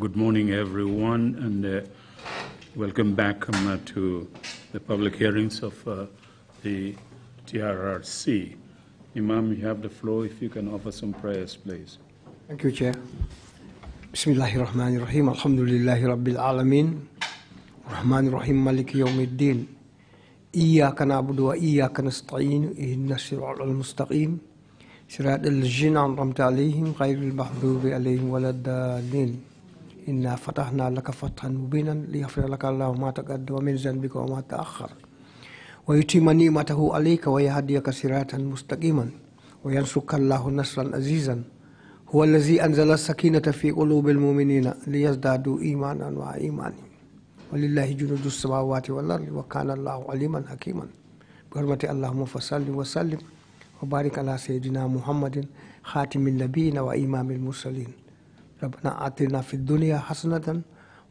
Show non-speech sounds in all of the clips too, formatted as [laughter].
good morning, everyone, and uh, welcome back um, uh, to the public hearings of uh, the TRRC. Imam, you have the floor. If you can offer some prayers, please. Thank you, Chair. Bismillah ar rahim Alhamdulillahi Rabbil Alameen. Rahman rahim Malik Yawmiddin. إياك نعبد وإياك نستعين إهدنا الصراط المستقيم صراط الذين أنعمت عليهم غير المغضوب عليهم ولا الضالين إنا فتحنا لك فتحا مبينا ليغفر لك الله ما تقدم من ذنبك وما تأخر ويتم نعمته عليك ويهديك صراطا مستقيما وينصرك الله نصرا عزيزا هو الذي أنزل السكينة في قلوب المؤمنين ليزدادوا إيمانا وإيمانا ولله جنود السماوات والأرض وكان الله عليما حكيما بحرمة اللهم فصل وسلم وبارك على سيدنا محمد خاتم النبيين وإمام المرسلين ربنا آتنا في الدنيا حسنة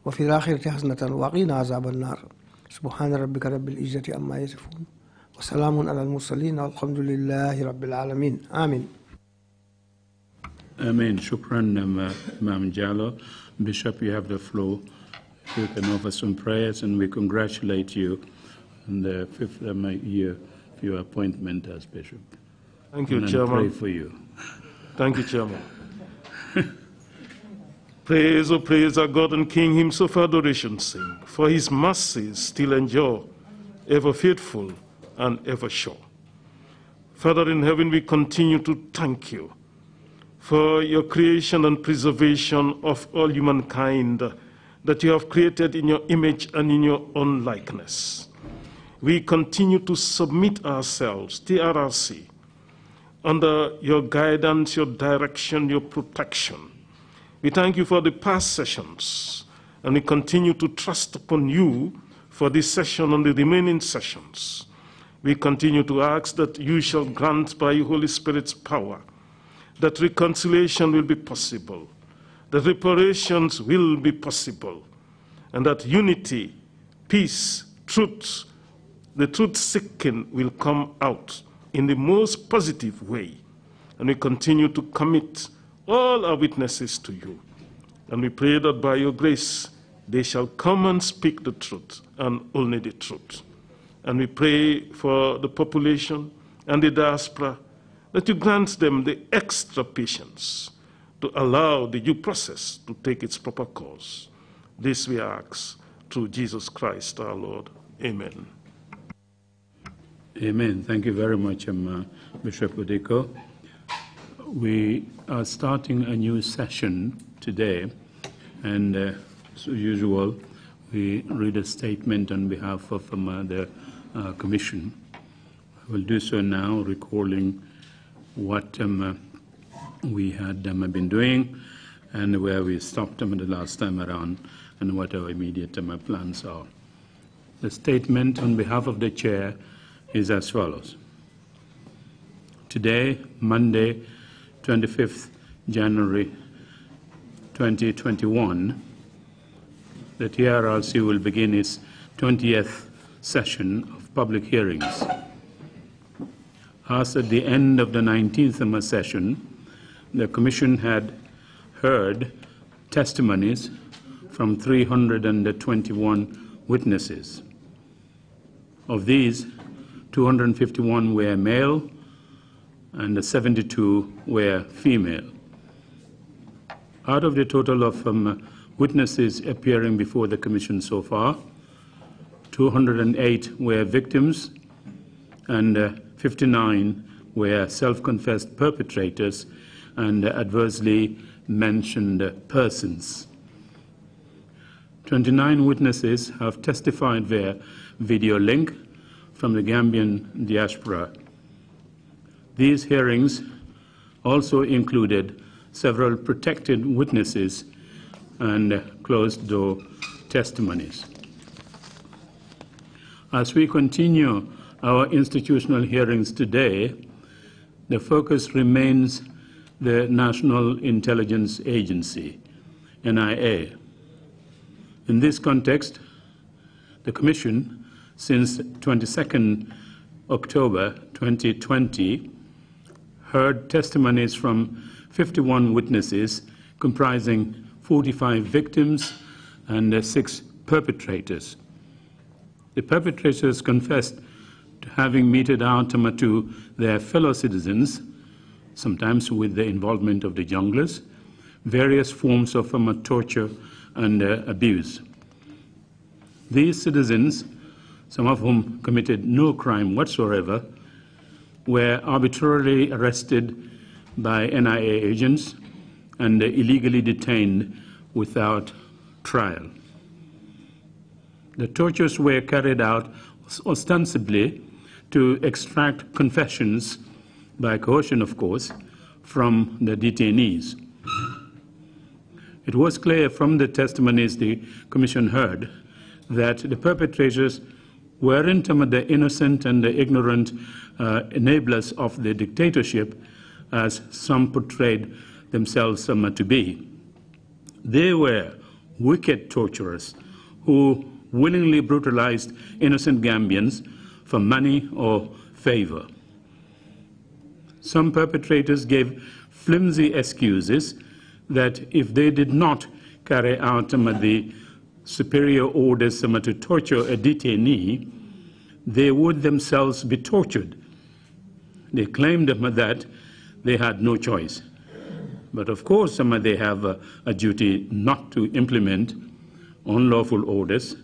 وفي الآخرة حسنة وقنا عذاب النار سبحان ربك رب العزة عما يصفون وسلام على المرسلين والحمد لله رب العالمين آمين آمين شكرا Imam جالو Bishop, you have the floor. You can offer some prayers, and we congratulate you on the fifth of my year of your appointment as bishop. Thank you, and Chairman. pray for you. Thank you, Chairman. Praise, O oh praise our God and King, himself adoration sing, for his mercies still endure, ever faithful and ever sure. Father in heaven, we continue to thank you for your creation and preservation of all humankind that you have created in your image and in your own likeness. We continue to submit ourselves, TRRC, under your guidance, your direction, your protection we thank you for the past sessions, and we continue to trust upon you for this session and the remaining sessions. We continue to ask that you shall grant by your Holy Spirit's power that reconciliation will be possible, that reparations will be possible, and that unity, peace, truth, the truth seeking will come out in the most positive way. And we continue to commit all are witnesses to you. And we pray that by your grace, they shall come and speak the truth and only the truth. And we pray for the population and the diaspora that you grant them the extra patience to allow the due process to take its proper course. This we ask through Jesus Christ our Lord. Amen. Amen. Thank you very much, um, uh, Bishop Odeko we are starting a new session today, and uh, as usual, we read a statement on behalf of um, uh, the uh, Commission. I will do so now, recalling what um, uh, we had um, been doing and where we stopped um, the last time around and what our immediate um, plans are. The statement on behalf of the Chair is as follows. Today, Monday, 25th January 2021, the TRRC will begin its 20th session of public hearings. As at the end of the 19th session, the Commission had heard testimonies from 321 witnesses. Of these, 251 were male, and 72 were female. Out of the total of um, witnesses appearing before the Commission so far, 208 were victims and uh, 59 were self-confessed perpetrators and uh, adversely mentioned persons. 29 witnesses have testified via video link from the Gambian diaspora. These hearings also included several protected witnesses and closed-door testimonies. As we continue our institutional hearings today, the focus remains the National Intelligence Agency, NIA. In this context, the Commission, since 22 October 2020, heard testimonies from 51 witnesses, comprising 45 victims and uh, six perpetrators. The perpetrators confessed to having meted out to their fellow citizens, sometimes with the involvement of the junglers, various forms of um, torture and uh, abuse. These citizens, some of whom committed no crime whatsoever, were arbitrarily arrested by NIA agents and illegally detained without trial. The tortures were carried out ostensibly to extract confessions, by coercion of course, from the detainees. It was clear from the testimonies the Commission heard that the perpetrators were wherein the innocent and the ignorant uh, enablers of the dictatorship, as some portrayed themselves um, to be. They were wicked torturers who willingly brutalized innocent Gambians for money or favor. Some perpetrators gave flimsy excuses that if they did not carry out um, the superior orders someone to torture a detainee, they would themselves be tortured. They claimed uh, that they had no choice. But of course, some uh, they have a, uh, a, duty not to implement unlawful orders,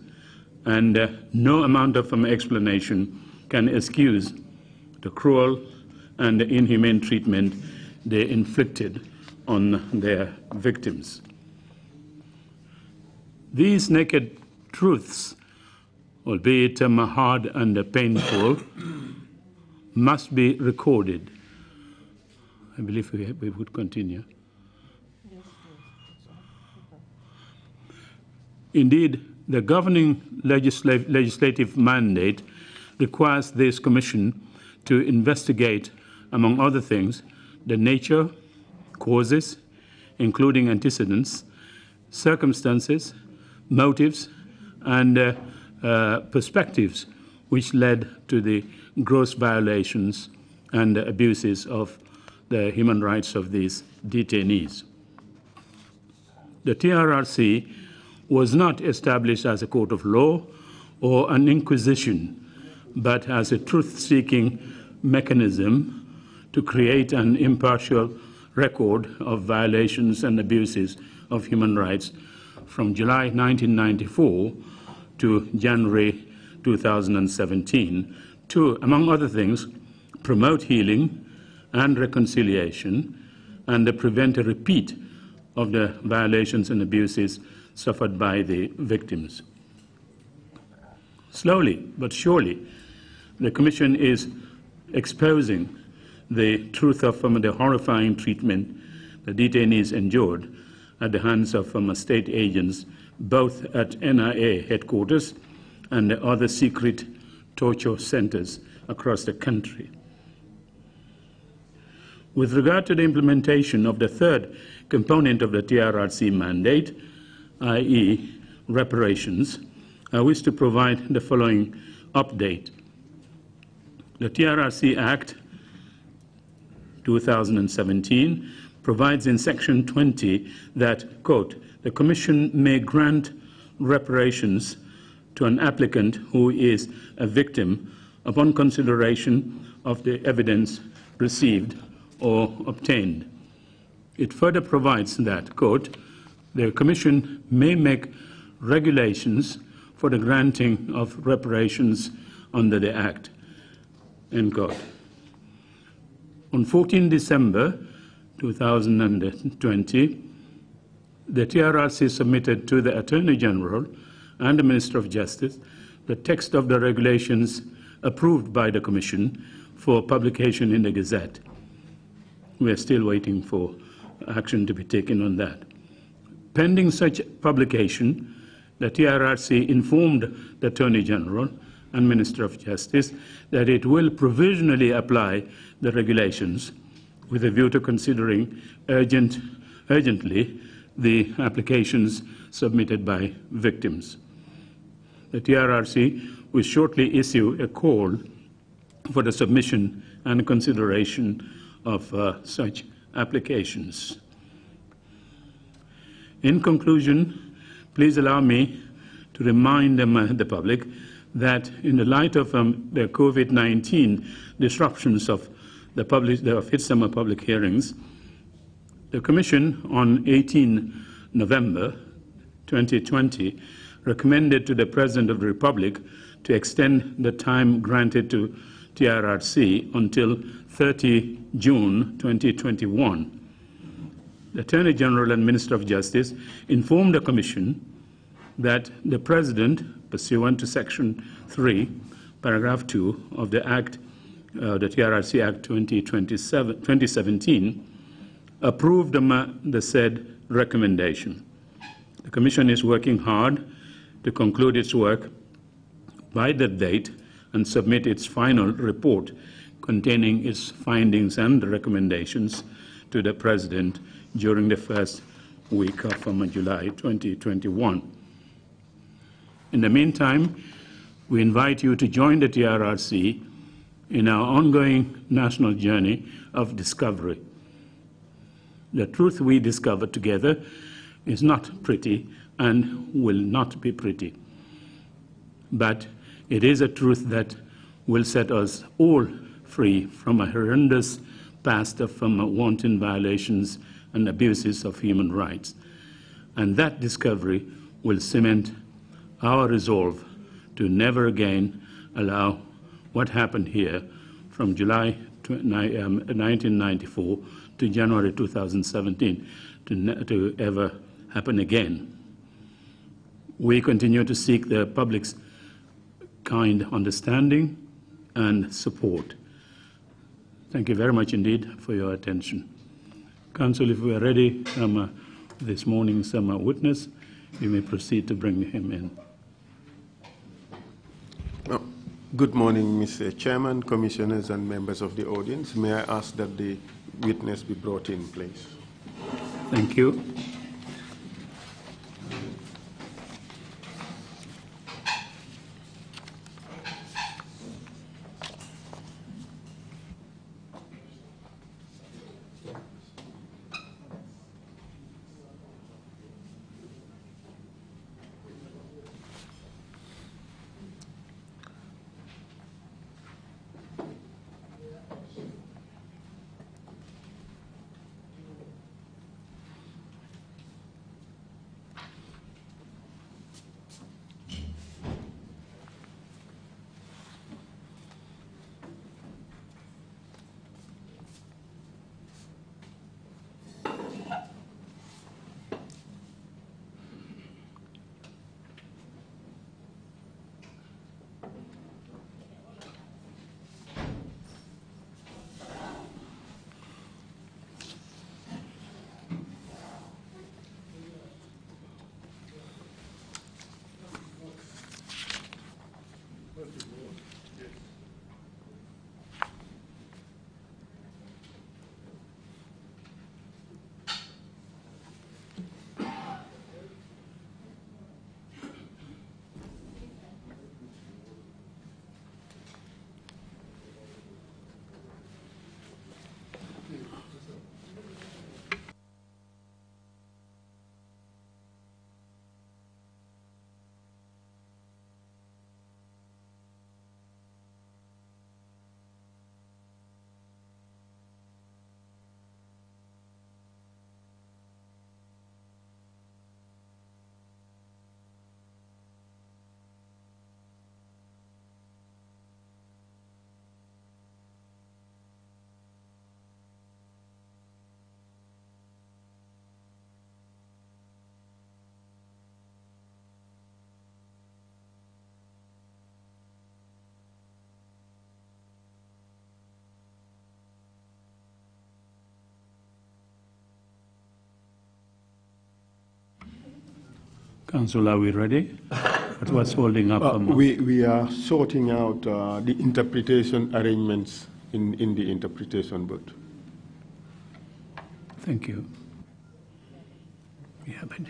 and uh, no amount of um, explanation can excuse the cruel and inhumane treatment they inflicted on their victims. These naked truths, albeit a hard and painful, must be recorded. I believe we, we would continue. Indeed, the governing legislative mandate requires this commission to investigate, among other things, the nature, causes, including antecedents, circumstances, motives and uh, uh, perspectives which led to the gross violations and abuses of the human rights of these detainees. The TRRC was not established as a court of law or an inquisition, but as a truth seeking mechanism to create an impartial record of violations and abuses of human rights from July 1994 to January 2017 to, among other things, promote healing and reconciliation and to prevent a repeat of the violations and abuses suffered by the victims. Slowly but surely, the Commission is exposing the truth of some of the horrifying treatment the detainees endured at the hands of former um, state agents, both at NIA headquarters and other secret torture centers across the country. With regard to the implementation of the third component of the TRRC mandate, i.e. reparations, I wish to provide the following update. The TRRC Act 2017 provides in Section 20 that, quote, the Commission may grant reparations to an applicant who is a victim upon consideration of the evidence received or obtained. It further provides that, quote, the Commission may make regulations for the granting of reparations under the Act, end quote. On 14 December 2020, the TRRC submitted to the Attorney General and the Minister of Justice the text of the regulations approved by the Commission for publication in the Gazette. We are still waiting for action to be taken on that. Pending such publication, the TRRC informed the Attorney General and Minister of Justice that it will provisionally apply the regulations with a view to considering urgent, urgently the applications submitted by victims. The TRRC will shortly issue a call for the submission and consideration of uh, such applications. In conclusion, please allow me to remind um, the public that in the light of um, the COVID-19 disruptions of the, public, the public hearings, the Commission on 18 November 2020 recommended to the President of the Republic to extend the time granted to TRRC until 30 June 2021. The Attorney General and Minister of Justice informed the Commission that the President, pursuant to Section 3, Paragraph 2 of the Act uh, the TRRC Act 2017, approved the, the said recommendation. The Commission is working hard to conclude its work by that date and submit its final report containing its findings and recommendations to the President during the first week of um, July 2021. In the meantime, we invite you to join the TRRC in our ongoing national journey of discovery. The truth we discover together is not pretty and will not be pretty. But it is a truth that will set us all free from a horrendous past of from um, wanton violations and abuses of human rights. And that discovery will cement our resolve to never again allow what happened here from July 1994 um, to January 2017 to, to ever happen again. We continue to seek the public's kind understanding and support. Thank you very much indeed for your attention. Council, if we are ready, um, uh, this morning's um, uh, witness, you may proceed to bring him in. Good morning, Mr. Chairman, commissioners, and members of the audience. May I ask that the witness be brought in, please? Thank you. Council, are we ready? But what's holding up? Uh, we, we are sorting out uh, the interpretation arrangements in, in the interpretation board. Thank you. We have been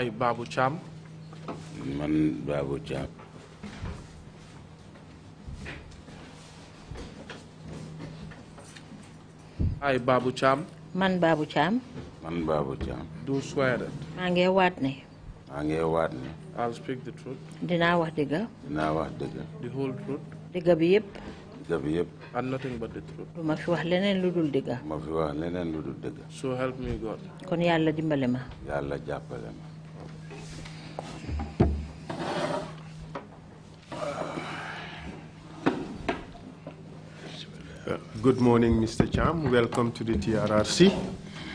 ay Babou man Babou Thiam. man Babou Thiam. maa ngi waat ne. maa ngi waat ne. dinaa wax dëgg. dinaa wax dëgg. the bi yëpp. dëgg bi yëpp. and ma fi wax leneen lu dul dëgg. wax leneen lu dul dëgg. so help me God. kon yàlla dimbale ma. yàlla jàppale ma. Good morning, Mr. Cham. Welcome to the TRRC.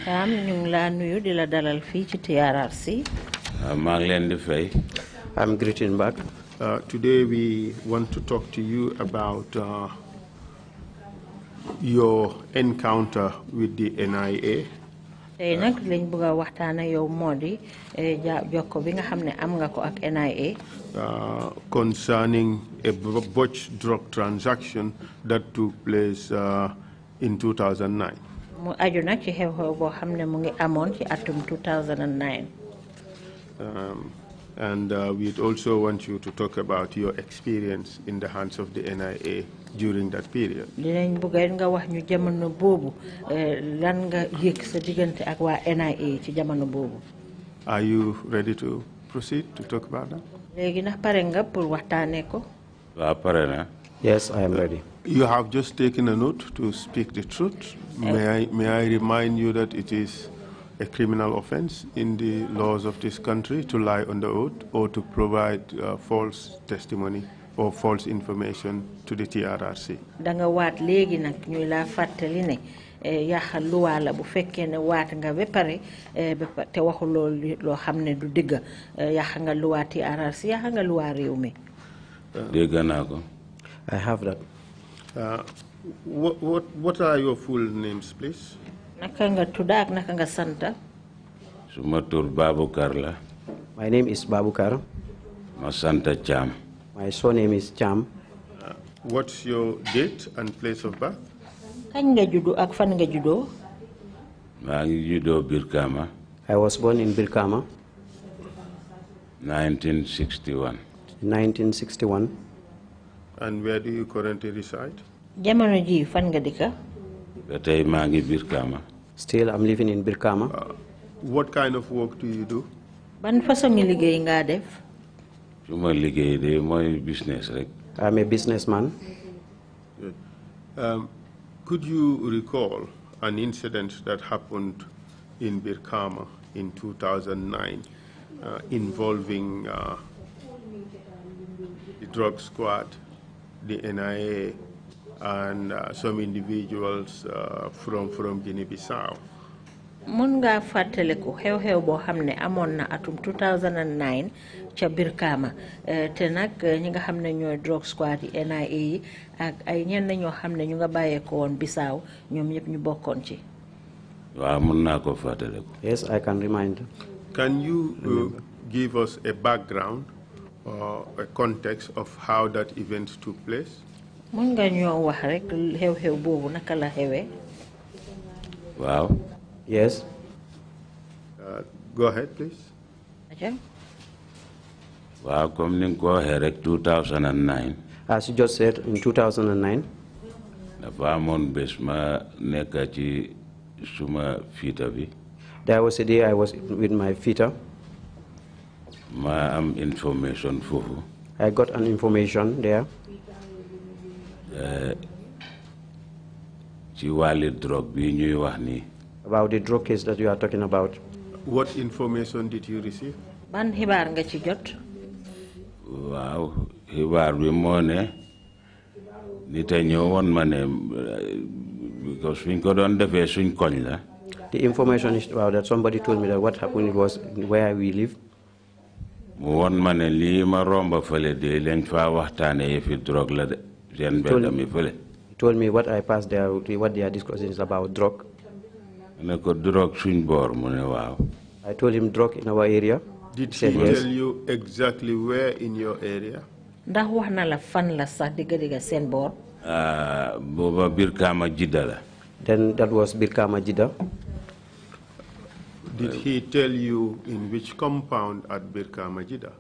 Cham, nung la nuyu di la dalal fi ci TRRC. Ah, maa ngi leen di fay. I'm greeting back. Uh, today we want to talk to you about uh, your encounter with the NIA. tey nag lañ bëgg a waxtaan ak yow moo di eh, jokko bi nga xam ne am nga ko ak NIA. Uh, concerning a botched drug transaction that took place uh, in 2009. mu 2009. Um, and uh, we also want you to talk about your experience in the hands of the NIA during that period. Uh, are you ready to proceed to talk about that? ko. Yes, I am ready. You have just taken a note to speak the truth. May I, may I remind you that it is a criminal offense in the laws of this country to lie under oath or to provide uh, false testimony or false information to the TRRC. da nga waat léegi nag ñuy laa fàttali ne eh, yàqal luwaa la bu fekkee ne waat nga ba pare eh, te waxu loolu loo xam ne du dëgg eh, yàq nga TRRC ya nga luwaa réew mi. I have that. Uh, what, what, what are your full names, please? Nakanga Tudak, Nakanga santa? Suma Babu Babukar My name is Babu Ma santa Cham. My surname is Cham. Uh, what's your date and place of birth? Kañ judo juddu ak fan nga Birkama. I was born in Birkama. 1961. 1961. And where do you currently reside? jamono ji fan nga dëkk. Birkama. still I'm living in Birkama. Uh, what kind of work do you do? ban façon liggéey ngaa def. su liggéey de mooy business rek. I'm a businessman. Um, could you recall an incident that happened in Birkama in 2009 uh, involving uh, the drug squad, the NIA, and uh, some individuals uh, from, from Guinea-Bissau. Munga ngaa heo heo xew-xew boo xam atum 2009 ca Brikama eh, te nag eh, ñi nga xam ne squad yi NIA yi ak ay ñenn ñoo xam ne ñu nga bàyyeekoo woon Bissau ñoom ñëpp ñu bokkoon ci. waaw mun ko fàttaliku. yes I can remind. can you uh, give us a background a context of how that event took place? Wow. yes. Uh, go ahead please. Okay. Wow, coming ni nga 2009. as you just said in 2009. dafa amoon Besma ma suma Fita. there was a day I was with my fiita am information I got an information there. Eh, about the drug case that you are talking about. What information did you receive? ban xibaar nga ci jot. waaw xibaar bi moo ne a ñëw because suñ ko doon defee suñ koñ la. The information is wow, that somebody told me that what happened was where we live won ma romba fële de yëfi la de mi fële told me what I passed there, what are discussing is about drug. I told him drug in our area. Did he, yes. tell you exactly where in your area? ndax wax na la fan la sax diga digga seen boor. Ah, booba Birkama Jidda la. then that was Birkama Jidda. Did he tell you in which compound at Birka Majida?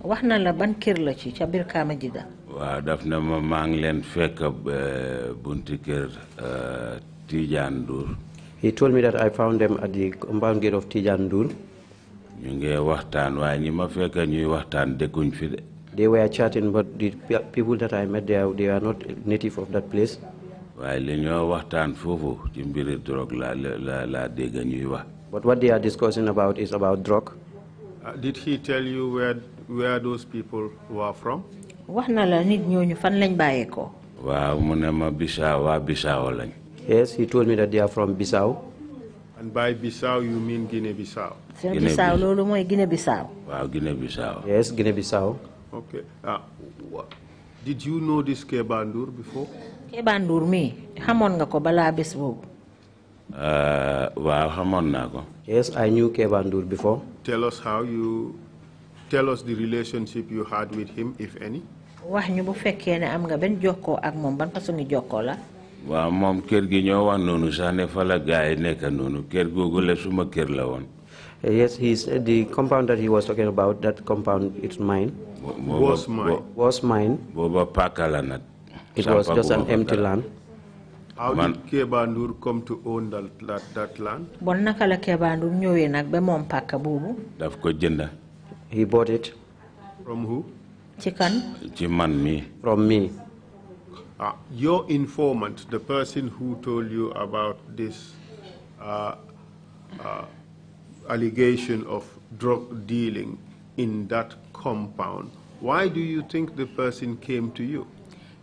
wax na la ban kër la ci ca biir Kaama Jida. waaw daf na ma maa ngi leen fekk eh, bunti kër eh, Tidiane Ndour. he told me that I found them at the compound gate of Tidiane Ndour. ñu ngi waxtaan waaye ñi ma fekk ñuy waxtaan dëkkuñ fi de. they were chatting but the people that I met they are they are not native of that place. waaye li ñoo waxtaan foofu ci mbiri drogue la la la dégg ñuy wax. But what they are discussing about is about drug. Uh, did he tell you where where those people were from? wax Bissau yes he told me that they are from Bissau. and by Bissau you mean Guinea Bissau. Guinea Bissau Guinea Bissau. Guinea Bissau. yes Guinea Bissau. okay ah did you know this Keba Ndour before. Keba me. mi xamoon nga ko balaa yes I knew Keba before. tell us how you tell us the relationship you had with him if any. wax ñu na fekkee ne am nga benn jokkoo ak moom ban kër gi ñoo wax noonu sax ne fa kër googu la suma kër la yes he's the compound that he was talking about that compound it's mine. was mine was mine. booba paaka la it was just an empty land. How man, did Keba come to own that, that, that land? Bonna naka la Keba Ndour ñëwee nag ba moom pàkk boobu. daf ko jënd. he bought it. from who? ci kan. ci man mi. from me. Uh, your informant, the person who told you about this uh, uh, allegation of drug dealing in that compound, why do you think the person came to you?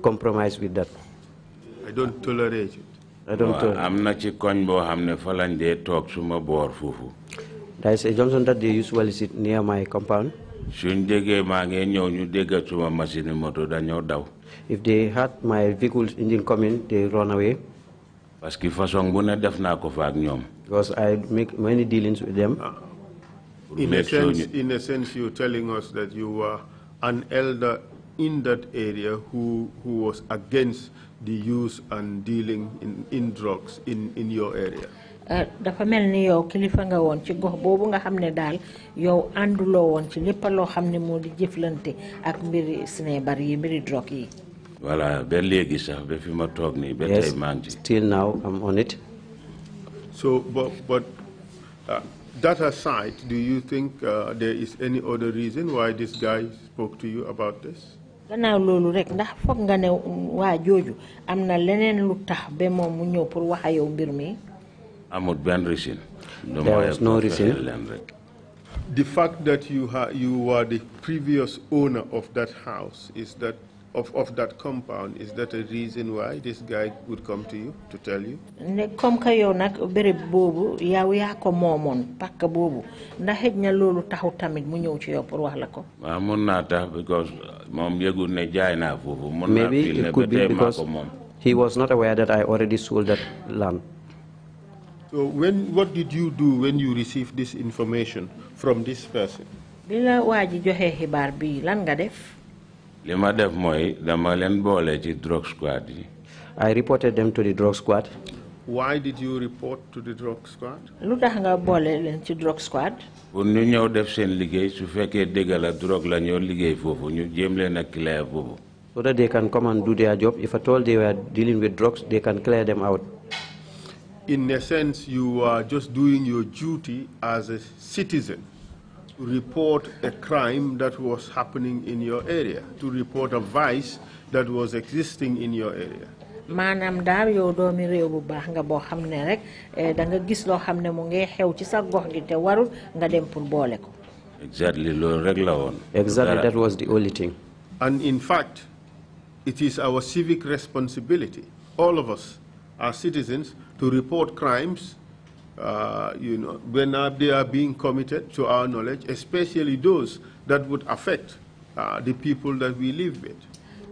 compromise with that. I don't tolerate it. I don't tolerate. I'm not a coin bo hamne falan de talk suma bor fufu. There is a Johnson that they usually sit near my compound. Suñ déggé ma ngé ñew ñu dégg suma machine moto dañu daw. If they had my vehicle's engine coming, they run away. Parce que façon na ko fa Because I make many dealings with them. In a, in a sense, you're telling us that you were an elder in that area who, who was against the use and dealing in, in drugs in, in your area? Eh, dafa mel ni yow kilifa nga woon ci gox boobu nga xam ne daal yow ànduloo woon ci lépp loo xam ne moo di jëflante ak mbiri sinebar yi mbiri drogue yi voilà ba léegi sax ba fi ma toog nii ba tey maa ngi still now I'm on it so but, but uh, that aside do you think uh, there is any other reason why this guy spoke to you about this rek ndax nga ne leneen lu tax mu ñëw pour wax yow mi. there was no reason. The fact that you, ha you were the previous owner of that house is that of, of that compound, is that a reason why this guy would come to you to tell you? ne kom que yow nag béréb boobu yow yaa ko moomoon pàkk boobu ndax xëj na loolu taxu tamit mu ñëw ci yow pour wax la ko. tax because moom yëgul ne jaay naa foofu. mun naa maybe it could be because he was not aware that I already sold that land. So when what did you do when you received this information from this person? Bila waji joxe xibar bi lan nga def? def dama ci drug squad yi. I reported them to the drug squad. Why did you report to the drug squad? lu tax nga boole leen ci drug squad. pour ñu ñëw def seen liggéey su fekkee dëgg la drogue la ñoo liggéey foofu ñu jéem leen a clear foofu. so that they can come and do their job. If at all they were dealing with drugs, they can clear them out. In a sense, you are just doing your duty as a citizen report a crime that was happening in your area, to report a vice that was existing in your area. maanaam daal yow doomi réew bu baax nga boo xam ne rek eh, da nga gis loo xam ne mu ngi xew ci sa gox gi te warul nga dem pour boole ko. exactly loolu rek la woon. exactly that was the only thing. and in fact it is our civic responsibility all of us as citizens to report crimes uh, you know, when they are being committed to our knowledge, especially those that would affect uh, the people that we live with.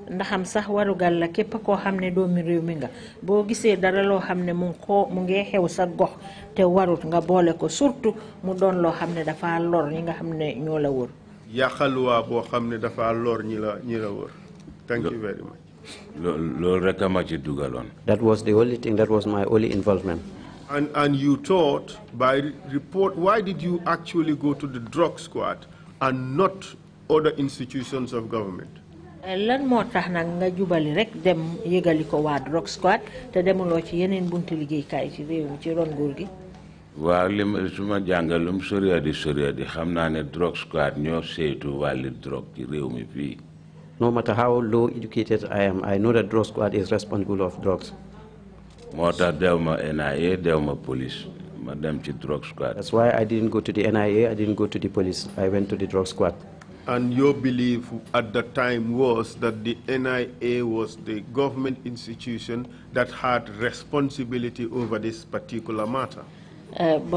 ndaxam sax warugal la képp koo xam ne doomi réew mi nga boo gisee dara loo xam ne mu ko mu ngi xew sa gox te warut nga boole ko surtout mu doon loo xam ne dafa lor ñi nga xam ne ñoo la wër. yàqal boo xam ne dafa lor ñi la ñi la wër. thank you very much. loolu rek a ma ci dugaloon. that was the only thing that was my only involvement and, and you thought by report, why did you actually go to the drug squad and not other institutions of government? Eh, lan moo tax nag nga jubali rek dem yëgali ko waa drug squad te demuloo ci yeneen bunti liggéeykaay ci réew mi ci ron nguur gi waaw li ma su ma jàngalum soriya di soriya di xam naa ne drug squad ñoo saytu wàlli drogue ci réew mi fii No matter how low educated I am, I know that drug squad is responsible of drugs moo tax NIA dew police ma dem ci drug squad. that's why I didn't go to the NIA I didn't go to the police I went to the drug squad. And your belief at the time was that the NIA was the government institution that had responsibility over this particular matter. Eh, I'm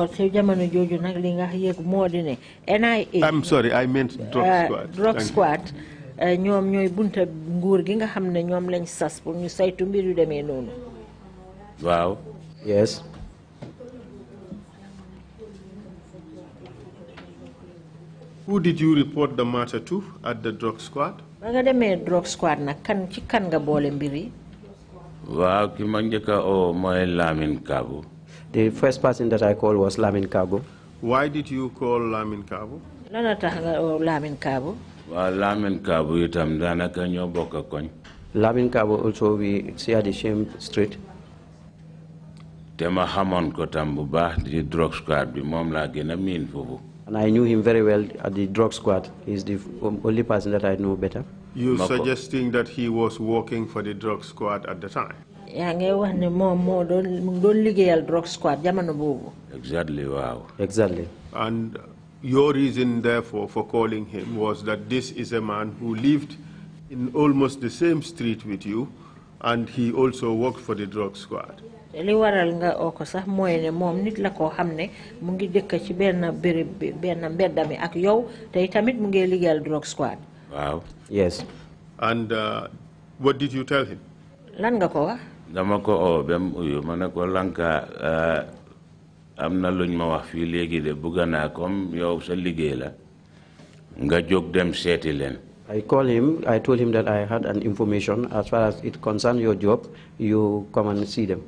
sorry, I meant drug uh, squad. Drug Thank squad. Eh, ñoom ñooy waaw yes Who did you report the matter to at the drug squad? ba nga demee drug squad nag kan ci kan nga boole mbir yi. waaw ki ma njëkk a oo mooy Lamin Kabo. The first person that I called was Lamin Kabo. Why did you call Lamin Kabo? lan la tax nga oo Lamin Kabo. waaw Lamin Kabo itam daanaka ñoo bokk koñ. Lamin Kabo also we share the same street ko tam bu baax di drug squad bi moom laa gën a miin foofu. And I knew him very well at the drug squad. He's the only person that I know better. You suggesting that he was working for the drug squad at the time? yaa wax ne moom moo doon doon liggéeyal drug squad jamono boobu. exactly waaw. exactly. and your reason therefore for calling him was that this is a man who lived in almost the same street with you and he also worked for the drug squad li waral nga ko sax ne nit la mu ngi dëkk ci béréb bi mbeddami ak yow tamit mu ngi Squad. yes. and uh, what did you tell him. lan nga ko wax. dama ko oo uyu lanka uh, am na luñ ma wax de bëgg naa yow sa liggéey la nga jóg dem seti len. I called him, I told him that I had an information as far as it concerns your job, you come and see them.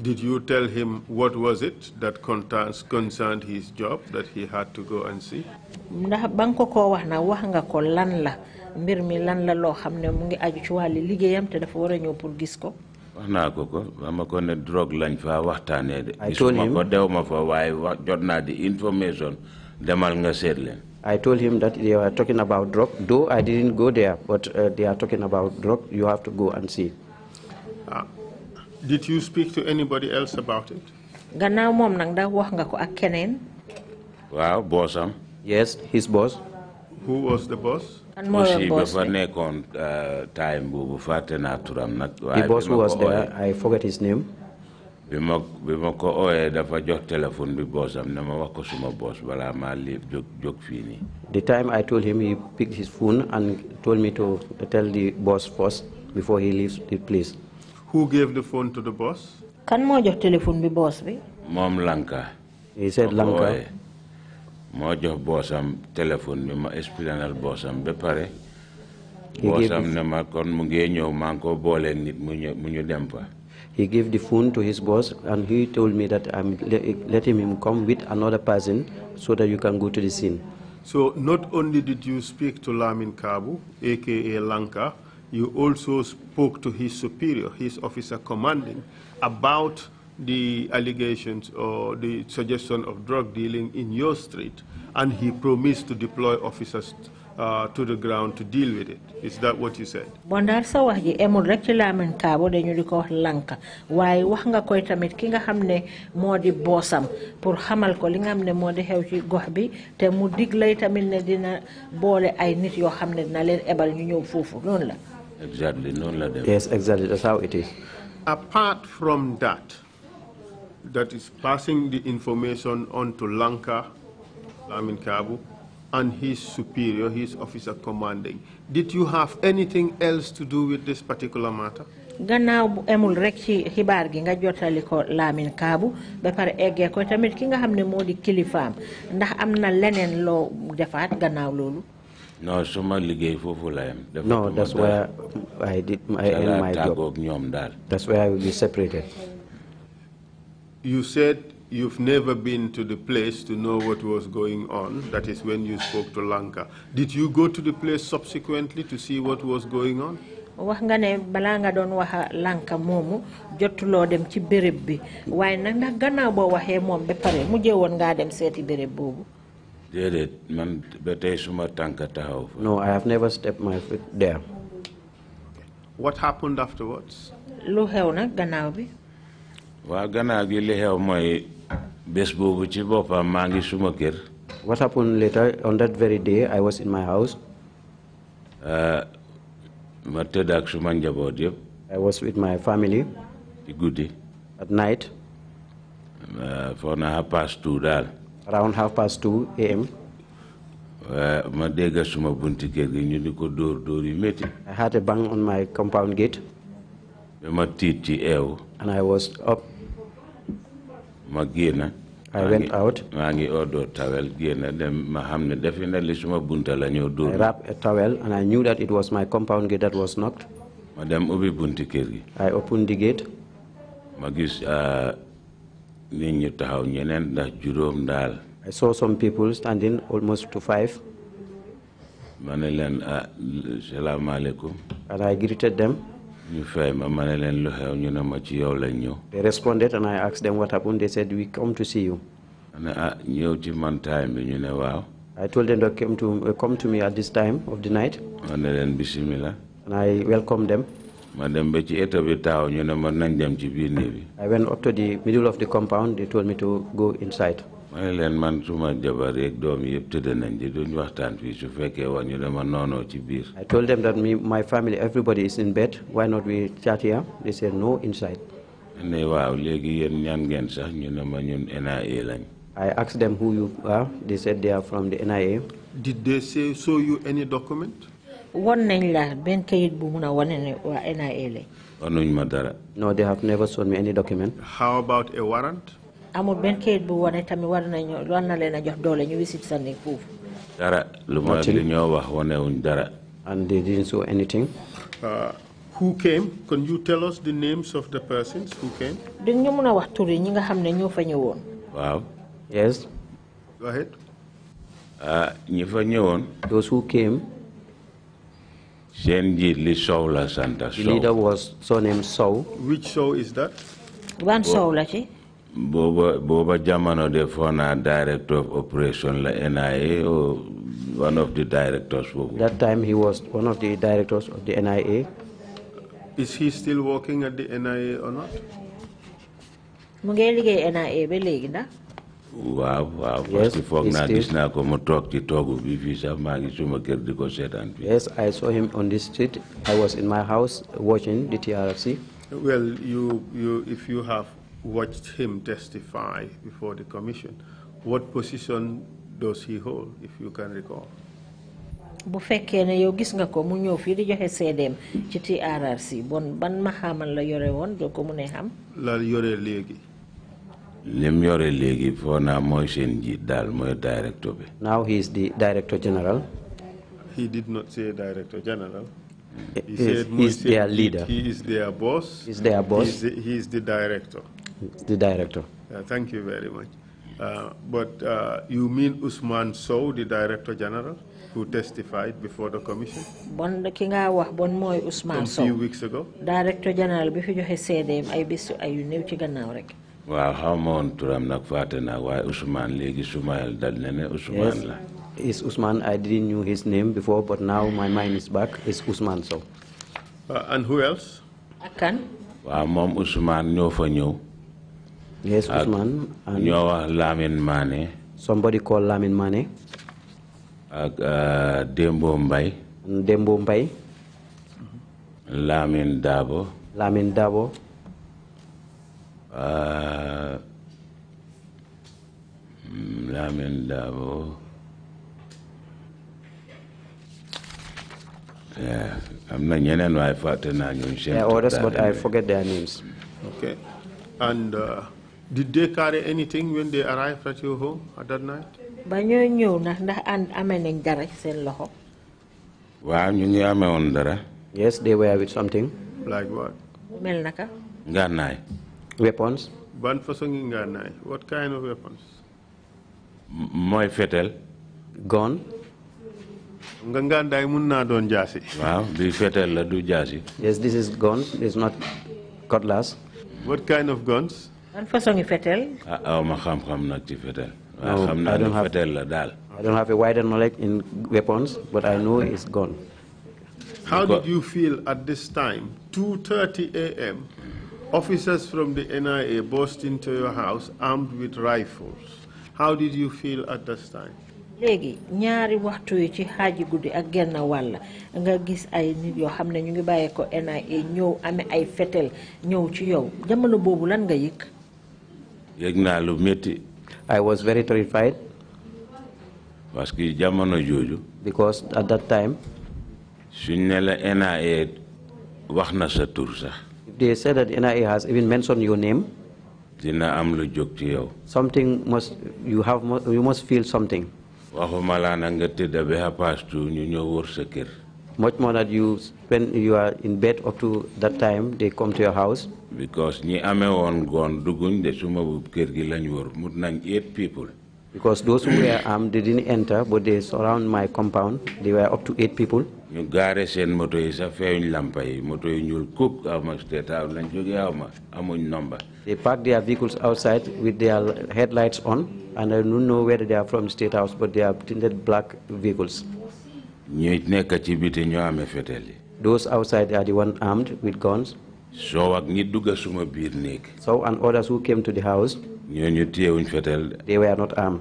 Did you tell him what was it that concerns, concerned his job that he had to go and see? ndax ba ko koo wax na wax nga ko lan la mbir mi lan la loo xam ne mu ngi aju ci wàlli liggéeyam te dafa war a ñëw pour gis ko. wax naa ko ko ma ko ne drogue lañ fa waxtaanee de. I told him gisuma ko dew ma fa waaye wax jot naa di information demal nga seet leen. I told him that they were talking about drug, though I didn't go there, but uh, they are talking about drug, you have to go and see. Ah. Did you speak to anybody else about it? Gannaaw mom nak da wax nga ko ak kenen? Wow, bossam. Yes, his boss. Who was the boss? And more euh, the boss. nekon time bobu fatena turam nak. The boss who was there, I forget his name. bi ma bi ko ooyee dafa jox téléphone bi boosam ne ma wax ko suma boos balaa maa lii jóg jóg fii nii. the time I told him he picked his phone and told me to tell the boss first before he leaves the place. Who gave the phone to the boss? Kan mo jox telephone bi boss bi? Mom Lanka. He said Lanka. Oh, mo jox bossam telephone bi ma explainal bossam be pare. Bossam ne ma kon mu ngi ñew man ko bolé nit mu ñu dem fa. He gave the phone to his boss and he told me that I'm letting him come with another person so that you can go to the scene. So not only did you speak to Lamin Kabu, aka Lanka, you also spoke to his superior, his officer commanding, about the allegations or the suggestion of drug dealing in your street, and he promised to deploy officers uh, to the ground to deal with it. Is that what you said? Bondar sa wax ji emul rek ci lamin kaabo dañu di ko wax lank waaye wax nga koy tamit ki nga xam ne moo di boosam pour xamal ko li nga xam ne moo te mu dig ne dina boole ay nit yoo xam ne dina ebal nyu ñëw foofu noonu la. Exactly, none like Yes, exactly, that's how it is. Apart from that, that is passing the information on to Lanka, Lamin Kabu, and his superior, his officer commanding. Did you have anything else to do with this particular matter? gannaaw bu emul rek ci xibaar gi nga jotali ko Lamin Kaabu ba pare eggee ko tamit ki nga xam ne moo di kilifaam ndax amna lenen lo loo defaat gannaaw loolu no, su ma liggéey no that's why I did my end my job. That's where that's why be separated. you said you've never been to the place to know what was going on. That is when you spoke to Lanka. Did you go to the place subsequently to see what was going on? wax nga ne nga doon wax lànka moomu jotuloo dem ci béréb bi waaye nag ndax gannaaw boo waxee moom ba pare mujjee woon ngaa dem seeti béréb boobu déedéet man ba suma tànk taxaw fa. no I have never stepped my foot there. what happened afterwards. lu xew nag gannaaw bi. waa gannaaw gi li xew mooy bés boobu ci boppam maa ngi suma kër. what happened later on that very day I was in my house. Uh, ah, ma tëdd ak suma njaboot yëpp. I was with my family. ci guddi. at night. Uh, for na past two dal around half past 2 a.m. Eh, I had a bang on my compound gate. ma tiit and I was up. ma génn. I went out. maa ngi odo tawel génn dem ma na li suma bunta la ñëw I wrapped a towel and I knew that it was my compound gate that was knocked. ma dem ubbi I opened the gate. ma gis. Ah, I saw some people standing almost to five. Ah, and I greeted them. they responded and I asked them what happened they said we come to see you. Ah, and time I told them to come to come to me at this time of the night. ma ne leen and I welcomed them ma dem ba ci état bi taaw ñu ne ma nañ dem ci biir néeg bi. I went up to the middle of the compound they told me to go inside. ma ne leen man suma jabar yeeg doom yëpp tëdd nañ ci duñ waxtaan fii su fekkee woon ñu ne ma noonoo ci biir. I told them that me my family everybody is in bed why not we chat here they said no inside. ne waaw léegi yéen ñan ngeen sax ñu ne ma ñun NIA lañ. I asked them who you are they said they are from the NIA. Did they say show you any document? One nañ la benn kayit bu mun a wane ne madara. no they have never shown me any document. how about a warrant. amul benn kayit bu wane tamit war nañu war na leen a jox doole ñu wisit and they didn't show anything. Uh, who came can you tell us the names of the persons who came. dañu mun a wax tur yi ñi nga xam ne ñoo fa yes. go ahead. ñi uh, fa those who came. The leader was surnamed Saul. Which Saul is that? One Saul, la ci. booba booba jamono defoon naa director of operation la NIA or one of the directors That time he was one of the directors of the NIA. Is he still working at the NIA or not? Mungeli, ngi NIA ba léegi waaw waaw parce que foog naa gis naa ko mu toog ci toogu bi fii sax maa ngi suma kër di ko seetaan fii. yes I saw him on the street I was in my house watching the TRFC. well you you if you have watched him testify before the commission what position does he hold if you can recall. bu fekkee ne yow gis nga ko mu ñëw fii di joxe seedeem ci TRRC bon ban maxaamal la yore woon doo ko mu ne xam. la yore léegi now he is the director general. he did not say director general. He is, their leader. He is their boss. Is their boss. he is the director. The director. Uh, thank you very much. Uh, but uh, you mean Usman Sow, the director general, who testified before the commission? Bon ki nga wax bon moy Usman Sow. A few weeks ago. Director general bi fi joxe sédéem ay bisu ay yu ci gannaaw rek waaw xaw turam nag fàtte naa waaye Ousmane léegi dal na ne la. is Usman? I didn't knew his name before but now my mind is back is Ousmane Sow. Uh, and who else. Akan. kan. mom Usman Ousmane ñëw. yes Usman. And ñoo wax Lamine Mané. somebody call Lamin Mané. ak uh, Dembo Mbay. Dembo Mbay. Lamin Dabo. Lamin Dabo. Lamin Dabo. I'm not Nyan and I fought an annual Yeah, orders, but anyway. I forget their names. Okay. And uh, did they carry anything when they arrived at your home at that night? bañoo ñëw nag ndax and amee nañ dara ci seen loxo. waaw ñu ngi amewoon dara. yes they were with something. like what. mel naka. ngànnaay. Weapons. Ban façon nganay? What kind of weapons? Moy fetel. Gun. nga ngàndaay mun naa doon jaasi. waaw bi fetel la du jaasi. yes this is gun. it's not cutlass. what kind of guns. ban façon fetel. ah aw ma xam-xam nag ci fetel. waaw xam naa ne fetel la dal. I don't have a wider knowledge in weapons but I know it's gun. how did you feel at this time 2:30 a.m. Officers from the NIA burst into your house armed with rifles. How did you feel at this time? Legi ñaari waxtu yi ci xaaji guddi ak genn wàll nga gis ay nit yoo xam ne ñu ngi bàyyee ko NIA ñëw ame ay fetel ñëw ci yow jamono boobu lan nga yëg. yëg naa lu métti. I was very terrified. parce que jamono jooju. because at that time. suñ ne la NIA wax na sa tur sax they say that NIA has even mentioned your name. dina am lu jóg ci yow. something must you have you must feel something. waxuma laa na nga tëdd ba à pastu ñu wër sa kër. much more that you when you are in bed up to that time they come to your house. because ñi ame wan goon dugguñ de suma bu kër gi lañ wër mut nañ eight people. Because those who were armed, they didn't enter, but they surround my compound. They were up to eight people. ñu gaare seen moto yi sax feewuñ lampa yi moto yi ñuul kuk aw ma state aw lañ jóge amuñ nomba. They park their vehicles outside with their headlights on and I don't know where they are from state house but they are tinted black vehicles. ñuy nekk ci biti ñoo amee fetel yi. Those outside are the one armed with guns. So ak ñi suma biir So and others who came to the house ñooñu téyewuñ fetel they were not armed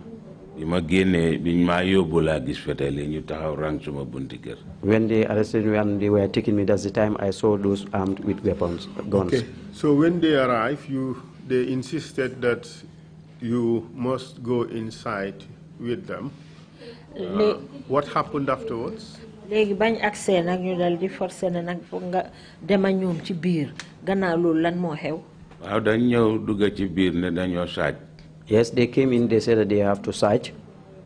bi ma génnee biñ maa yóbbu laa gis fetel yi ñu taxaw rang suma bunti kër when they arrested me and they were taking me that's the time I saw those armed with weapons guns okay. so when they arrived you they insisted that you must go inside with them uh, what happened afterwards léegi bañ accès nag ñu dal di forcé ne nag foog nga dema ñoom ci biir gannaaw loolu lan moo xew how waaw dañ ñëw dugg ci biir ne dañoo saaj. yes they came in they said that they have to search.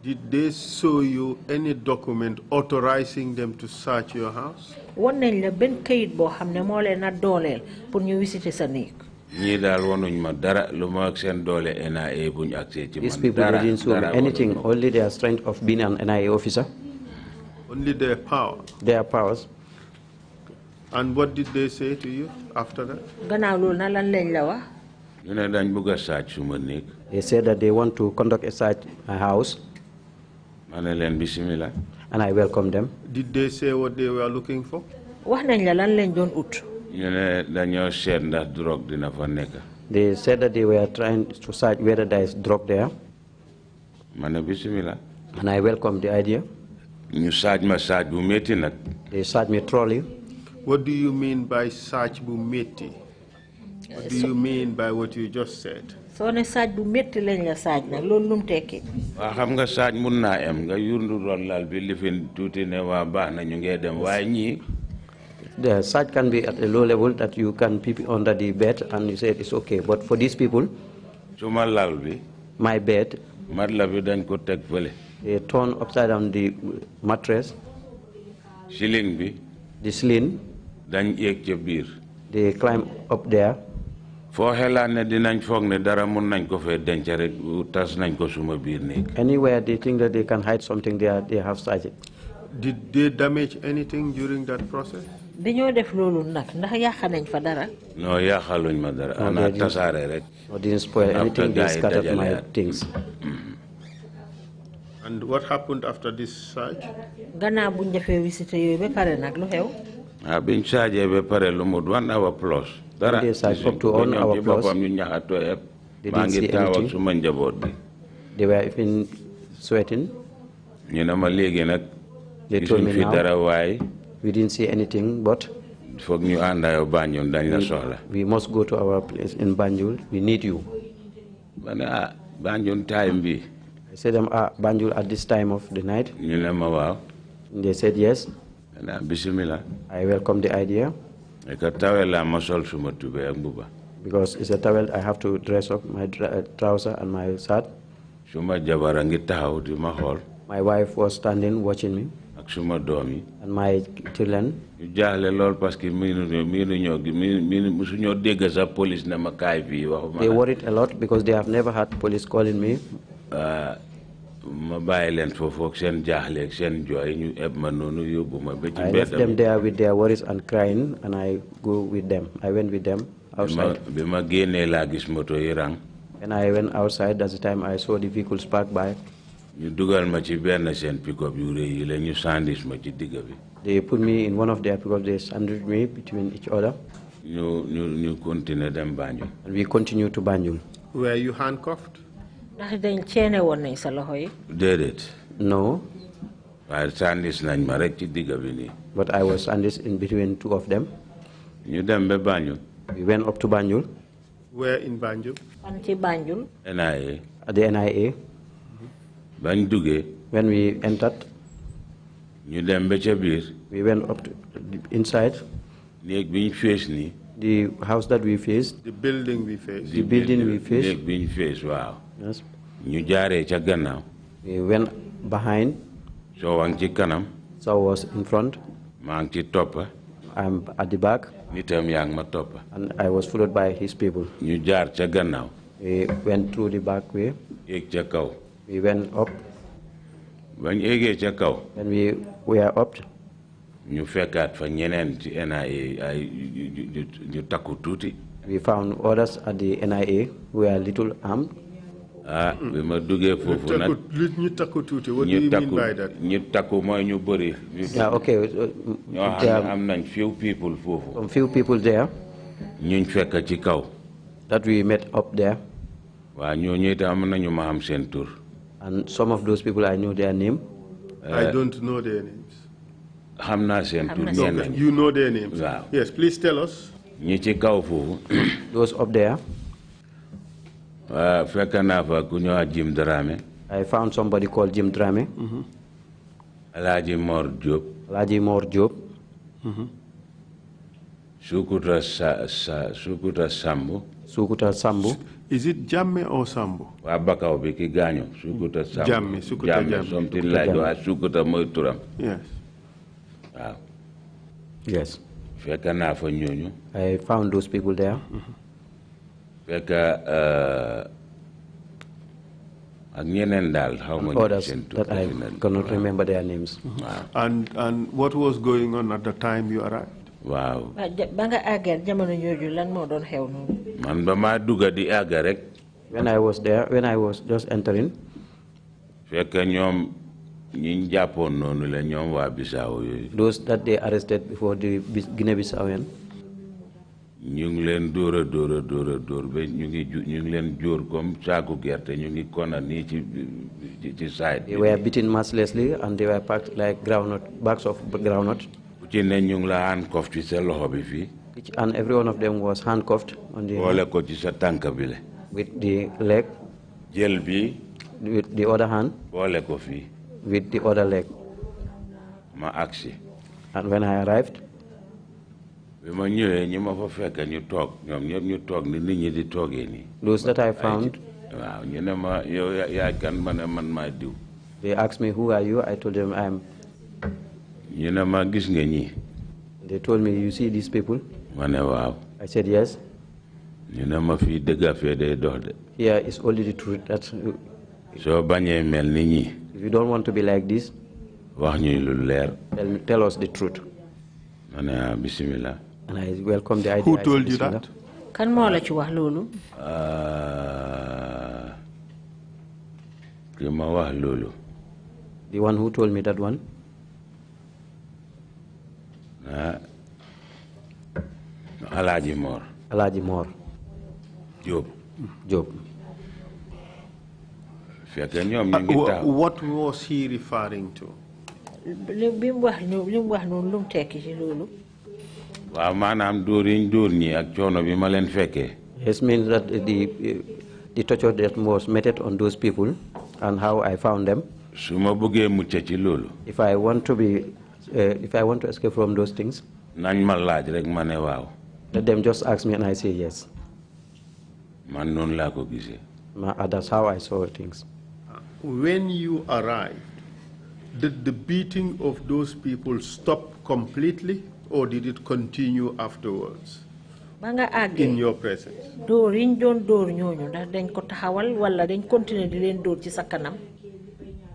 did they show you any document authorizing them to search your house. won nañ la benn kayit boo xam ne moo leen a dooleel pour ñu visiter sa néeg. ñii daal wonuñ ma NIA bu ñu these people didn't show me anything only their strength of being an NIA officer. only their power. their powers. And what did they say to you after that? They said that they want to conduct a search my house. And I welcome them. Did they say what they were looking for? They said that they were trying to search whether there is drug there. And I welcome the idea. You search my search, They search me trolley. What do you mean by search What do you mean by what you just said? So ne saaj bu métti lañ la saaj nag loolu lu mu tekki waaw xam nga saaj mun naa em nga yurdu doon lal bi lifin tuuti ne waa baax na ñu dem waaye the saaj can be at a low level that you can peep under the bed and you say it's okay but for these people suma lal bi my bed mat bi dañ ko teg fële they turn upside down the mattress ceiling bi the ceiling dañ yéeg ca biir. they climb up there. foo xelaa ne dinañ foog ne dara mun nañ ko fee denc rek tas nañ ko suma biir néeg. anywhere they think that they can hide something there they have started. did they damage anything during that process. dañoo def loolu nag ndax yàq nañ fa dara. non yàqaluñ ma dara. ana tasaare rek. no didn't spoil anything they scattered my things. and what happened after this search. gannaaw buñ defee visite yooyu ba pare nag lu xew. ah biñ saajee ba pare lu mut one hour plus. dara disum ba ñoom ci boppam ñu ñaxatoo yëpp. maa ngi taawal suma njaboot bi. they were even sweating. ñu ne ma léegi nag. they told me now gisuñ fi dara waaye. we didn't see anything but. foog ñu àndaayo Banjul dañ la soxla. we must go to our place in Banjul we need you. ma ne ah Banjul time bi. I said them um, ah Banjul at this time of the night. ñu ne ma waaw. they said yes. Bismillah. I welcome the idea. Because it's a towel I have to dress up my uh, trouser and my shirt. My wife was standing watching me. And my children. They worried a lot because they have never had police calling me. Uh, ma bàyyi leen foofu ak seen jaaxle ak seen jooy ñu eb ma noonu yóbbu ma ba ci mbedd. I left them there with their worries and crying and I go with them I went with them outside. bi ma génnee laa gis moto yi rang. and I went outside at the time I saw the vehicles parked by. ñu dugal ma ci benn seen pick-up yu rëy yi la ñu sandis ma ci digg bi. they put me in one of their pick-up they sandwiched me between each other. ñu ñu ñu continue dem Banjul. and we continue to Banjul. were you handcuffed? ndax dañ ceene woon nañ sa loxo yi. déedéet. no. waaye sànnis nañ ma rek ci digga bi nii. but I was sandwiched in between two of them. ñu dem ba Banjul. we went up to Banjul. where in Banjul. fan ci Banjul. NIA. at the NIA. bañ duggee. when we entered. ñu dem ba ca biir. we went up to inside. néeg bi ñu fees nii. the house that we faced. the building we faced. the building we faced. néeg bi ñu fees waaw yes ñu jaaree ca gannaaw we went behind So wa ci kanam so was in front maa ngi ci I'm at the back nitam yaa ngi ma and I was followed by his people ñu jaar ca gannaaw we went through the back way yéeg ca kaw we went up bañ eegee ca kaw when we are up ñu fekkaat fa ñeneen ci NIA ay ñu takku tuuti we found others at the NIA who are little armed ah hmm. bi ma duggee foofu nag ñu takku tuuti what do you mean ñu takku mooy ñu bëri. ah ok. Uh, uh, am nañ few people foofu. some few people there. ñuñ fekk ci kaw. that we met up there. waaw ñooñu itam am nañu ma xam seen tur. and some of those people I know their name. Eh, I don't know their names. xam naa seen tur you know their names. yes please tell us. ñi ci kaw foofu. those up there. I found somebody called Jim Drame. Mm-hmm. Alaji Mor Diop. Alaji Mor Diop. Mm-hmm. Sukuta, Sukuta Sambo. Sukuta Sambo. Is it Jamme or Sambo? Abaka obiki ganyo. Sukuta Sambo. Jamme, Sukuta Jamme. Something like that. Sukuta Moituram. Yes. Wow. Yes. I found those people there. Mm -hmm fekk ak ñeneen daal xaw ma others that I cannot remember their names and and what was going on at the time you arrived Wow. ba nga àggee jamono jooju lan moo doon xew noonu man ba maa dugga di àgg rek when I was there when I was just entering fekk ñoom ñi jàppoon noonu la ñoom wa Bissau those that they arrested before the Guinea Bisawen. ñu ngi leen dóor a dóor a dóor a ñu ngi ñu ngi leen jóor comme saaku gerte ñu ngi kona nii ci ci ci side. They were beaten mercilessly and they were packed like groundnut bags ci ne ñu ngi la handcuffed ci sa loxo bi fii. each and every one of them was handcuffed. on the ko ci sa tànk bi le. with the leg. jël bi. with the other hand. boole ko fii. with the other leg. ma agsi. when I arrived. bi ma ñi ma fa fekk ñu toog ñëpp ñu ni nit ñi di those that I found. waaw ñu ne ma yow yaay kan man maa diw. they asked me who are you I told them I am. ñu ne ma gis nga they told me you see these people. ma waaw. I said yes. ñu ne ma fii dëgg fee day dox de. here is only the truth that. So bañee mel ni if you don't want to be like this. wax ñuy lu leer. tell us the truth. ma ne ah, And I welcome Who told you that? kan moo la ci wax loolu. ki uh, the one who told me that one. Ah. Alaaji Moor. Alaaji Moor. Jóob. Jóob. ñoom ñu ngi uh, taw. what was he referring to. li wax noonu lu tekki ci loolu. waaw ak bi ma means that the the torture that was meted on those people and how I found them. mucc ci if I want to be uh, if I want to escape from those things. nañ ma laaj rek let them just ask me and I say yes. man ko ma uh, that's how I saw things. when you arrived did the beating of those people stop completely or did it continue afterwards? ba nga in your presence. dóor yi ñu doon dóor ñooñu ndax dañ ko taxawal wala dañ continuer di leen dóor ci sa kanam.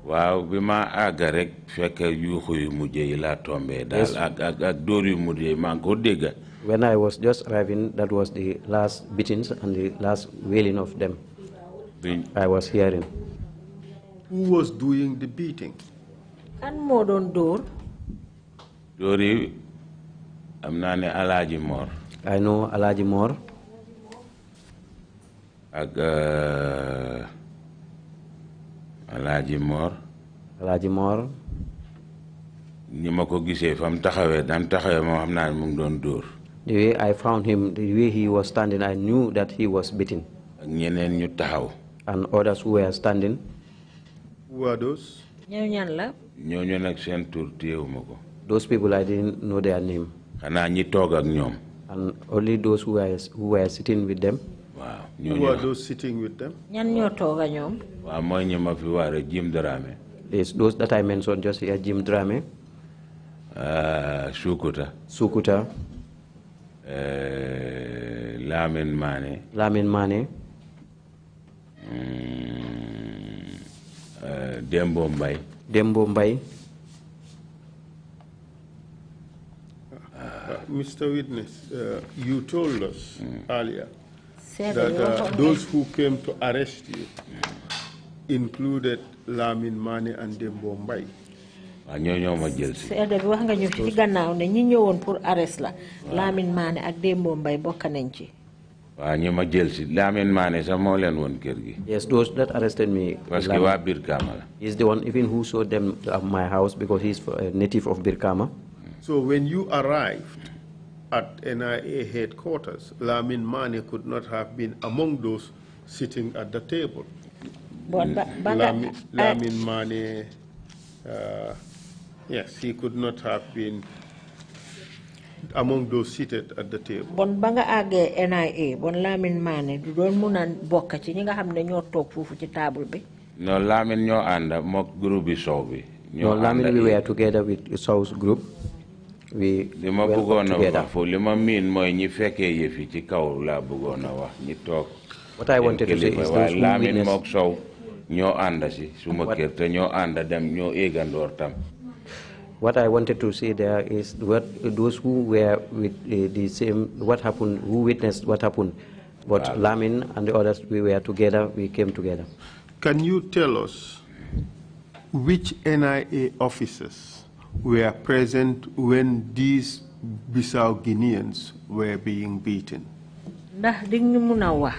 waaw bi ma àgg rek fekk yuuxu yu mujj yi laa tombee daal ak ak ak dóor yu mujj maa ngi ko dégg. when I was just arriving, that was the last beatings and the last wailing of them I was hearing. Who was doing the beating? And more than door. Dory am naa ne Alaaji Moor. I know Alaaji Moor. ak uh, Alaaji Moor. Alaaji Moor. ni ma ko gisee fa mu taxawee daan taxawee moo xam naa ne mu ngi doon dóor. the way I found him, the way he was standing, I knew that he was beaten. ñeneen ñu taxaw. and others who were standing. who are those. ñooñu ñan la. ñooñu nag seen tur téewuma ko. those people I didn't know their name ñi toog ak ñoom. and only those who were who were sitting with them. waaw who are those sitting with them. ñan ñoo toog ak ñoom. waaw mooy ñi ma fi waare Jim Dramé. yes those that I mentioned just here Jim Dramé. Ah, Sukuta. Sukuta. Lamin Mane. Lamin Mane. Dembo Mbay. Dembo Mbay. Mr. Witness, uh, you told us mm. earlier that uh, those who came to arrest you included Lamin Mane and Dembo Mbai. Ah, ñi arrest la ah. Lamin Mane ah, Lamin Mane yes those that arrested me was que waa Birkama is the one even who showed them my house because he's a native of Birkama so when you arrived at NIA headquarters. Lamin Mane could not have been among those sitting at the table. But, but, but uh, Lamin, uh, Lamin Mane, uh, yes, he could not have been among those seated at the table. Bon banga nga agé NIA bon Lamin Mané du don muna a ci ñi nga xam ne ñoo toog foofu ci table bi. No Lamin ñoo ànd mook groupe bi Sow bi. No Lamin we were together with Sow's group we ñi yëf ci kaw ñi what I wanted to say is those who Lamin mook suma te dem tam. what I wanted to say there is what those who were with uh, the same what happened who witnessed what happened but Lamin and the others we were together we came together. Can you tell us which NIA officers were present when these Bissau Guineans were being beaten. ndax di ñu mun a wax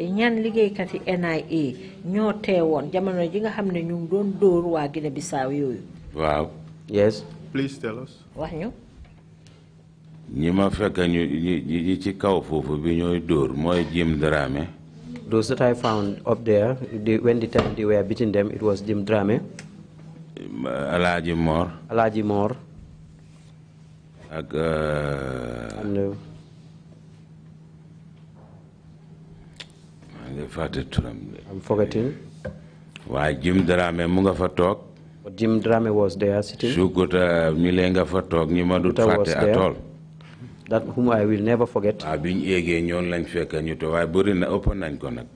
ñan liggéeykati NIA ñoo teewoon jamono ji nga xam ne ñu doon dóor waa Guinée Bissau yooyu. waaw. yes. please tell us. wax ñu. ñi ma fekk ñu ñi ci kaw foofu bi ñooy dóor mooy Jim Drame. those that I found up there, they, when the time they were beating them, it was Jim Drame. Alaaji Alaji Alaaji Moor. ak. Uh, am na. maa ngi fàtte turam. I'm forgetting. Why Jim Dramé mu nga fa Jim Dramé was there sitting. Sukuta mi lee nga fa ñi ma dut fàtte at all. that whom I will never forget. waaw bi ñu eegee ñoon lañ fekk ñu i waaye bëri na ëpp nañ ko nag.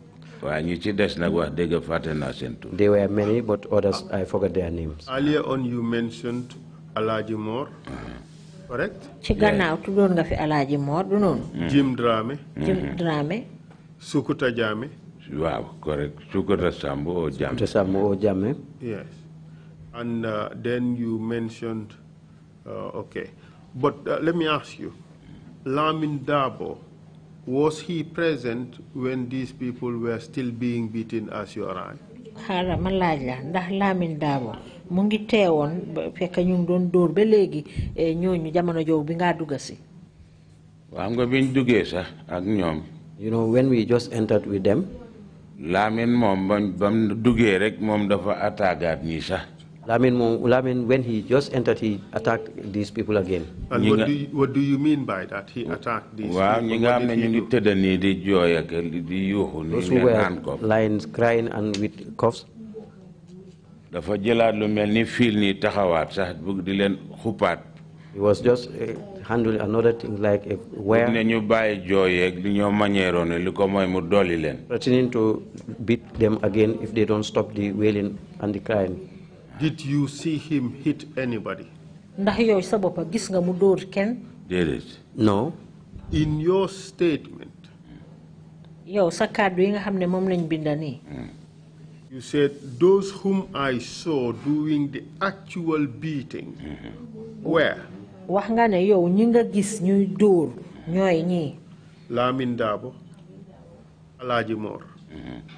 waaye ñu ci des nag wax dëgg fàtte naa seen tur. there were many but others I forgot their names. earlier on you mentioned Alhaji Mor. Mm-hmm. correct. ci gannaaw tuddoon nga fi Alhaji Mor du noonu. Mm-hmm. Jim Dramé. Mm-hmm. Jim Dramé. Sukuta Jammeh. waaw correct Sukuta Sambu Sambu oo Jammeh. yes and uh, then you mentioned uh, okay but uh, let me ask you Lamin Dabo. Was he present when these people were still being beaten as you arrived? xaaral ma laaj la ndax Lamin Daabo mu ngi teewoon fekk ñu ngi doon dóor ba léegi ñooñu jamono joow bi ngaa dugg si. waaw nga biñ duggee sax ak ñoom. you know when we just entered with them. Lamin moom ba mu duggee rek moom dafa attaagaat ñii sax. Lamin, Lamin, when he just entered, he attacked these people again. And what do you, what do you mean by that? He attacked these wow, people. Those who were lying, crying, and with cuffs. dafa jëlaat lu mel ni fiil nii taxawaat sax bëgg he was just eh, handling another thing like a where. ne ñu bàyyi jooyeeg li ñoo mañeeroon li ko to beat them again if they don't stop the wailing and the crying. Did you see him hit anybody? ndax yow sa bopp gis nga mu dóor kenn. déedéet. non. in your statement. yow sa kàddu yi nga xam ne moom lañ binda nii. you said those whom I saw doing the actual beating. where. wax nga ne yow ñi nga gis ñuy dóor ñooy ñii. Lamin Dabo. Alaaji Moor. Mm-hmm.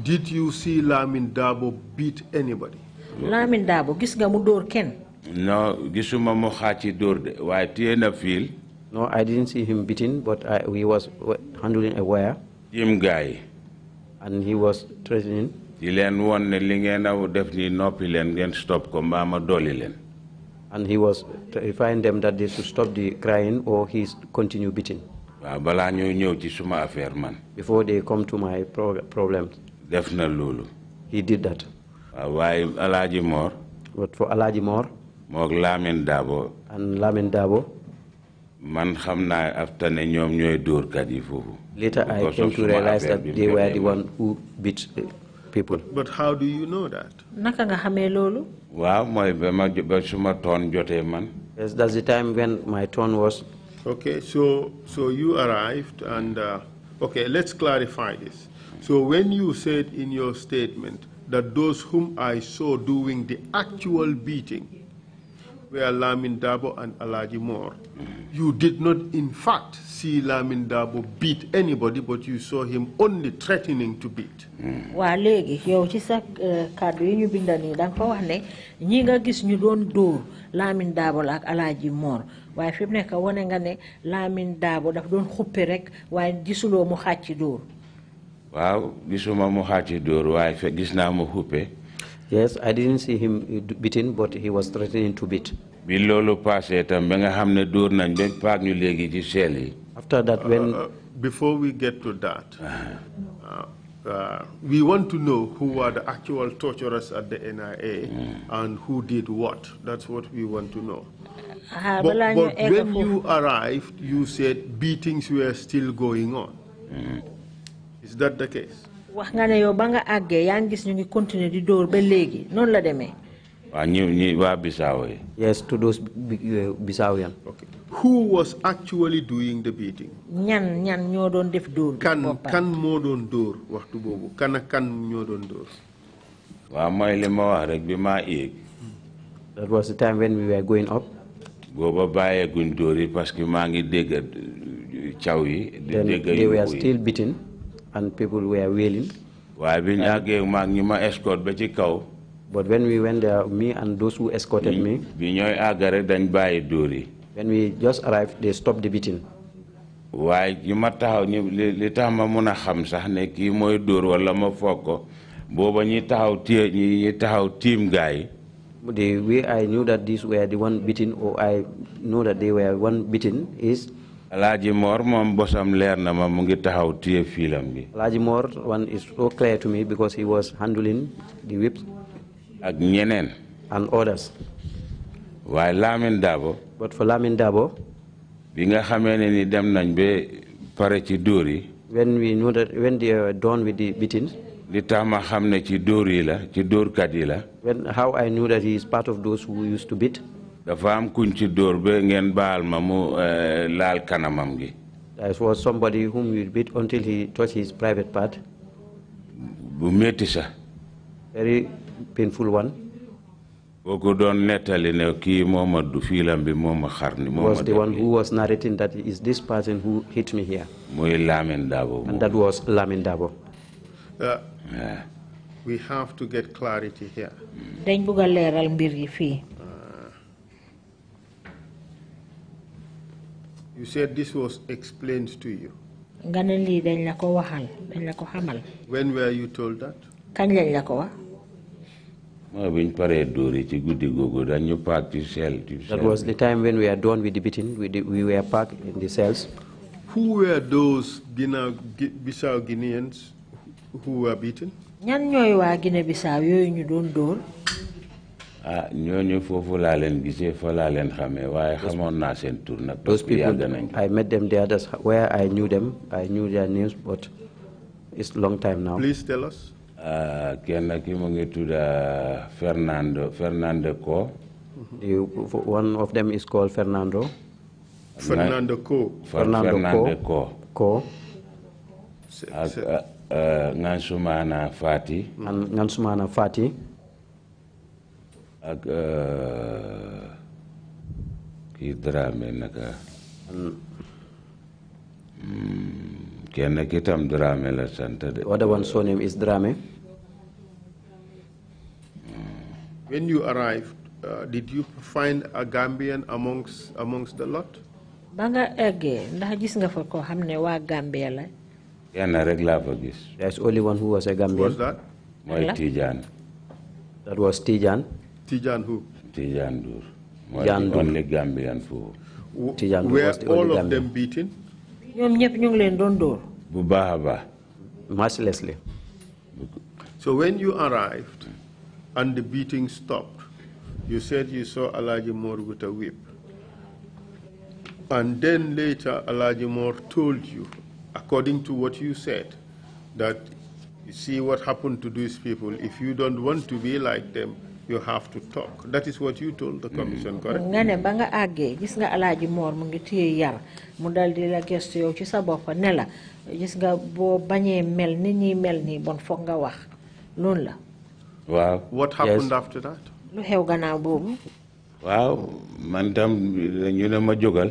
Did you see Lamin Dabo beat anybody? Lamin Dabo gis nga mu door ken? No, gisuma mu xati door de way tiyena fil. No, I didn't see him beating, but I, he was handling a wire. Jim guy. And he was threatening. Di len won ne li ngeen aw def ni nopi len ngeen stop ko ma ma doli len. And he was terrifying them that they should stop the crying or he continue beating. Before they come to my pro problems def na loolu. he did that. Ah, waaye Alaaji Moor. but for Alaaji Moor. moog Lamine Dabo. and Lamine Dabo. man xam naa after ne ñoom ñooy dóorkat yi foofu. later I came to realize that they were the one who beat people. but how do you know that. naka nga xamee loolu. waaw mooy ba ma ba suma toon jotee man. yes that's the time when my turn was. okay so so you arrived and uh, okay let's clarify this. So when you said in your statement that those whom I saw doing the actual beating were Lamin Dabo and Alaji Moore, you did not in fact see Lamin Dabo beat anybody, but you saw him only threatening to beat. waa léegi yow ci sa eh, kàddu yi ñu binda nii da nga fa wax ne ñi nga gis ñu doon dóor Lamin Dabo la ak Alaji Moore waaye fi mu nekk wane nga ne Lamin Dabo daf doon xuppe rek waaye gisuloo mu xàcc dóor waaw gisuma mu xaati dóor waaye fe gis naa mu xuppe yes I didn't see him uh, beaten but he was threatening to beat bi loolu passé tam ba nga xam ne dóor nañ ba ñu léegi ci seel yi after that uh, when uh, before we get to that ah. Uh, we want to know who are the actual torturers at the NIA mm. and who did what. That's what we want to know. Ah, but, but when you arrived, you said beatings were still going on. Mm. Is wax nga ne yow ba nga àggee yaa ngi gis ñu ngi continuer di dóor ba léegi noonu la demee. waa ñi ñi waa Bissau yi. ñan ñan ñoo doon def dóor. kan kan moo doon dóor waxtu boobu kan ak kan ñoo doon dóor. waaw mooy li ma wax rek bi maa yéeg. that was the time when we were going up. booba bàyyeeguñ dóor yi parce que maa ngi dégg caw yi. di dégg yu yi and people were wailing. escort But when we went there, me and those who escorted me, when we just arrived, they stopped the beating. Why you ma taxaw ni li tax ma mun a xam sax ne kii mooy dóor wala ma foog ko booba ñi taxaw tie ñi the way I knew that these were the one beaten, or I know that they were one beaten, is. Alaji Mor mom bosam leer ma mu ngi taxaw tiye filam bi. Alaji Mor one is so clear to me because he was handling the whip. Ak ñeneen. And others. Waaye Lamin Dabo. But for Lamin Dabo. Bi nga ni dem nañ ba pare ci dóor yi. When we know that when they were done with the beatings. li tax ma xam ne ci dóor yi la ci yi la. When how I knew that he is part of those who used to beat. That eh, kanamam gi. was somebody whom you beat until he touched his private part. bu métti very painful one. kooku don nettali ne kii moom du fiilam bi was the one who was narrating that is this person who hit me here. muy Lamin Dabo. and that was lamen Dabo. Uh, we have to get clarity here. dañ bugg a mbir yi You said this was explained to you. nga ne lii dañ la ko waxal dañ la ko xamal. when were you told that. kañ lañ la ko wax. mooy biñ paree dóor yi ci guddi googu dañ ñu paak ci sel. that was the time when we are done with the beating we, we were packed in the cells. who were those Guinea Bissau Guineans who were beaten. ñan ñooy waa Guinée Bissau yooyu ñu doon dóor. ah ñooñu foofu laa leen gisee fa laa leen xamee waaye xamoon naa seen tur nag. parce que yàgg I met them the others where I knew them I knew their names but it's long time now. Ah, kenn ki ngi tudda ah, Fernando Fernando Ko. Fernando. Ko. Fernando Ko Ko. ak ah, Ngansumana Fati. ak euh, kii Dramé naka hmm, kenn ki tam la sant de. Other one surname is Dramé. Hmm. Uh, ba nga eggee ndax gis nga fa koo xam ne waa Gambia la. kenn rek laa fa gis. there only one who was a Gambian. mooy Tijaan. that was Tijaan. Tijan who? Tijan Dur. Tijan Only Gambian Tijan Were all of them beaten? ñoom ñëpp ñu ngi mercilessly. so when you arrived and the beating stopped you said you saw Alaji Mor with a whip and then later Alaji Mor told you according to what you said that you see what happened to these people if you don't want to be like them you have to talk that is what you told the mm. nga ne ba nga àggee gis nga ji moor mu ngi téye yar mu dal di la gëstu yow ci sa bopp ne la gis nga boo bañee mel ni ñuy mel ni bon foog nga wax loolu la waaw what happened after lu xew gannaaw boobu waaw man tam ñu ne ma jógal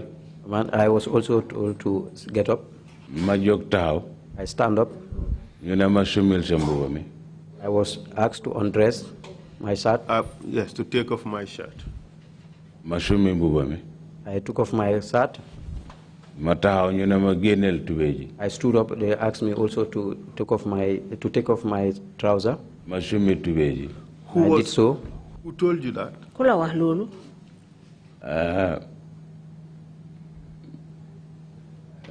man I was also told to get ma jóg taxaw I stand ñu ne ma sumil sa mbuba mi I was asked to undress My shirt? Uh, yes, to take off my shirt. Masumi mbubami. I took off my shirt. Mata ñu ne ma tuweji. I stood up. They asked me also to take off my to take off my trouser. Masumi tubéy Who I did so. Who told you that? Kula la wax loolu.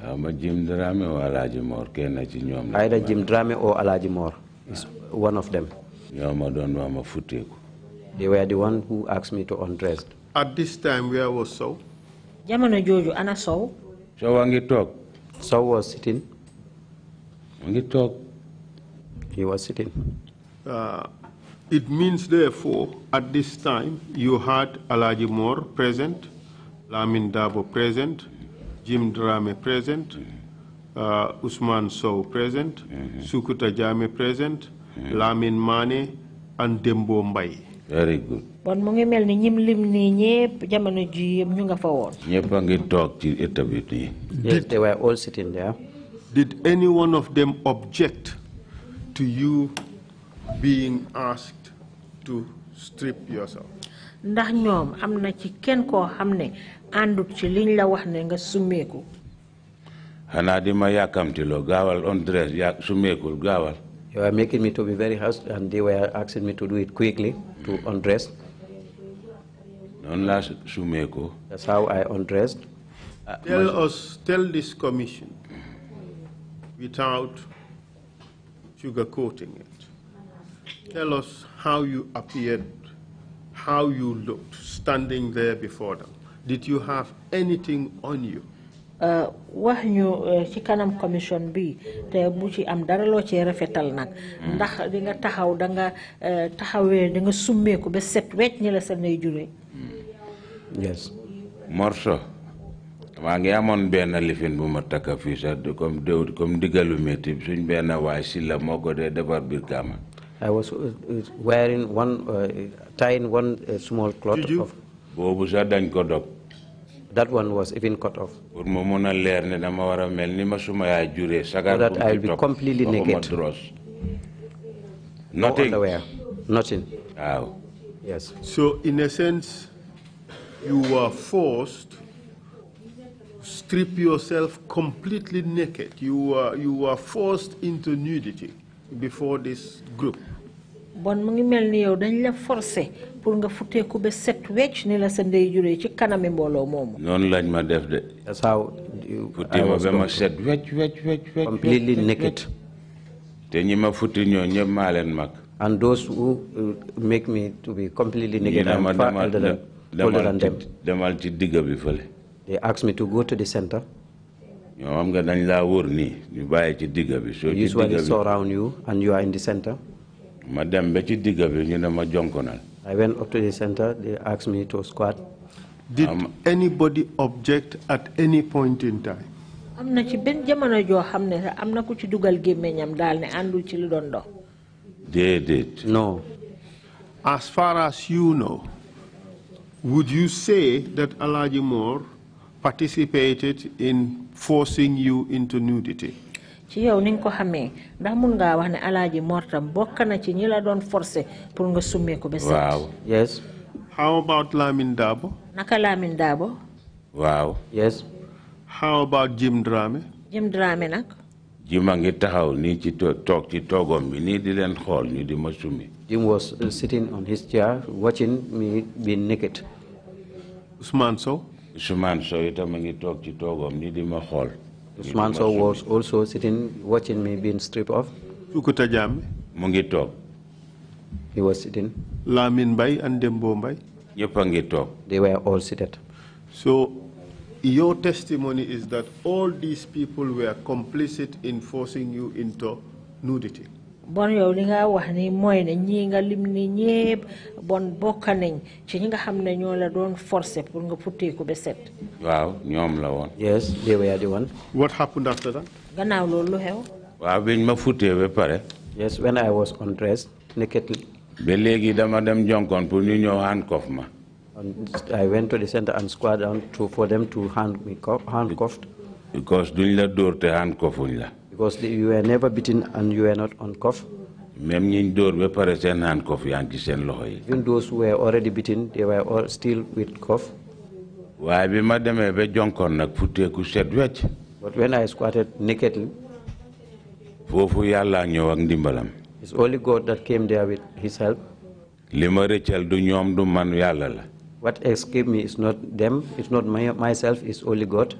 Ama Jim Drame or Alaji Either Jim Drame or Alaji is one of them. They were the one who asked me to undress. At this time, where was Saul? Jamono joju ana So Saul wangi talk. So was sitting. Wangi talk. He was sitting. Uh, it means, therefore, at this time, you had Alaji Moore present, Lamin Dabo present, Jim Drame present, uh, Usman Sow present, mm -hmm. Sukuta Jame present, Lamin Mane, and Dembo Mbai. Very good. bon mu ngi mel ni ñim lim nii ñëpp jamono ji ñu nga fa woon. ñëpp a ngi ci état bi nii. yes they were all sitting there. did any one of them object to you being asked to strip yourself. ndax ñoom am na ci kenn koo xam ne àndut ci liñ la wax ne nga summeeku. xanaa di ma yàkkamti loo gaawal on dress yàkk summeekul gaawal. They were making me to be very hard, and they were asking me to do it quickly, to undress. That's how I undressed. Uh, tell us, tell this commission, without sugarcoating it, tell us how you appeared, how you looked standing there before them. Did you have anything on you? Euh, wax ñu euh, ci kanam commission bi te bu ci am dara loo cee rafetal nag mm. ndax di nga taxaw danga nga euh, taxawee da nga summeeku ba set wecc ñi la sa nay juree mm. morso maa ngi amoon benn lifin bu ma takka fii sax comme déw diggalu métti suñ benn waay si la moo ko dee defar biir kaama uh, uh, uh, boobu sax dañ ko dog That one was even cut off. So that I will be completely naked. Nothing. No Nothing. Oh. Yes. So in a sense, you were forced to strip yourself completely naked. You were, you were forced into nudity before this group bon mu ngi mel ni yow dañ la forcé pour nga futteeku ba set wecc ni la sa ndey juree ci kanami mbooloo moomu. noonu lañ ma def de. that's how ma ba ma set completely naked. te ñi ma futti ñoo ñëpp maa leen mag. and those who uh, make me to be completely naked. i far older than them. ci bi fële. they asked me to go to the center. ñoom am nga dañ laa wóor nii ñu bàyyi ci digg bi. soo ci digg bi you and you are in the center ma dem ba ci digga bi ñu ne ma jonkonal. I went up to the center. They asked me to squat. Did um, anybody object at any point in time? am na ci benn jamono joo xam ne am na ku ci dugal gémmiñam daal ne àndul ci lu doon dox. déedéet. no. as far as you know would you say that Alhaji Moore participated in forcing you into nudity. ci yow ni nga ko xamee ndax mun ngaa wax ne alaaji mortam bokk na ci ñi la doon forcé pour nga summee ko ba set yes how about Lamine Dabo. naka Lamine Dabo. waaw yes how about jim drame jim drame nak? jim a ngi taxaw nii ci toog ci toogom bi nii di leen xool ñu di ma summi jim was uh, sitting on his chair watching me being naked Ousmane Sow Ousmane Sow itam a ngi toog ci toogom nii di ma xool Usman Sow was also sitting watching me being stripped off. Fukuta Jambe. He was sitting. Lamin Bay and Dembo Bay. Ñëpp They were all seated. So your testimony is that all these people were complicit in forcing you into nudity. bon yow li nga wax ni mooy ne ñii nga lim ni ñëpp bon bokk nañ ci ñi nga xam ne ñoo la doon forcé pour nga futteeku ba set. waaw ñoom la woon. yes they yaa di one. what happened after that. gannaaw loolu lu xew. waaw biñ ma futtee ba pare. yes when I was undressed nakedly. ba léegi dama dem jonkoon pour ñu ñëw handcuff ma. I went to the centre and squad down to for them to hand me handcuffed. because duñ la dóor te handcuffuñ la. Because you were never beaten and you were not on cough. Même ñiñ door we pare sen hand cough yaa ngi seen loxo yi. Even those who were already beaten, they were all still with cough. waaye bi ma demee ba jonkoon nag futteeku set wecc. But when I squatted nakedly. foofu yàlla ñëw ak ndimbalam. It's only God that came there with His help. li ma rëccal du ñoom du man yàlla la. What escaped me is not them, it's not my, myself, it's only God.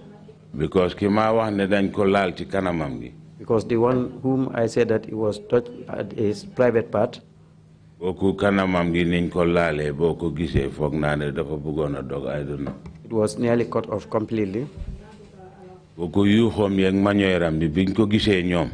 Because ki ma wax ne dañ ko laal ci kanamam gi because the one whom I said that he was touched at his private part. gisé I don't know. It was nearly cut off completely. gisé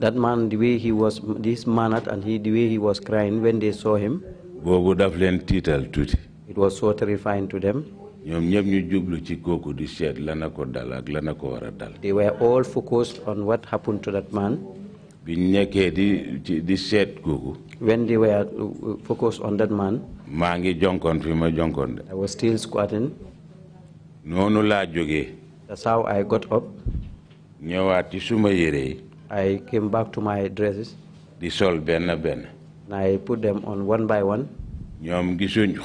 That man the way he was this manat and he the way he was crying when they saw him. It was so terrifying to them ñoom ñëpp ñu jublu ci kooku di seet la na ko dal ak la na ko war a dal. they were all focused on what happened to that man. nekkee di ci di seet kooku. when they were uh, focused on that man. maa ngi jonkoon fi ma jonkoon de. I was still squatting. noonu laa jógee. that's how I got up. ñëwaat ci suma yére I came back to my dresses. di sol benn benn. and I put them on one by one gisuñ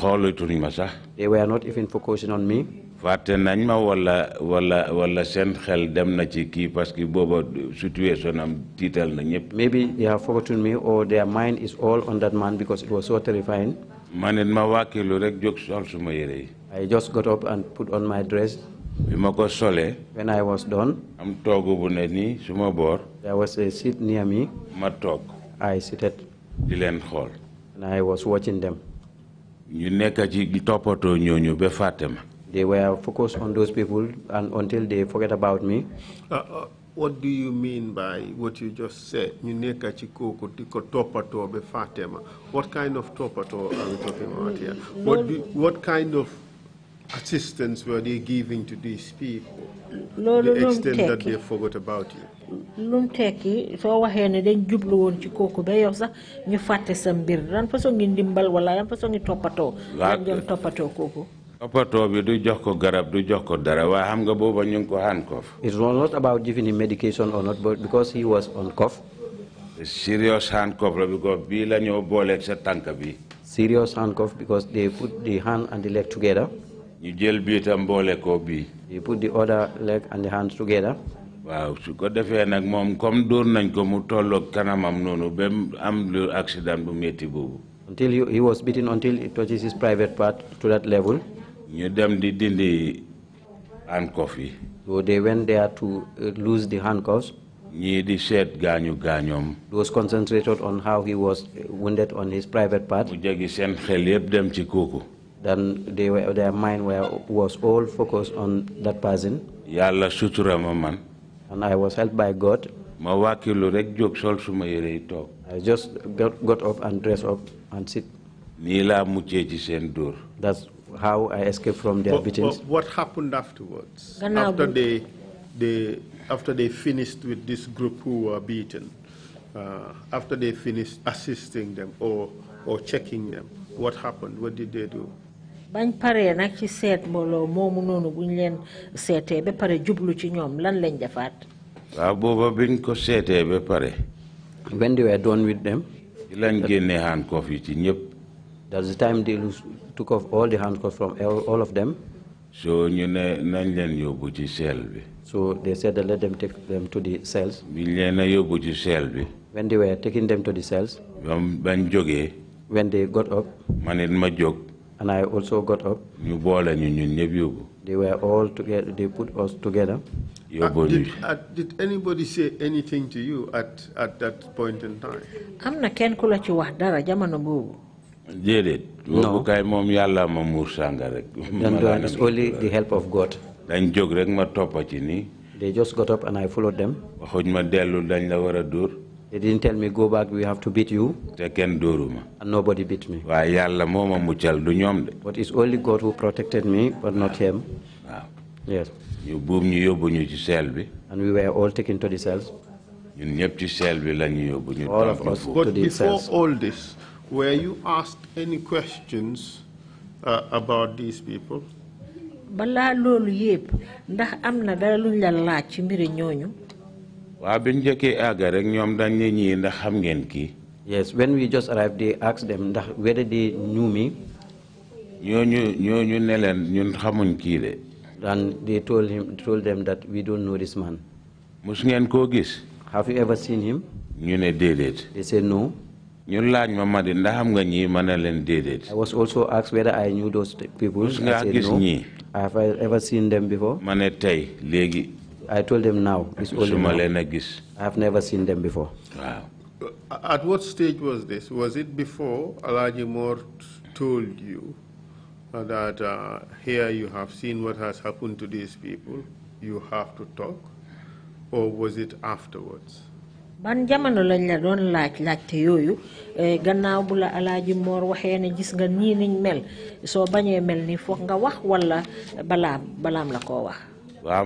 ma sax. they were not even focusing on me. fàtte nañ ma wala wala wala seen xel dem na ci kii parce que situation am tiital na maybe they have forgotten me or their mind is all on that man because it was so terrifying. ma rek sol suma yére I just got up and put on my dress. when I was done. am toogu bu ne nii suma there was a seat near me. ma I seated. di leen hall and I was watching them they were focused on those people and until they forget about me. Uh, uh, what do you mean by what you just said? You topato fatema. What kind of topato are we talking about here? What, do, what kind of assistance were they giving to these people? No, the extent that they forgot about you. Lum mu tekki hene waxee ne dañ jublu woon ci kooku ba yow sax ñu fàtte sa mbir lan façon ngi ndimbal wala lan façon ngi lan bi du jox ko garab du jox ko dara wa xam nga booba ñu ko kof it was not about giving him medication or not but because he was on cough serious hand cough la because bii la ñoo booleeg sa tànk bi serious hand cough because they put the hand and the leg together ñu jël bi tam boole ko bii they put the other leg and the hands together waaw su ko defee nag moom comme dóor nañ ko mu tolloog kanamam noonu ba am lu accident bu métti boobu. until he was beaten until it touches his private part to that level. ñu dem di dindi handcuff yi. so they went there to uh, loose the handcuffs. ñii di seet gaañu gaañoom. he was concentrated on how he was uh, wounded on his private part. mu jegi seen xel yëpp dem ci kooku. then they their mind were was all focused on that person. yàlla sutura ma man. And I was helped by God. I just got, got up and dressed up and sit. That's how I escaped from their beatings. What, what happened afterwards? After they, they, after they finished with this group who were beaten, uh, after they finished assisting them or, or checking them, what happened? What did they do? bañ paree nag ci seet mbooloo moomu noonu buñ leen seetee ba pare jublu ci ñoom lan lañ defaat. waaw booba biñ ko seetee ba pare. when they were done with them. ci lañ génnee handcuff yi ci ñëpp. that's the time they took off all the handcuffs from all of them. so ñu ne nañ leen yóbbu ci seel bi. so they said that let them take them to the cells. biñ leen a yóbbu ci seel bi. when they were taking them to the cells. ñoom bañ jógee. when they got up. man it ma jóg. And I also got up. They were all together, they put us together. Uh, uh, did, anybody say anything to you at, at that point in time? Am ken kula ci wax dara jamono bobu. Dedet, bobu kay mom yalla ma mur sanga rek. It's only the help of God. Dañ jog rek They just got up and I followed them. Waxuñ ma delu they didn't tell me go back we have to beat you. Te kenn dóoruma. And nobody beat me. waaye yàlla moo ma du ñoom de. But it's only God who protected me but not him. waaw. Yes. ñu boom, ñu yóbbu ñu ci seel bi. And we were all taken to the cells. ñun ñëpp ci seel bi la ñu yóbbu ñu. All of us to the cells. But before all this were you asked any questions uh, about these people. balaa loolu yëpp ndax am na dara luñ la laaj ci mbiri ñooñu. Yes, when we just arrived, they asked them whether they knew me. And they told, him, told them that we don't know this man. Have you ever seen him? They said no. I was also asked whether I knew those people. I said no. Have I ever seen them before? I told them now. It's only now. I have never seen them before. Wow. Uh, at what stage was this? Was it before Alaji Moore told you that uh, here you have seen what has happened to these people, you have to talk? Or was it afterwards? ban jamono lañ la doon laaj laajte yooyu eh, gannaaw bu la alaaji moor waxee ne gis nga nii niñ mel soo bañee mel ni foog nga wax wala balaam balaam la koo wax that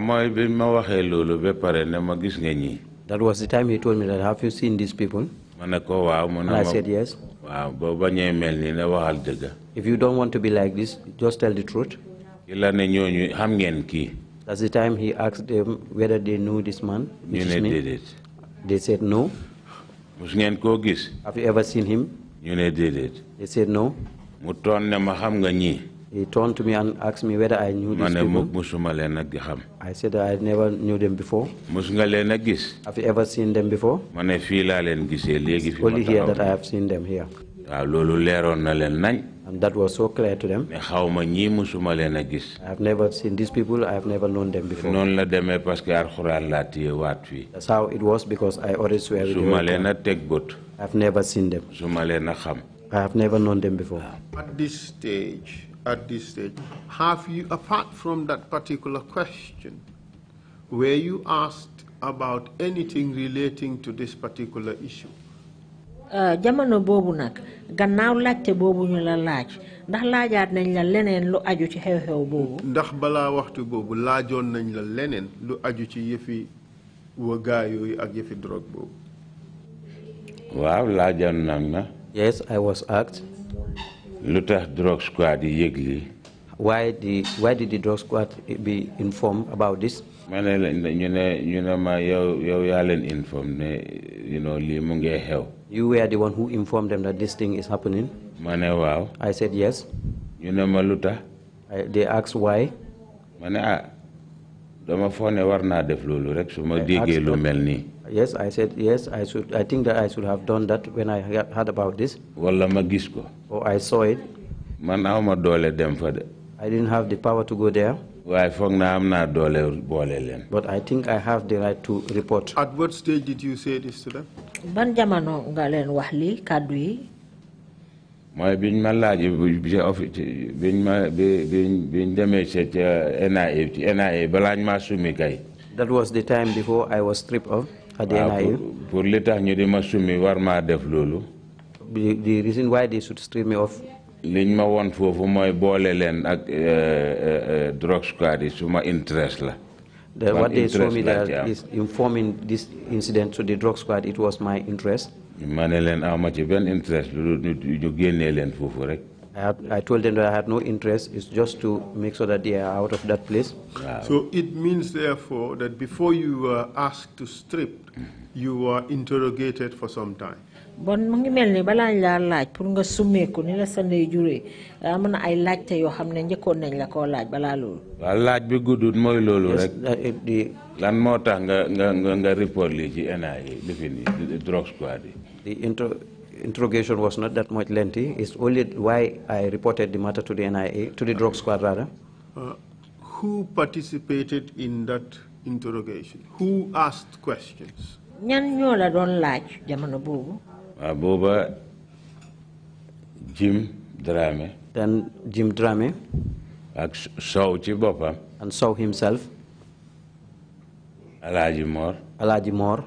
was the time he told me that, have you seen these people? And I said yes. If you don't want to be like this, just tell the truth. That's the time he asked them whether they knew this man. Which is me. They said no. Have you ever seen him? They said no. He turned to me and asked me whether I knew these people. I said I never knew them before. Have you ever seen them before? It's only here that I have seen them here. And that was so clear to them. I have never seen these people, I have never known them before. That's how it was because I always swear with you. I have never seen them. I have never known them before. At this stage, at this stage. Have you, apart from that particular question, were you asked about anything relating to this particular issue? Uh, jamono boobu nag gannaaw laajte boobu ñu la laaj ndax laajaat nañ la leneen lu aju ci xew-xew boobu. ndax balaa waxtu boobu laajoon nañ la leneen lu aju ci yëfi wagaa yooyu ak yëfi drogue boobu. waaw laajoon nañ la. yes I was asked lu drug squad yi yëg why the why did the drug squad be informed about this. You know, la ñu ne ñu ne ma yow yow yaa leen inform ne you know lii mu ngi xew. you were the one who informed them that this thing is happening. ma waaw. I said yes. ñu ne ma lu they asked why. ma ne ah dama foog war naa def loolu rek su lu yes I said yes I should I think that I should have done that when I heard about this wala ma gis ko or oh, I saw it man awma doole dem fa de I didn't have the power to go there waaye foog naa am naa doole boole leen but I think I have the right to report at what stage did you say this to them ban jamono nga leen wax li kàddu yi mooy biñ ma laaj ci office biñ ma biñ biñ demee ci NIA ci NIA balaañ maa summi kay that was the time before I was stripped off waaw pour l'État, tax ñu di ma summi war maa def loolu. the reason why they should strip me off. liñ ma won foofu mooy boole leen ak eh, eh, eh, drug squad yi suma interest la. The, what they showed me that is informing this incident to the drug squad, it was my interest. ma ne leen aw ma ci benn interest lu ñu génnee leen foofu rek. I, had, I, told them that I had no interest. It's just to make sure that they are out of that place. So it means, therefore, that before you were asked to strip, you were interrogated for some time. bon mu ngi mel ni balaa ñu laa laaj pour nga summeeku ni la sa ndey juree daa ah, mën a ay laajte yoo xam ne la koo laaj balaa loolu. bi guddut mooy loolu rek. lan moo tax nga nga nga report lii ci NIA drug fi nii drogue interrogation was not that much lengthy. It's only why I reported the matter to the NIA, to the drug squad rather. Uh, who participated in that interrogation? Who asked questions? ñan ñoo don doon laaj jamono boobu. Uh, Jim Dramé. then Jim Dramé. and saw himself. Alaji Moor. Alaji Moor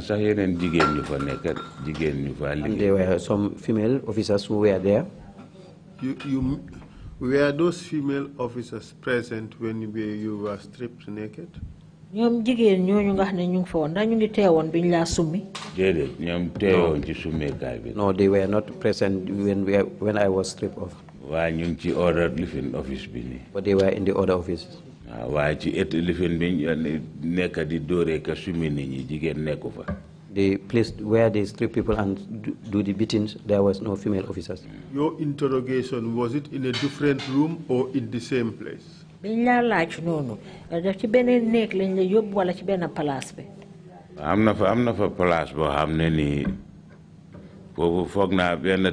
sax yeneen jigéen ñu fa nekk jigéen ñu fa liggéey. there were some female officers who were there. You, you, were those female officers present when you, you were stripped naked? ñoom jigéen ñooñu nga xam ne ñu ngi fa woon ndax ñu ngi teewoon biñ laa summi. déedéet ñoom teewoon ci summeekaay bi. no they were not present when when I was stripped off. waaye ñu ngi ci order living office bi nii. but they were in the order office. Ah, the place where they strip people and do the beatings, there was no female officers. Your interrogation, was it in a different room or in the same place? Eh, I am not, fa am na fa place boo xam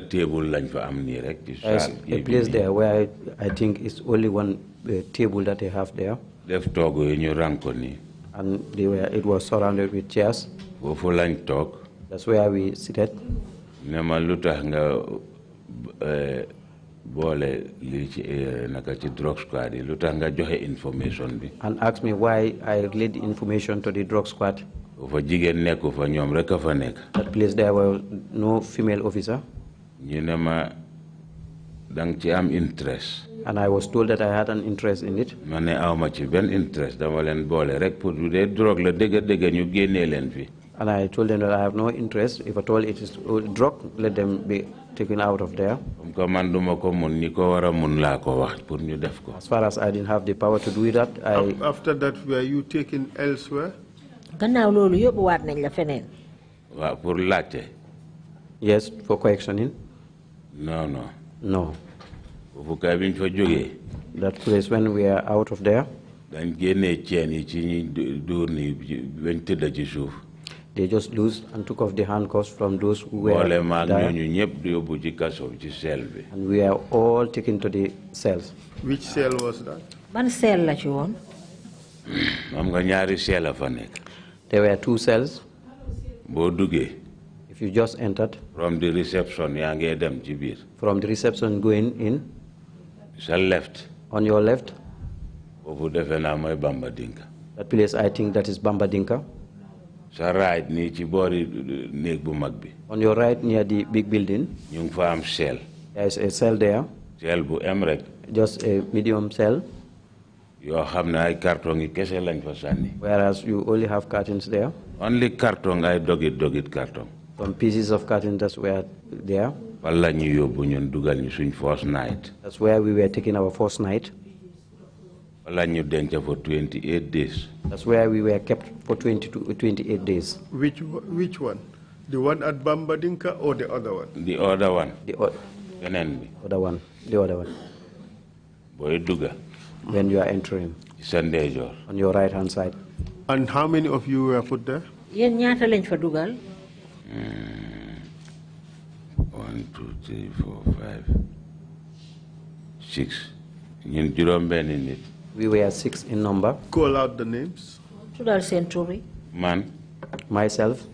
table am a place there where I think it's only one the table that they have there. Left togo ñu ranko ni. And they were, it was surrounded with chairs. Fofu lañ tok. That's where we seated. Namaluta lutax eh, bole boole li ci drug squad Luta lu tax information bi. and ask me why I relayed information to the drug squad. Ova jigéen neko, fa ñoom rek a fa nekk. that place there were no female officer. ñu ma dang ci am interest and I was told that I had an interest in it. Eh, interest du and I told them that I have no interest. If at all it is drug. let them be taken out of there. As far as I didn't have the power to do that, I... After that, were you taken elsewhere? Yes, for questioning. No, no. No that place when we are out of there. they just loosed and took off the handcuffs from those who were And we are all taken to the cells. Which cell was that? One cell that you want. There were two cells. If you just entered. From the reception, From the reception going in sa left. On your left. that place I think that is Bambadinka. sa right on your right near the big building. ñu cell. there is a cell there. cell bu emrek. just a medium cell. You have no ay carton whereas you only have cartons there. only carton it, dog it carton pieces of carton that were there. Wala ñu yóbbu ñun dugal first night. That's where we were taking our first night. Wala knew denc for 28 days. That's where we were kept for 20 to 28 days. Which which one? The one at Bambadinka or the other one? The other one. The other one. The other one. Boy Duga. When you are entering. On your right hand side. And how many of you were put there? Eh, one two three four five six ñun juróom benn it? we were six in number. call out the names. Tudor seen man. myself.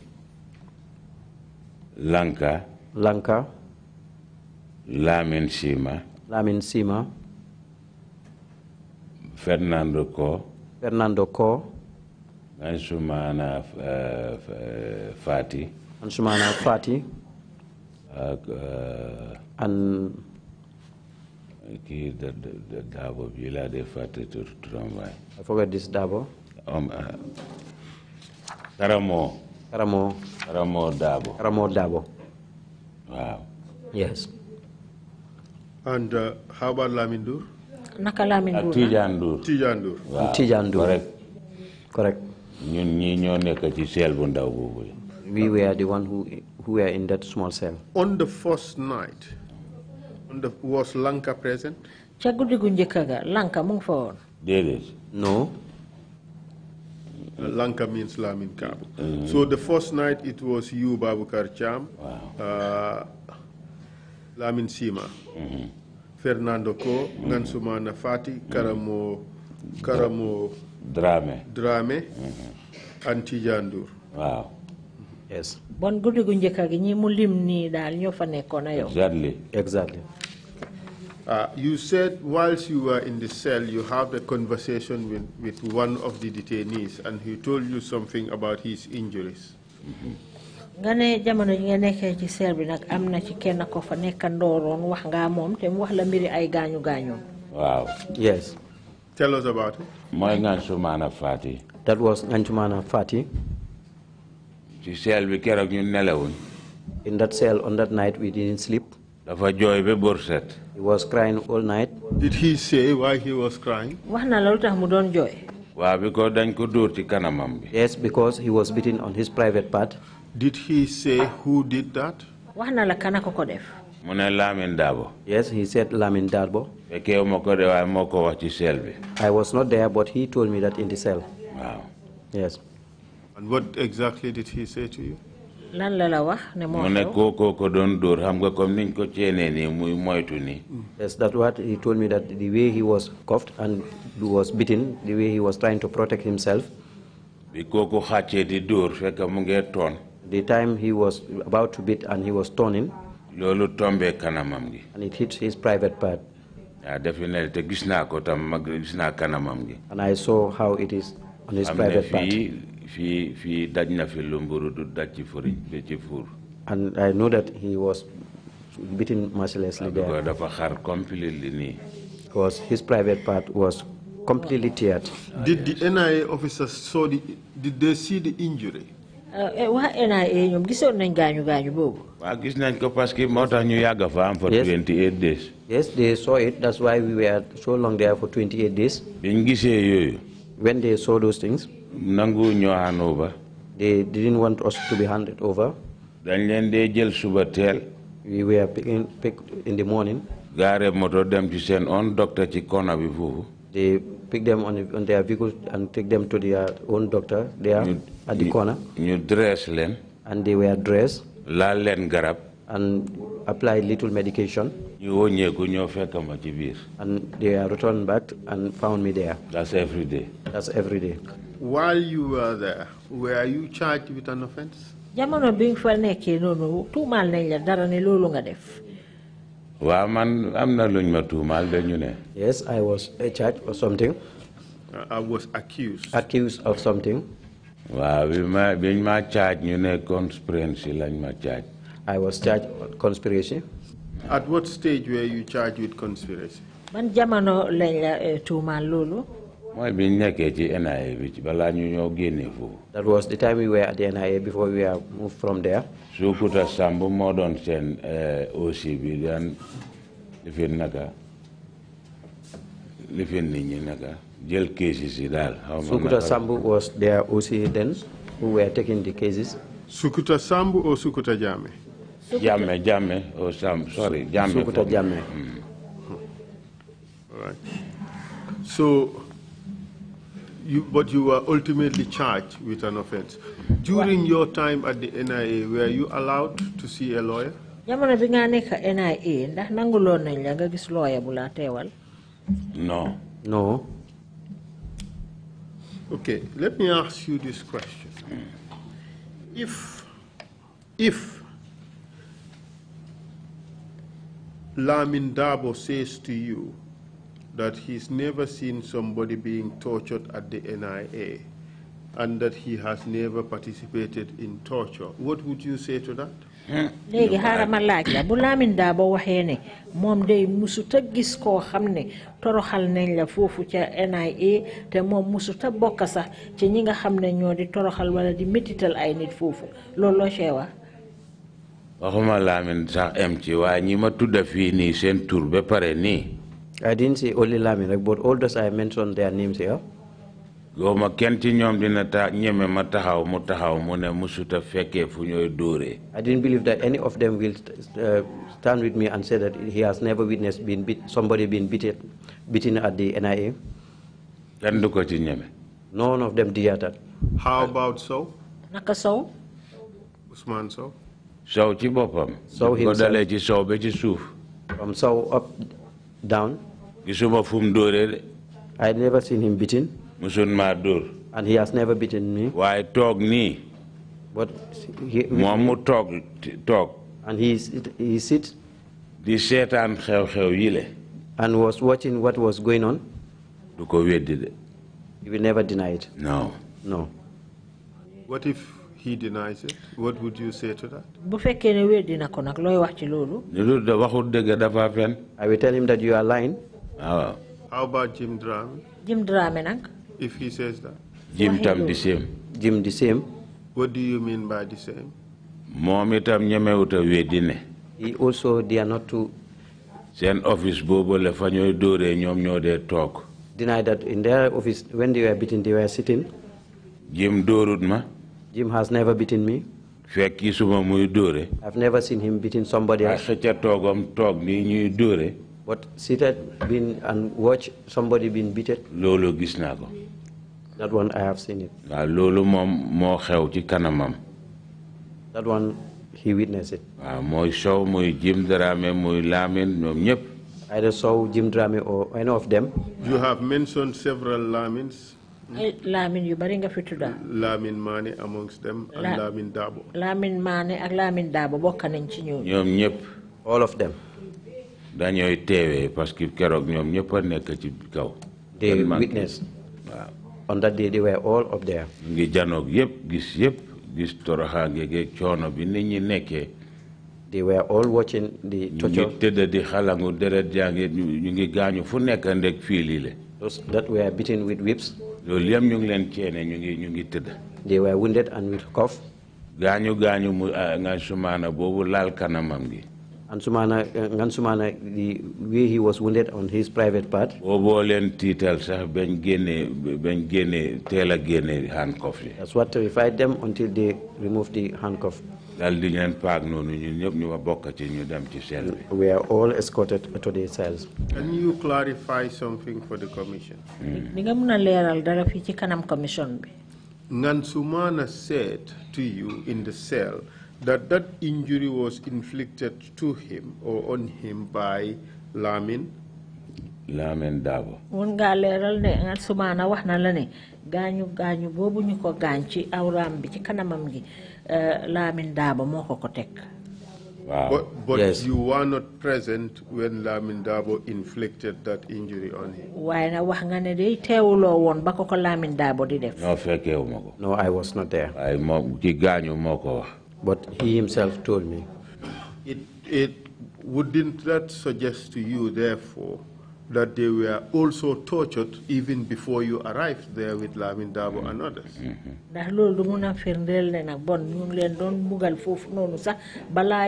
Lanka. Lanka. Lamin Sima. Lamin Sima. Fernando Ko. Fernando Ko. Ansumana uh, eh, eh, Fati. an Soumana Fati. ak. Uh, an. kii da bii laa dee fàtte tur turam waay. I forgot this Dabo. Um, uh, waaw. yes. and uh, how about Lamine naka Lamine ah. Ndour ak Tidiane ñoo nekk ci seel bu ndaw boobu. we were the one who, who were in that small cell. On the first night, the, was Lanka present? ca guddi gu Lanka mu for. fa woon. no. Uh, Lanka means in Kaabu. Mm-hmm. So the first night it was you, Babukar Cham, wow. uh, Lamin Sima, mm -hmm. Fernando Ko, mm -hmm. Fati, mm -hmm. Karamo, mm-hmm. Karamo Drame, Drame mm -hmm. Wow. Yes. Bon guddi gu njëkk ñi mu lim dal daal ñoo fa nekkoon yow. Exactly. Exactly. Uh, you said whilst you were in the cell, you had a conversation with, with one of the detainees, and he told you something about his injuries. Mm-hmm. Gane jamano jamono ji nga nekkee ci cell bi nag am na ci kenn ko fa nekkandooroon wax ngaa moom te wax la mbiri ay gaañu gaañoon. waaw. yes. tell us about it. mooy Nganchumana Fati. that was Nganchumana Fati ci seel bi keroog ñu nelawuñ in that cell on that night we didn't sleep dafa jooy be bër set he was crying all night did he say why he was crying wax na la lu tax mu doon jooy waaw bi ko dañ ko dóor ci kanamam bi yes because he was beaten on his private part did he say who did that wax na la kana ko ko def mu ne Lamin Dabo yes he said Lamin Dabo fekkee ma ko de waaye moo ko wax ci seel bi I was not there but he told me that in the cell waaw yes and what exactly did he say to you? lan la la wax ne moo ne kookoo ko doon dóor xam nga comme niñ ko ceenee nii muy moytu nii mm. yes that what he told me that the way he was coughed and was beaten the way he was trying to protect himself bi kooku xàccee di dóor fekk mu ngee toon the time he was about to beat and he was turning loolu tombee kanamam gi and it hit his private part waaw ah, defe te gis naa ko tam mag gis naa kanamam gi and I saw how it is on his private part fii fii daj fi lu du daj ci furiñ ci fuur. and I know that he was beaten mercilessly there. dafa xar completely nii. because his private part was completely teared. Did the NIA officers saw the? Did they see the injury? Eh, eh, waa NIA ñoom gisoon nañ gaañu gaañu boobu. waa gis nañ ko parce que moo tax ñu yàgg fa am for 28 days. yes they saw it that's why we were so long there for 28 days. biñ gisee yooyu. when they saw those things. They didn't want us to be handed over. dañ leen dee jël suba teel. We were picking, picked in the morning. gaare moto dem ci seen own doctor ci corner bi foofu. They pick them on, on their vehicles and take them to their own doctor there you, at the corner. You dress them. And they were dressed. Laal leen garab. And apply little medication. You wonyeku ñoo fekk ma ci biir. And they are returned back and found me there. That's every day. That's every day. While you were there, were you charged with an offense? jamono bi nga fa nekkee noonu tuumaal nañ la dara ne loolu nga def. waaw man am na luñ ma tuumaal dañu ne. yes I was uh, charged for something. Uh, I was accused. Accused of something. waaw bi ma biñ ma charge ñu ne conspiracy lañ ma charge. I was charged with conspiracy. At what stage were you charged with conspiracy? ban jamono uh, lañ la tuumaal loolu. That was the time we were at the NIA before we moved from there. Sukuta Sambu Modern Sen uh, OCB dan lifin naga lifin ninyi naga jail cases dal. Sukuta Sambu was their OC then who were taking the cases. Sukuta Sambu or Sukuta Jame? Jame Jame or Sam sorry Jame. Sukuta Jame. Mm. All right. So you, but you were ultimately charged with an offense. During your time at the NIA, were you allowed to see a lawyer? jamono bi nga NIA ndax nanguloon nañ la gis lawyer bu la No. No. Okay, let me ask you this question. If, if Lamin Dabo says to you, that he's never seen somebody being tortured at the NIA and that he has never participated in torture. What would you say to that? Legi hara malaki, laaj la bu Lamin Darboe waxee ne moom day musuta gis koo xam ne toroxal nañ la foofu ca NIA te moom musuta bokk sax ci ñi nga xam ne di toroxal wala di métital ay nit foofu loolu loo cee wax waxuma Lamin sax am ci waaye ñi ma tudda fii nii seen tur ba pare nii I didn't say only Lamin, but all those I mentioned their names here. dina ta ñeme ma taxaw mu taxaw mu ne musuta fu I didn't believe that any of them will uh, stand with me and say that he has never witnessed being beat, somebody being beaten, beaten at the NIA. kenn ci ñeme. None of them did that. How about so? naka Sow. so. So Sow ci boppam. Sow himself ko ci ci suuf. from up down. I had never seen him beaten. And he has never beaten me. Why talk ni? But he, Momu talk talk. And he he sit. Di setan xew xew yile. And was watching what was going on. Du ko did it. He will never deny it. No. No. What if he denies it what would you say to that i will tell him that you are lying how about Jim Drame Jim Drame if he says that Jim tam the same Jim the same what do you mean by the same moom itam ñemewut he also they are not to seen office Bobo la fa ñooy dóoree ñoom ñoo dee deny that in their office when they were beaten they were sitting Jim dóorut ma Jim has never beaten me. i I've never seen him beating somebody else. ca toogam toog but seated been and watch somebody being beaten. that one I have seen it. that one he witnessed it. I saw Jim Dramé either Jim Dramé or any of them. You have mentioned several Lamins. Eh, Lamin yu bari nga fi tudda Lamin Mané amongst them ak Lamin Dabo Lamin Mané ak Lamin Dabo bokk nañ ci ñoom ñoom ñëpp all of them dañooy teewee parce que keroog ñoom ñëpp nekk ci kaw they witness waaw on that day they were all up there ngi janoog yëpp gis yëpp gis toroxaange geeg coono bi nit ñi nekkee they were all watching the torture. ñu tëdd di xalangu deret jaa ñu ngi gaañu fu nekk ndeg fii lii le that were beaten with whips loolu yëpp ñu ngi leen ceene ñu ngi ñu ngi tëdd. they were wounded and with cough. gaañu gaañu mu ah, Ngansoumana boobu laal kanamam gi. Ansumana, uh, eh, Ngansumana, the way he was wounded on his private part. That's what terrified them until they removed the handcuff we are all escorted to the cells. can you clarify something for the commission. Hmm. di nga kanam commission Nansumana said to you in the cell that that injury was inflicted to him or on him by Lamin. Lamin Dabo. mun ngaa leeral na la ne gaañu gaañu ko gaañ ci awraam bi ci kanamam Eh, Lamin Dabo moo ko Wow. But, but yes. you were not present when Lamin Dabo inflicted that injury on him. Why na wax nga ne day teewuloo woon ba ko Lamin Dabo di def. No fekkeewuma No, I was not there. i moom ki gaañu But he himself told me. It, it wouldn't that suggest to you therefore that they were also tortured even before you arrived there with Lamin Dabo and others. ndax loolu du mun ne bon ñu leen doon sax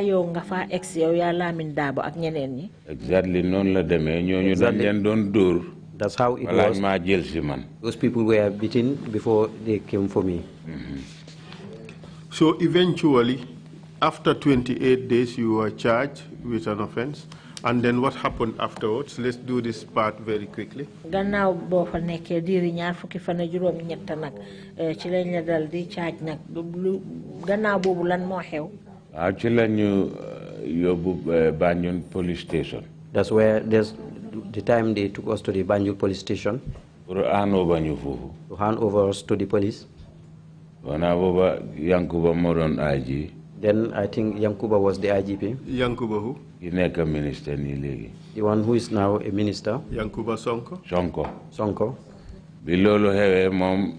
yow nga ex yow Lamin Dabo ak ñeneen ñi. exactly none la demee ñooñu dañ leen doon dóor. that's how it was jël man. those people were beaten before they came for me. so eventually after 28 days you were charged with an offense. And then what happened afterwards? Let's do this part very quickly. gannaaw boo fa nekkee diiri ñaar fukki fan ak juróom ñett nag eh, ci lañ la dal di caaj nag lu gannaaw boobu lan moo xew. waaw ah, ci la ñu eh, yóbbu eh, Banjul police station. that's where there's the time they took us to the Banjul police station. pour hand over ñu foofu. to hand over us to the police. wana booba Yankuba moo doon aji. Then I think Yankuba was the IGP. Yankuba who? You a minister The one who is now a minister. Yankuba Sonko. Sonko. Sonko. Bilolo hewe mom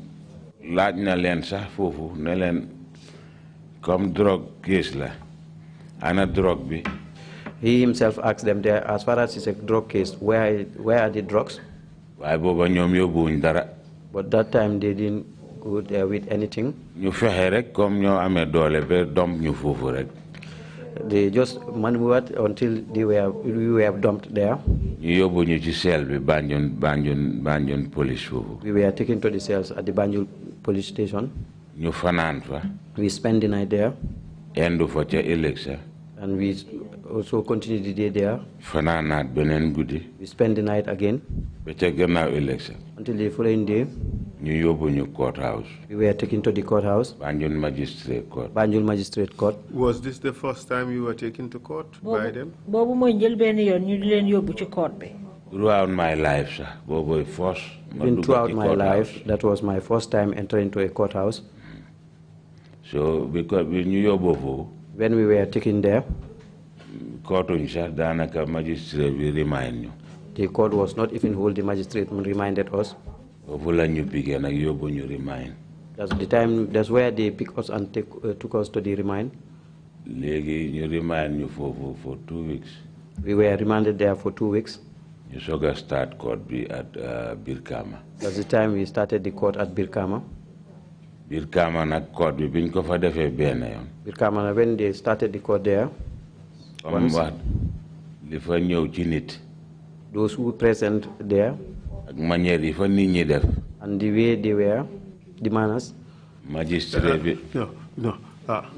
laaj na len sax fofu ne len comme drug case la ana drug, bi he himself asked them there as far as it's a drug case where where are the drugs waaye booba ñoom yóbbuwuñ dara but that time they didn't good uh, with anything. ñu fexe rek comme ñoo amee doole ba domp ñu foofu rek. they just maneuvered until they were we were dumped there. ñu yóbbu ñu ci cell bi Banjul Banjul Banjul police foofu. we were taken to the cells at the Banjul police station. ñu found fa. we spend the night there. yendu fa ca ëllëg sa. And we also continued the day there. Fananaat beneen guddi. We spend the night again. Ba ca gannaaw election. Until the following day. New yóbbu ñu courthouse. We were taken to the courthouse. Banjul Magistrate Court. Banjul Magistrate Court. Was this the first time you were taken to court by them? boobu mo njëlbeen yoon New di New yóbbu court be. Throughout my life sir. Bobo first. Even throughout my life that was my first time entering to a courthouse. so because we ñu yóbbu Bobo when we were taken there. The court was not even whole, the magistrate reminded us. That's the time, that's where they pick us and take, uh, took us to the remand. You remind you for, for, for two weeks. We were remanded there for two weeks. You saw start court be at uh, Birkama. That's the time we started the court at Birkama. Birkamana, when they started the court there, once, those who present there, and the way they were, the manners, magistrate. [laughs] no, no. Ah,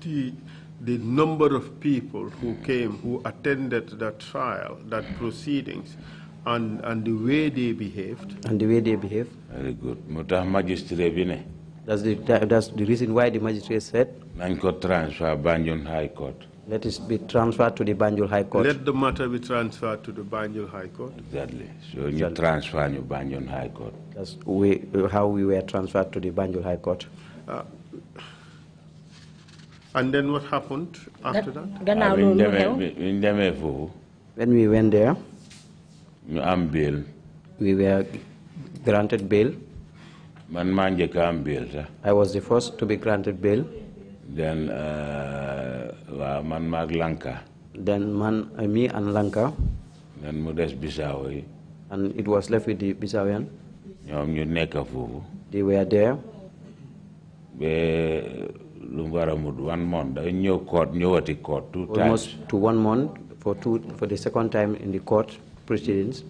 the, the number of people who came, who attended that trial, that proceedings, and, and the way they behaved. And the way they behaved. Very good. Motax magistrate bi That's the, that's the reason why the magistrate said. Nañ ko transfer Banjul High Court. Let it be transferred to the Banjul High Court. Let the matter be transferred to the Banjul High Court. Exactly. So exactly. you transfer to Banjul High Court. That's we, how we were transferred to the Banjul High Court. Uh, and then what happened after that? that? Ah, when we went there, am bail. we were granted bail. man man, njëkk a am bail sax. I was the first to be granted bail. then uh, waaw man maag Lanka. then man uh, me and Lanka. then mu des and it was left with the Bissawian. ñoom ñu nekk foofu. they were there. ba lu mu war a mut one month da ñëw court ñëwati court. two times almost to one month for two for the second time in the court proceedings.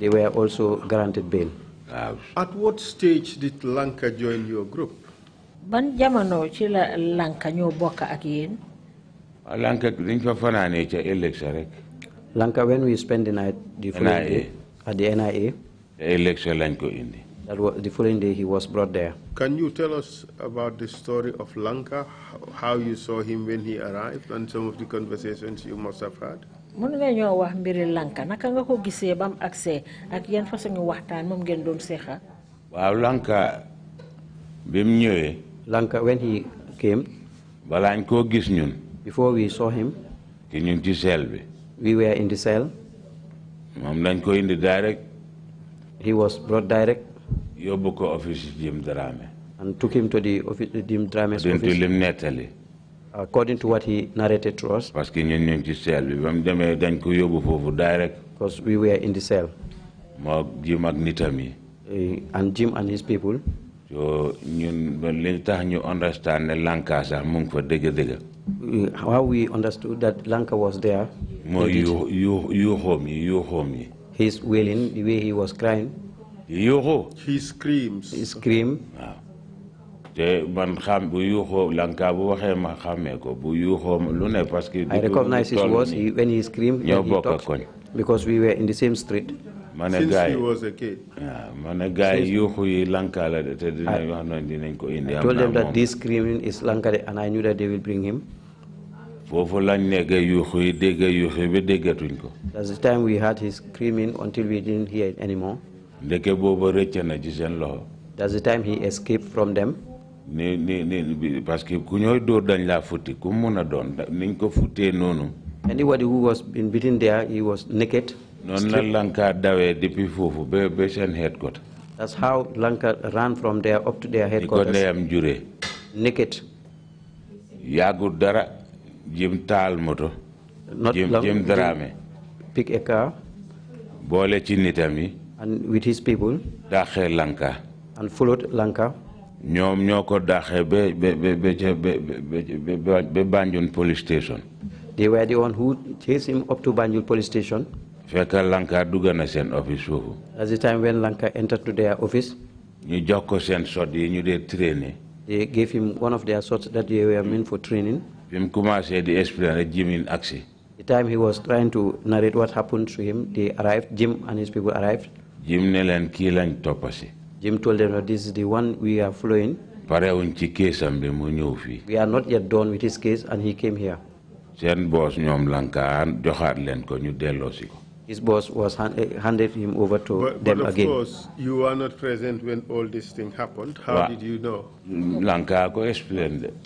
They were also granted bail. At what stage did Lanka join your group? ban jamono ci la lanka ñoo bokk ak yéen ah, lanka dañ fa fanaanee ca ëllëg sa rek lanka when we spend the night the following day at the NIA ëllëg sa lañ ko indi that was the following day he was brought there can you tell us about the story of lanka how you saw him when he arrived and some of the conversations you must have had mën nga ñoo wax mbiri lanka naka nga ko gisee ba agsee accès ak yan façon waxtaan moom ngeen doon seexa waaw lanka bi mu ñëwee lanka when he came balaañ koo gis ñun before we saw him ki ñun ci seel bi we were in the cell moom dañ ko indi direct he was brought direct yóbbu ko office Jim Drame and took him to the office Jim Drame's office lim nettali according to narrated to us. parce que ñun ñu ngi ci cell bi ba mu demee dañ ko yóbbu foofu direct. because we were in the cell. moo Jim ak nitam yi. Eh, and Jim and his people. so tax ñu understand ne Lanka sax mu fa dëgg-dëgg. Eh, how we understood that Lanka was there. moo yuuxoom yi yuuxoom yi. his wailing the way he was crying. yuuxu. he screams. he te man xam bu lanka bu waxee ma xàmmee ko bu lu ne parce que. I recognize his voice he, when he screamed. ñoo bokk koñ. because we were in the same street. ma ne gars ma ne gars yuuxu yi lanka la de te wax noonu dinañ ko indi. I told them that this screaming is lanka de and I knew that they will bring him. foofu lañ nekk yuuxu yi dégg yuuxu yi ba déggatuñ ko. that's the time we heard his screaming until we didn't hear it anymore. ndeke boobu rëcc na ci seen loxo. that's the time he escaped from them ni ni ni parce que ku dóor dañ ku doon niñ ko anybody who was been beaten there he was naked. noonu la Lanka depuis headquarter. that's how Lanka ran from there up to their headquarters. ni ko naked. yàggul dara jëm taal moto. Jim Jim jëm pick a car. boole ci nitam yi. and with his people. daaxee Lanka. and followed Lanka ñoom ñoo Banjul police station. they were the one who chased him up to Banjul police station. fekk Lanka office the time when Lanka entered to their office. ñu jox ko sot yi ñu they gave him one of their sorts that they were meant for training. commencé di explain Jimin the time he was trying to narrate what happened to him they arrived Jim and his people arrived. Jim ne lañ Jim told them that this is the one we are following. parewuñ ci kéesam bi mu ñëw fii. we are not yet done with his case and he came here. seen boss ñoom lankaan joxaat leen ko ñu delloosi ko. his boss was hand, eh, handed him over to but, them but of again. course, you were not present when all this thing happened. How wow. did you know? Lanka ko explained it.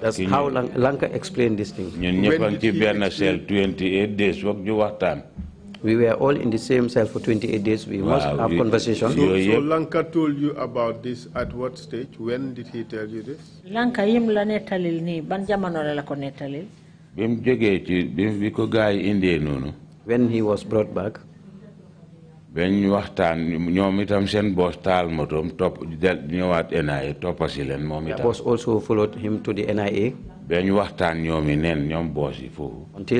That's Can how Lanka explained this thing. Ñun ñepp ngi ci cell, 28 days wak ju waxtaan. We were all in the same cell for 28 days. We wow, must have you, conversation. So, so Lanka told you about this at what stage? When did he tell you this? Lanka yim la netalil ni ban jamano la ko netalil. Bim joge ci bim bi ko gaay inde nonu. When he was brought back. Ben waxtaan you itam seen boss taal motom top ñëwaat NIA topasi leen moom itam. Boss also followed him to the NIA until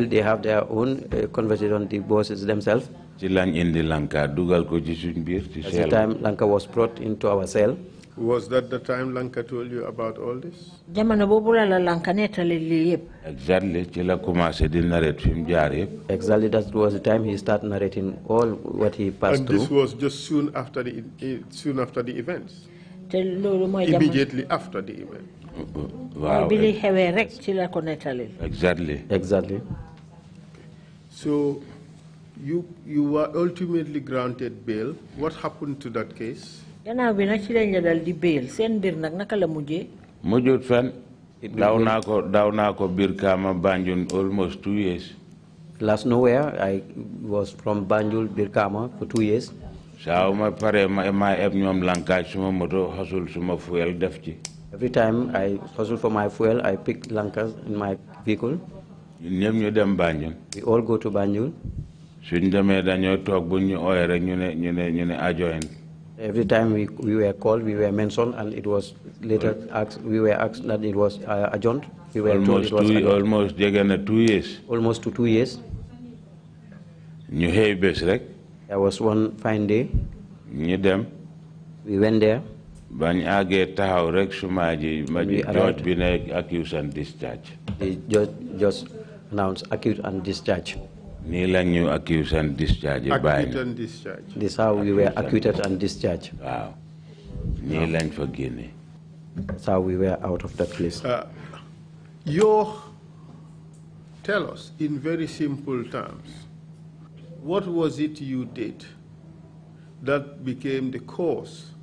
they have their own uh, conversation the bosses themselves ci in indi lanka dugal ko ci the time lanka was brought into our cell was that the time Lanka told you about all this? Exactly. Exactly, that was the time he started narrating all what he passed and through. And this was just soon after the soon after the events. Immediately after the event waaw bi li xewee rek ci la exactly exactly so you you were ultimately granted bail what happened to that case. gannaaw bi nag ci lañ la dal di bail Sen mbir nag naka Muje mujjee. mujjut fan. daaw ko dauna ko biir Kaama Banjul almost two years. last nowhere I was from Banjul Birkama for two years. saa ma pare ma maa eb ñoom lankaaj suma moto xasul suma fuyal def ci. Every time I hustle for my fuel, I pick Lankas in my vehicle. We all go to Banjul. suñ demee dañoo toog bu ñu ooyee rek ñu ne ñu ne ñu ne ajoyen. Ah, every time we we were called we were mentioned and it was later asked we were asked that it was uh, adjourned. we were almost told it was two almost jege two years. almost to two years. ñu xëy bés there was one fine day. ñu dem. we went there bañ àggee taxaw rek suma ji ma ji judge bi ne accuse and discharge. They just announced accuse and discharge. nii la ñu accuse and discharge bàyyi. accuse and discharge. this how we were acquitted and discharged. waaw for lañ fa génne. how we were out of that place. Uh, you tell us in very simple terms what was it you did that became the cause.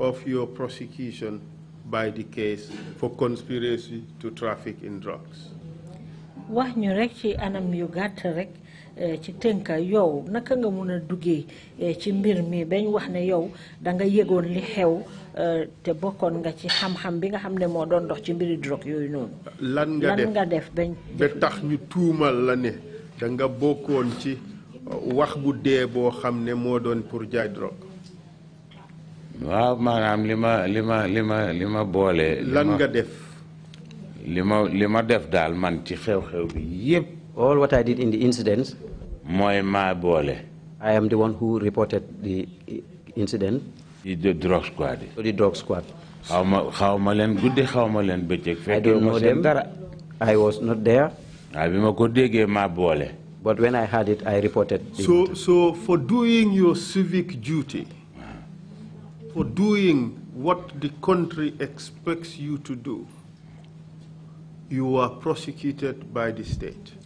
of your prosecution by the case for conspiracy to traffic in drugs. wax ñu rek ci anam yu gàtt rek eh, ci tënka yow naka nga mun a duggee eh, ci mbir mi bañ wax ne yow da nga yëgoon li xew eh, te bokkoon nga ci xam-xam bi nga xam ne moo doon dox ci mbiri drogue yooyu noonu. lan nga def nga def bañ. ba tax ñu tuumal la ne da nga bokkoon ci wax bu dee boo xam ne moo doon pour jaay drogue. waaw maanaam li ma li ma li ma li ma boole. lan nga def. li ma li ma def daal man ci xew-xew bi yépp. all what I did in the incident. mooy maa boole. I am the one who reported the incident. di the drug squad. to the drug squad. xaw ma xaw ma leen guddi xaw ma leen bëccëg. I don't know them dara. I was not there. waaye bi ma ko déggee maa boole. but when I heard it I reported. so so for doing your civic duty for doing what the country expects you to do, you are prosecuted by the state.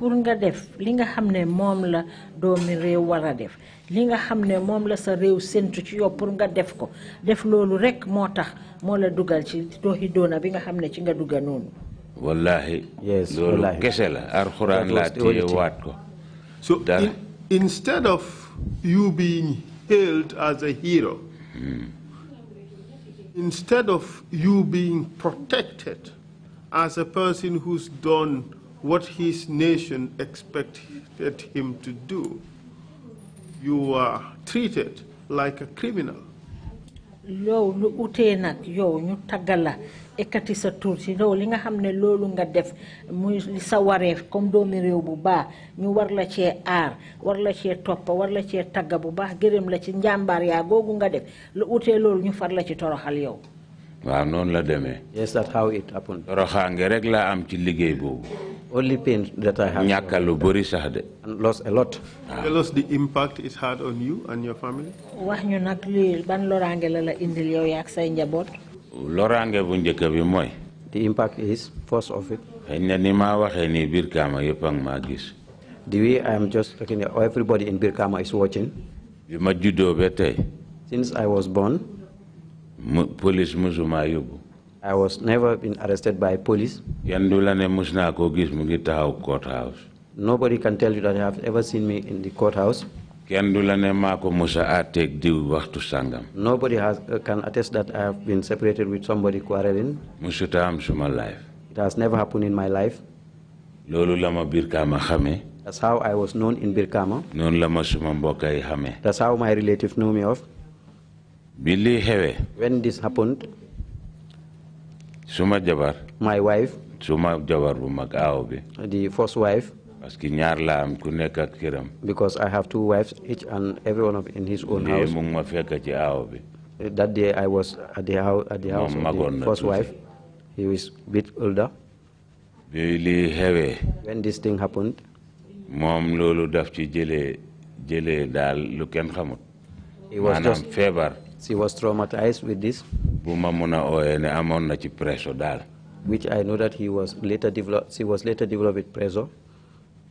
pour nga def li nga xam ne moom la doomi réew war a def li nga xam ne moom la sa réew séntu ci yow pour nga def ko def loolu rekk moo tax moo la dugal ci dooxi doona bi nga xam ne ci nga dugga noonu wallahi loolu kese la alxuraan laa téye waat ko so instead of you being hailed as a hero Instead of you being protected as a person who's done what his nation expected him to do, you are treated like a criminal. ekkati sa tur ci réew li nga xam ne loolu nga def muy li sa wareef comme doomi réew bu baax ñu war la cee aar war la cee topp war la cee tagga bu baax gërëm la ci njàmbaar yaa googu nga def lu ute loolu ñu far la ci toroxal yow waaw noonu la demee. yes that's how toroxaange rek la am ci liggéey boobu. only pain that I have. ñàkk lu bëri sax de. and a lot. wax ñu nag lii ban loraange la la indil yow ak say njaboot. loraange bu njëkk bi mooy. the impact is force of it. xëy na ni maa waxee nii biir kaama yëpp ak maa gis. the way I am just talking, everybody in Birkama is watching. bi ma juddoo ba tey. since I was born. police musuma yóbbu. I was never been arrested by police. kenn du la ne mus naa koo gis mu ngi taxaw courthouse. Nobody can tell you that I have ever seen me in the courthouse nobody has uh, can attest that I have been separated with somebody quarreling. it has never happened in my life. that's how I was known in Birka that's how my relative knew me of. when this happened. suma my wife. suma the first wife because I have two wives each and every one of in his own house. Uh, that day I was at the house at the house of the first wife. He was a bit older. when this thing happened. Mom, loolu daf ci jëlee jëlee daal lu he was just fever. she was traumatized with this. presso which I know that he was later developed. she was later developed with presso.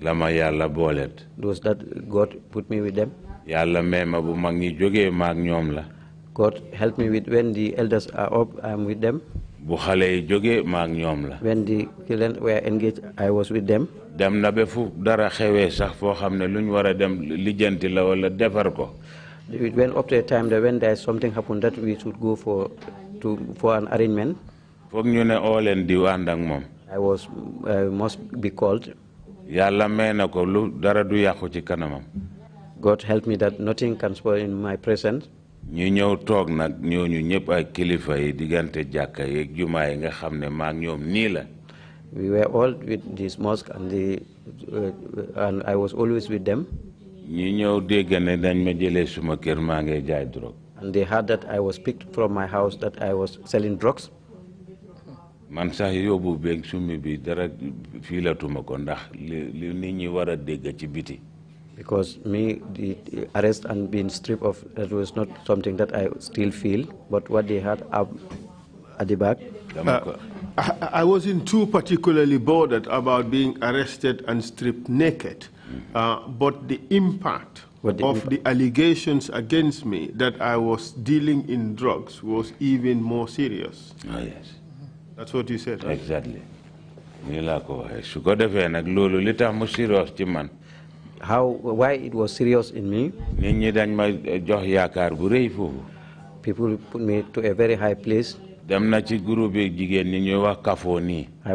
lama yàlla booleet those that God put me with them yàlla may ma bu Magni juge jógee maag la God help me with when the elders are up I am with them bu xale yi jógee maag la when the children were engaged I was with them dem na ba fu dara xewee sax foo xam dem la wala defar ko it went up to a time that when there is something happened that we should go for to for an arrangement foog ñu ne oo leen diw ànd ak moom I was uh, must be called God help me that nothing can spoil in my presence. We were all with this mosque and, uh, I was always with them. And they heard that I was picked from my house, that I was selling drugs man sax yóbbu beeg summi bi dara fiilatuma ko ndax li nit ñi ci biti. because me the, arrest and being stripped of that was not something that I still feel, but what they had up at the back. Uh, I, I wasn't too particularly bothered about being arrested and stripped naked, mm. uh, but the impact the of the allegations against me that I was dealing in drugs was even more serious. Ah, yes. That's what you said. Right? Exactly. Eh, how why it was serious in me. Eh, people put me to a very high place. I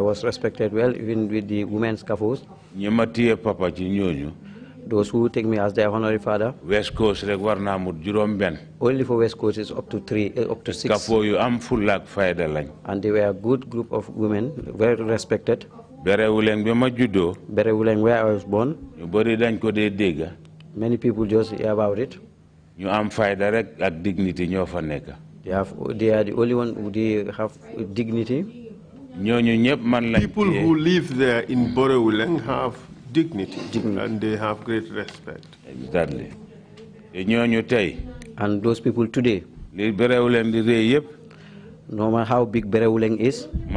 was respected well even with the women's kafos those who take me as their honorary father. West Coast rek war naa mut Only for West Coast is up to three, uh, up to six. Kafoo yu am full like fayda lañ. And they were a good group of women, very respected. Berewuleng be ma juddoo. Berewuleng where I was born. Ñu bëri dañ ko dee Many people just hear about it. You am fayda rek ak dignity ñoo fa nekk. They, have, they are the only one who they have dignity. People who live there in Borewuleng have dignity, dignity. and they have great respect. Exactly. And those people today, no matter how big Berewuleng is, I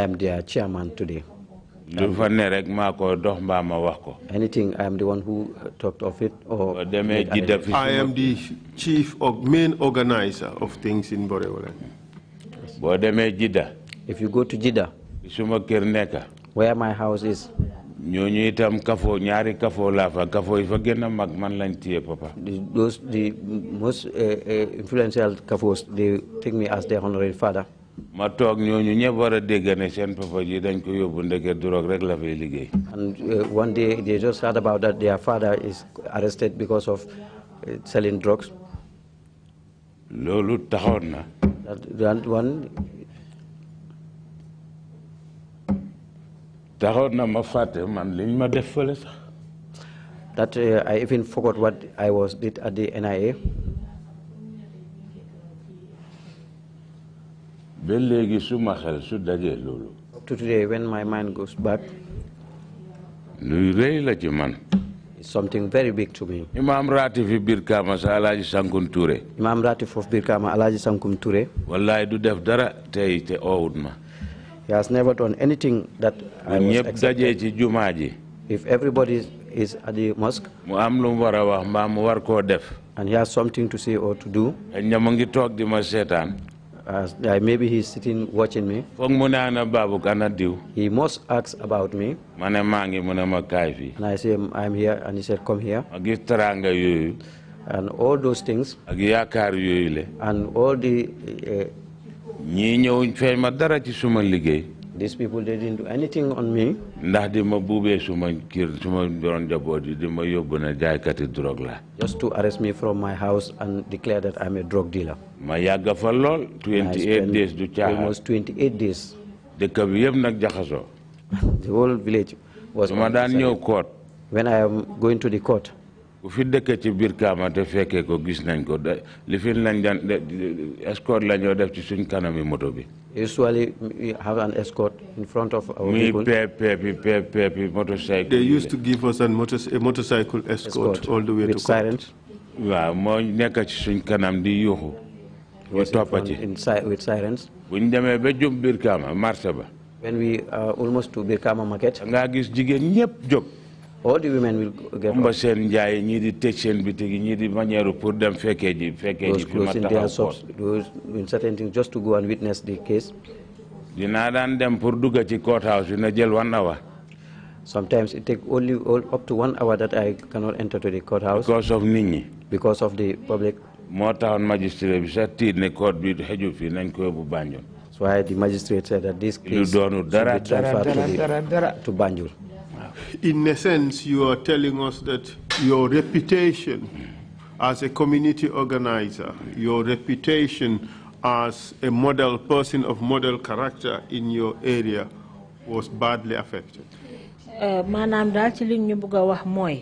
am their chairman today. Anything, I am the one who talked of it. Or I am the chief or main organizer of things in Borewoleng. If you go to Jeddah, suma where my house is itam ñaari fa fa mag man lañ papa. the those the most eh, eh, influential kafos they take me as their honorary father. ma papa ji dañ ko yóbbu ndeke drogue rek la fay liggéey. and eh, one day they just heard about that their father is arrested because of selling drugs. loolu taxoon na. that one. man that uh, I even forgot what I was did at the NIA. to today when my mind goes back. man. It's something very big to me. Imam Ratif Birkama sa Alaji Sankum Imam Ratif of Birkama Alaji Sankum Touré. Wallahi du def dara te te oowut ma. He has never done anything that I was If everybody is at the mosque, and he has something to say or to do, and uh, maybe he's sitting watching me. He must ask about me. And I say, I'm here. And he said, come here. And all those things. And all the uh, these people they didn't do anything on me. ndax di ma buubee suma kër suma doon njaboot yi di ma yóbbu na jaaykati drogue la. just to arrest me from my house and declare that I'm a drug dealer. ma yàgg fa lool. 28 days almost 28 days. dëkk bi yëpp nag jaxasoo. [laughs] the whole village. was when I am going to the court. ku fi dëkk ci biir kaama te fekkee ko gis nañ ko da li fi lañ daan escort lañoo def ci suñ kanami moto bi. usually we have an escort in front of our people. Peep, peep, peep, motorcycle. escort, all the way to sirens. waaw moo nekk ci suñ kanam di yuuxu. ñu toppa ci with bu ñu demee ba jub biir kaama marché ba. when we are uh, almost to biir market. nga gis jigéen ñëpp jóg. all the women will get Omba seen njaay ñii di tëj seen bitig yi ñii di manière pour dem fekkee ji fekkee ji fi ma taxaw those in certain things just to go and witness the case dinaa daan dem pour dugga ci court house bi na jël one hour sometimes it take only up to one hour that I cannot enter to the courthouse. because of nit ñi because of the public moo taxoon magistrate bi sax tiit ne court bi xëju fii nañ ko yóbbu Banjul that's why the magistrate said that this case should be transferred to Banjul in a sense, you are telling us that your reputation as a community organizer, your reputation as a model person of model character in your area was badly affected. Uh, maanaam daal ci li ñu bëgg a wax mooy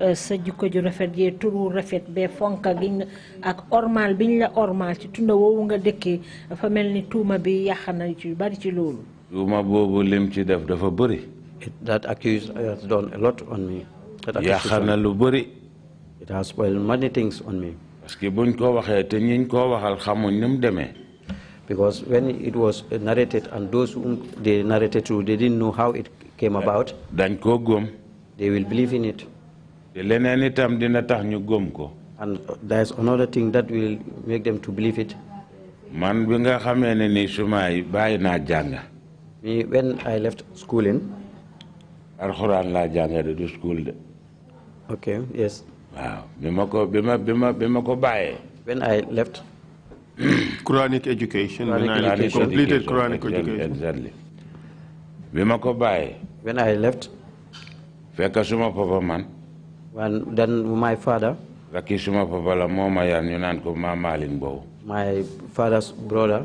uh, sa jikko ju rafet jee turu rafet be fonka gi ak ormal bi la ormal ci tunda woowu nga dëkkee dafa mel ni tuuma bi yàq na ci bari ci loolu. tuuma boobu lim ci def dafa bëri. It, that accuse uh, has done a lot on me. it has spoiled many things on me. because when it was uh, narrated and those whom they narrated to, they didn't know how it came about. Then go gëm. they will believe in it. and uh, there is another thing that will make them to believe it. me when I left schooling alxuraan laa jàngale du school de. ok yes. Wow. Bima ko bima bima bima ko bàyyee. when I left. [coughs] Quranic education. Quranic when I completed Quranic education. exactly Bima ko bàyyee. when I left. fekk suma papa man. when then my father. rakki suma papa la mama ma yar ñu naan ko maa Maalin my father's brother.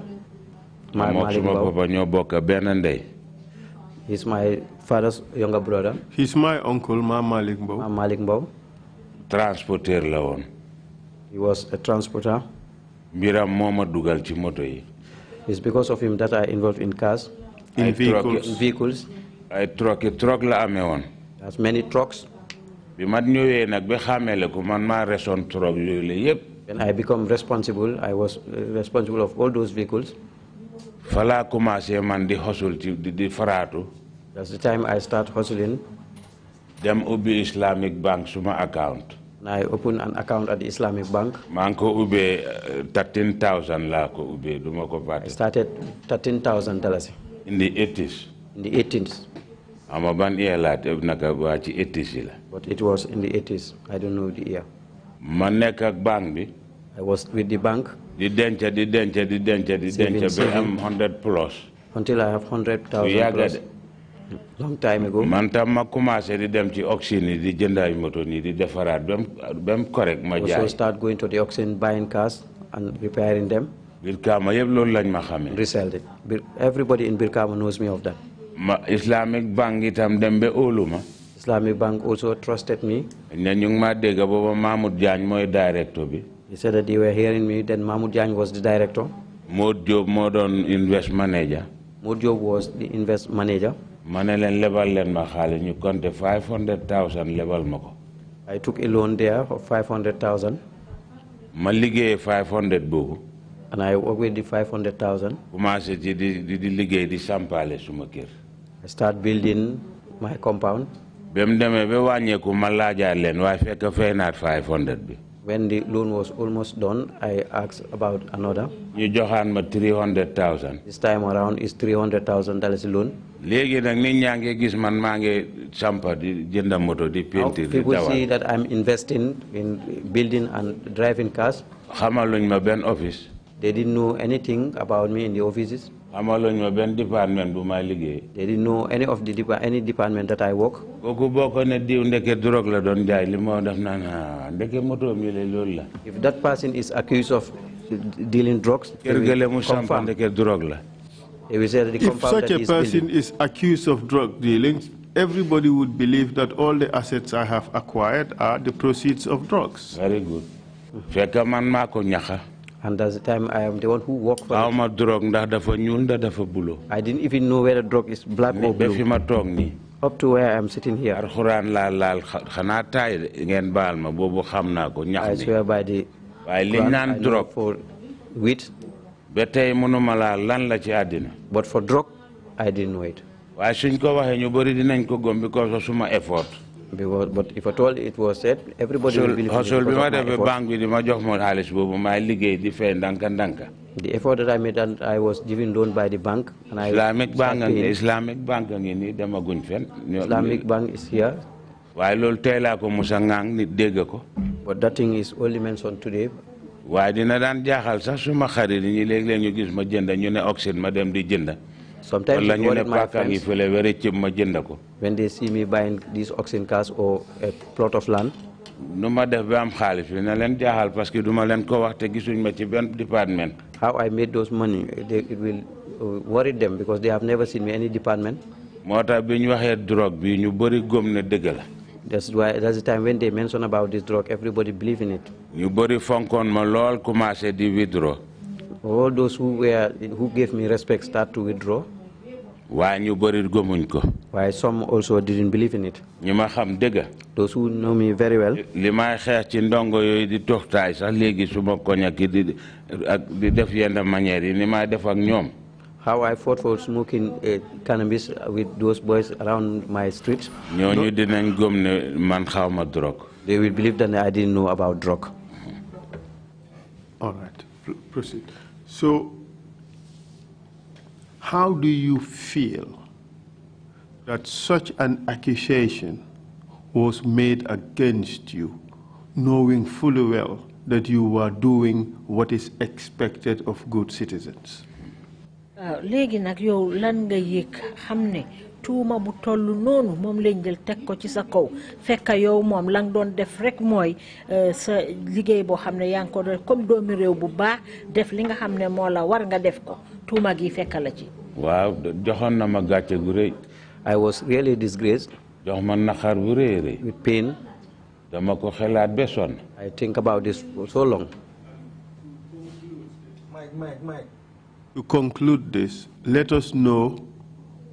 My Maalin Mbow moom suma papa nyoboka bokk he's my father's younger brother. He's my uncle, Ma Malik Mbow. Ma Malik Mbow. Transporter la He was a transporter. Mira Mama dugal ci It's because of him that I involved in cars. In I vehicles. Truck, vehicles. I truck, truck la amee woon. Has many trucks. bi ma ñëwee nag ba xàmmeele ko man When I become responsible, I was uh, responsible of all those vehicles. Fala laa man di hustle di di faraatu. That's the time I start hustling. dem ubi Islamic Bank suma account. I open an account at the Islamic Bank. Manko ubi eh, 13000 la. ko ubi du ko I started 13000 dollars. in the 80s. in the 80s. ama ban year laa naka 80s la. but it was in the 80s I don't know the year. Mane nekk bank bi. I was with the bank. The denc the denc the denc the denc. ba am 100 plus. until I have 100,000 plus long time ago. man tam ma commencé di dem ci auction yi di jënd ay moto nii di defaraat ba mu correct ma jaay. so start going to the auction buying cars and repairing them. Birkama yëpp loolu lañ ma xamee. resell it everybody in Birkama knows me of that. ma Islamic bank itam dem ba óolu ma. Islamic bank also trusted me. ne ñu ngi maa dégg booba Mahmoud Diagne mooy directeur bi. he said that they were hearing me then Mahmoud Diagne was the director. Maud Diop moo invest manager. Maud Diop was the invest manager ma ne leen ma xaalis ñu compter five hundred thousand lebal ma I took a loan there for five hundred thousand. ma liggéeyee five hundred boobu. and I work with the five hundred thousand. commencé ci di di liggéey di sampale suma kër. I start building my compound. Bemde me be wanye wàññeeku ma laajaat fe waaye fekk five hundred bi. when the loan was almost done, I asked about another. You Johan, 300,000. This time around is 300,000 dollars loan léegi nag nit ñaa gis man maa ngi di jënda moto di peinture di dawal people see that I'm investing in building and driving cars. xamaluñ ma benn office. they didn't know anything about me in the offices. xamaluñ ma benn department, bu may liggéey. they didn't know any of the department, any department that I work. kooku boko ko ne diw ndeke drogue la don jai lima moo def naan ah ndeke moto if that person is accused of dealing drugs. kër gële mu sampa ndeke drogue la. If such a person is accused of drug dealing, everybody would believe that all the assets I have acquired are the proceeds of drugs. Very good. And that's the time I am the one who worked for I'm a drug I didn't even know whether drug is black or blue. Up to where I am sitting here. I swear by the By I drug. For wheat ba tey lan la ci àddina. but for drug I didn't wait. waaye suñ ko waxee ñu bëri dinañ ko gom because of suma effort. but if at all it was said everybody will believe hustle bi ma defee banque bi di ma jox ma xaalis boobu maay liggéey di fay ndanka ndanka. the effort that I made and I was given loan by the bank. And I Islamic bank and Islamic bank ngi nii dama guñ fen. Islamic bank is here. waaye loolu tey laa ko musa ngaang nit dégg ko. but that thing is only mentioned today. waaye dina daan jaaxal sax suma xarit yi ñu léeg-léeg ñu gis ma jënd ñu ne oxyde ma dem di jënd. sometimes wala ñu ne paaka ngi fële wala ma jënd ko. when they see me buying these oxen cars or a plot of land. nu ma def ba am xaalis bi na leen jaaxal parce que du ma leen ko wax te gisuñ ma ci benn département. how I made those money it will uh, worry them because they have never seen me any department. moo tax bi ñu waxee drogue bi ñu bëri góom ne dëgg la. That's why that's the time when they mention about this drug, everybody believe in it. ñu bëri fonkoon ma lool commencé di withdraw. all those who were who gave me respect start to withdraw. waaye ñu bëri gëmuñ ko. waaye some also didn't believe in it. ñu ma xam dëgg. those who know me very well. li may xeex ci ndongo yooyu di toxtaay sax léegi su ma koñ ak di def yenn manière yi ni may def ak ñoom. how I fought for smoking uh, cannabis with those boys around my street. They will believe that I didn't know about drug. All right, proceed. So, how do you feel that such an accusation was made against you, knowing fully well that you were doing what is expected of good citizens? waaw léegi nag yow lan nga yëg xam ne tuuma bu toll noonu moom lañ jël teg ko ci sa kaw fekk yow moom la doon def rek mooy euh, sa liggéey boo xam ne yaa ngi ko doon comme réew bu baax def li nga xam ne moo la war nga def ko tuuma gi fekk la ci. waaw joxoon na ma gàcce gu rëy. I was really disgraced. jox ma naxar bu rëy rëy. with pain. dama ko xelaat ba sonn. I think about this so long. To conclude this, let us know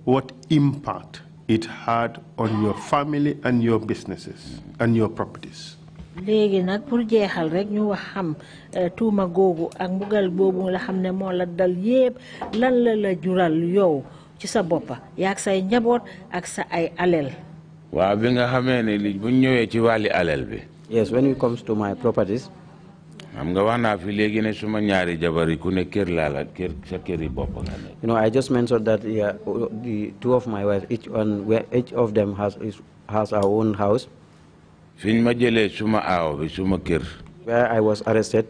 what impact it had on your family and your businesses and your properties. Legi nag pour jeexal rek ñu wax xam euh, tuuma googu ak mbugal boobu la xam ne moo la dal yépp lan la la jural yow ci sa boppa yaag say njaboot ak sa ay alal. waaw bi nga xamee ne li bu ci wàlli alal bi. yes when it comes to my properties xam nga ne suma ñaari jabar yi ku ne kër laa la you know I just mentioned that the two of my wife each one where each of them has has our own house. fiñ majele suma aaw suma kir. where I was arrested.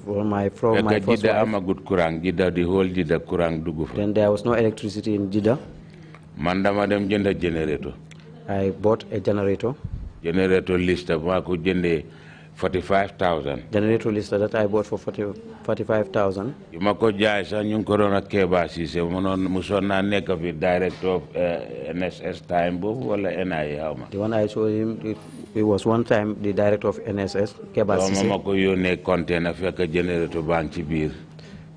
for my from my first wife. amagut kurang. Jida the whole Jida kurang dugg then there was no electricity in Jida. man dama dem generator. I bought a generator. generator list of ko jëndee. 45,000. Generator lister that I bought for 45,000. You mako a sa nyung corona keba si se monon musona neka fi director of eh, NSS time bu wala NI hama. The one I showed him it, was one time the director of NSS keba si se. Mama ko yone container fi ka generator ban ci bir.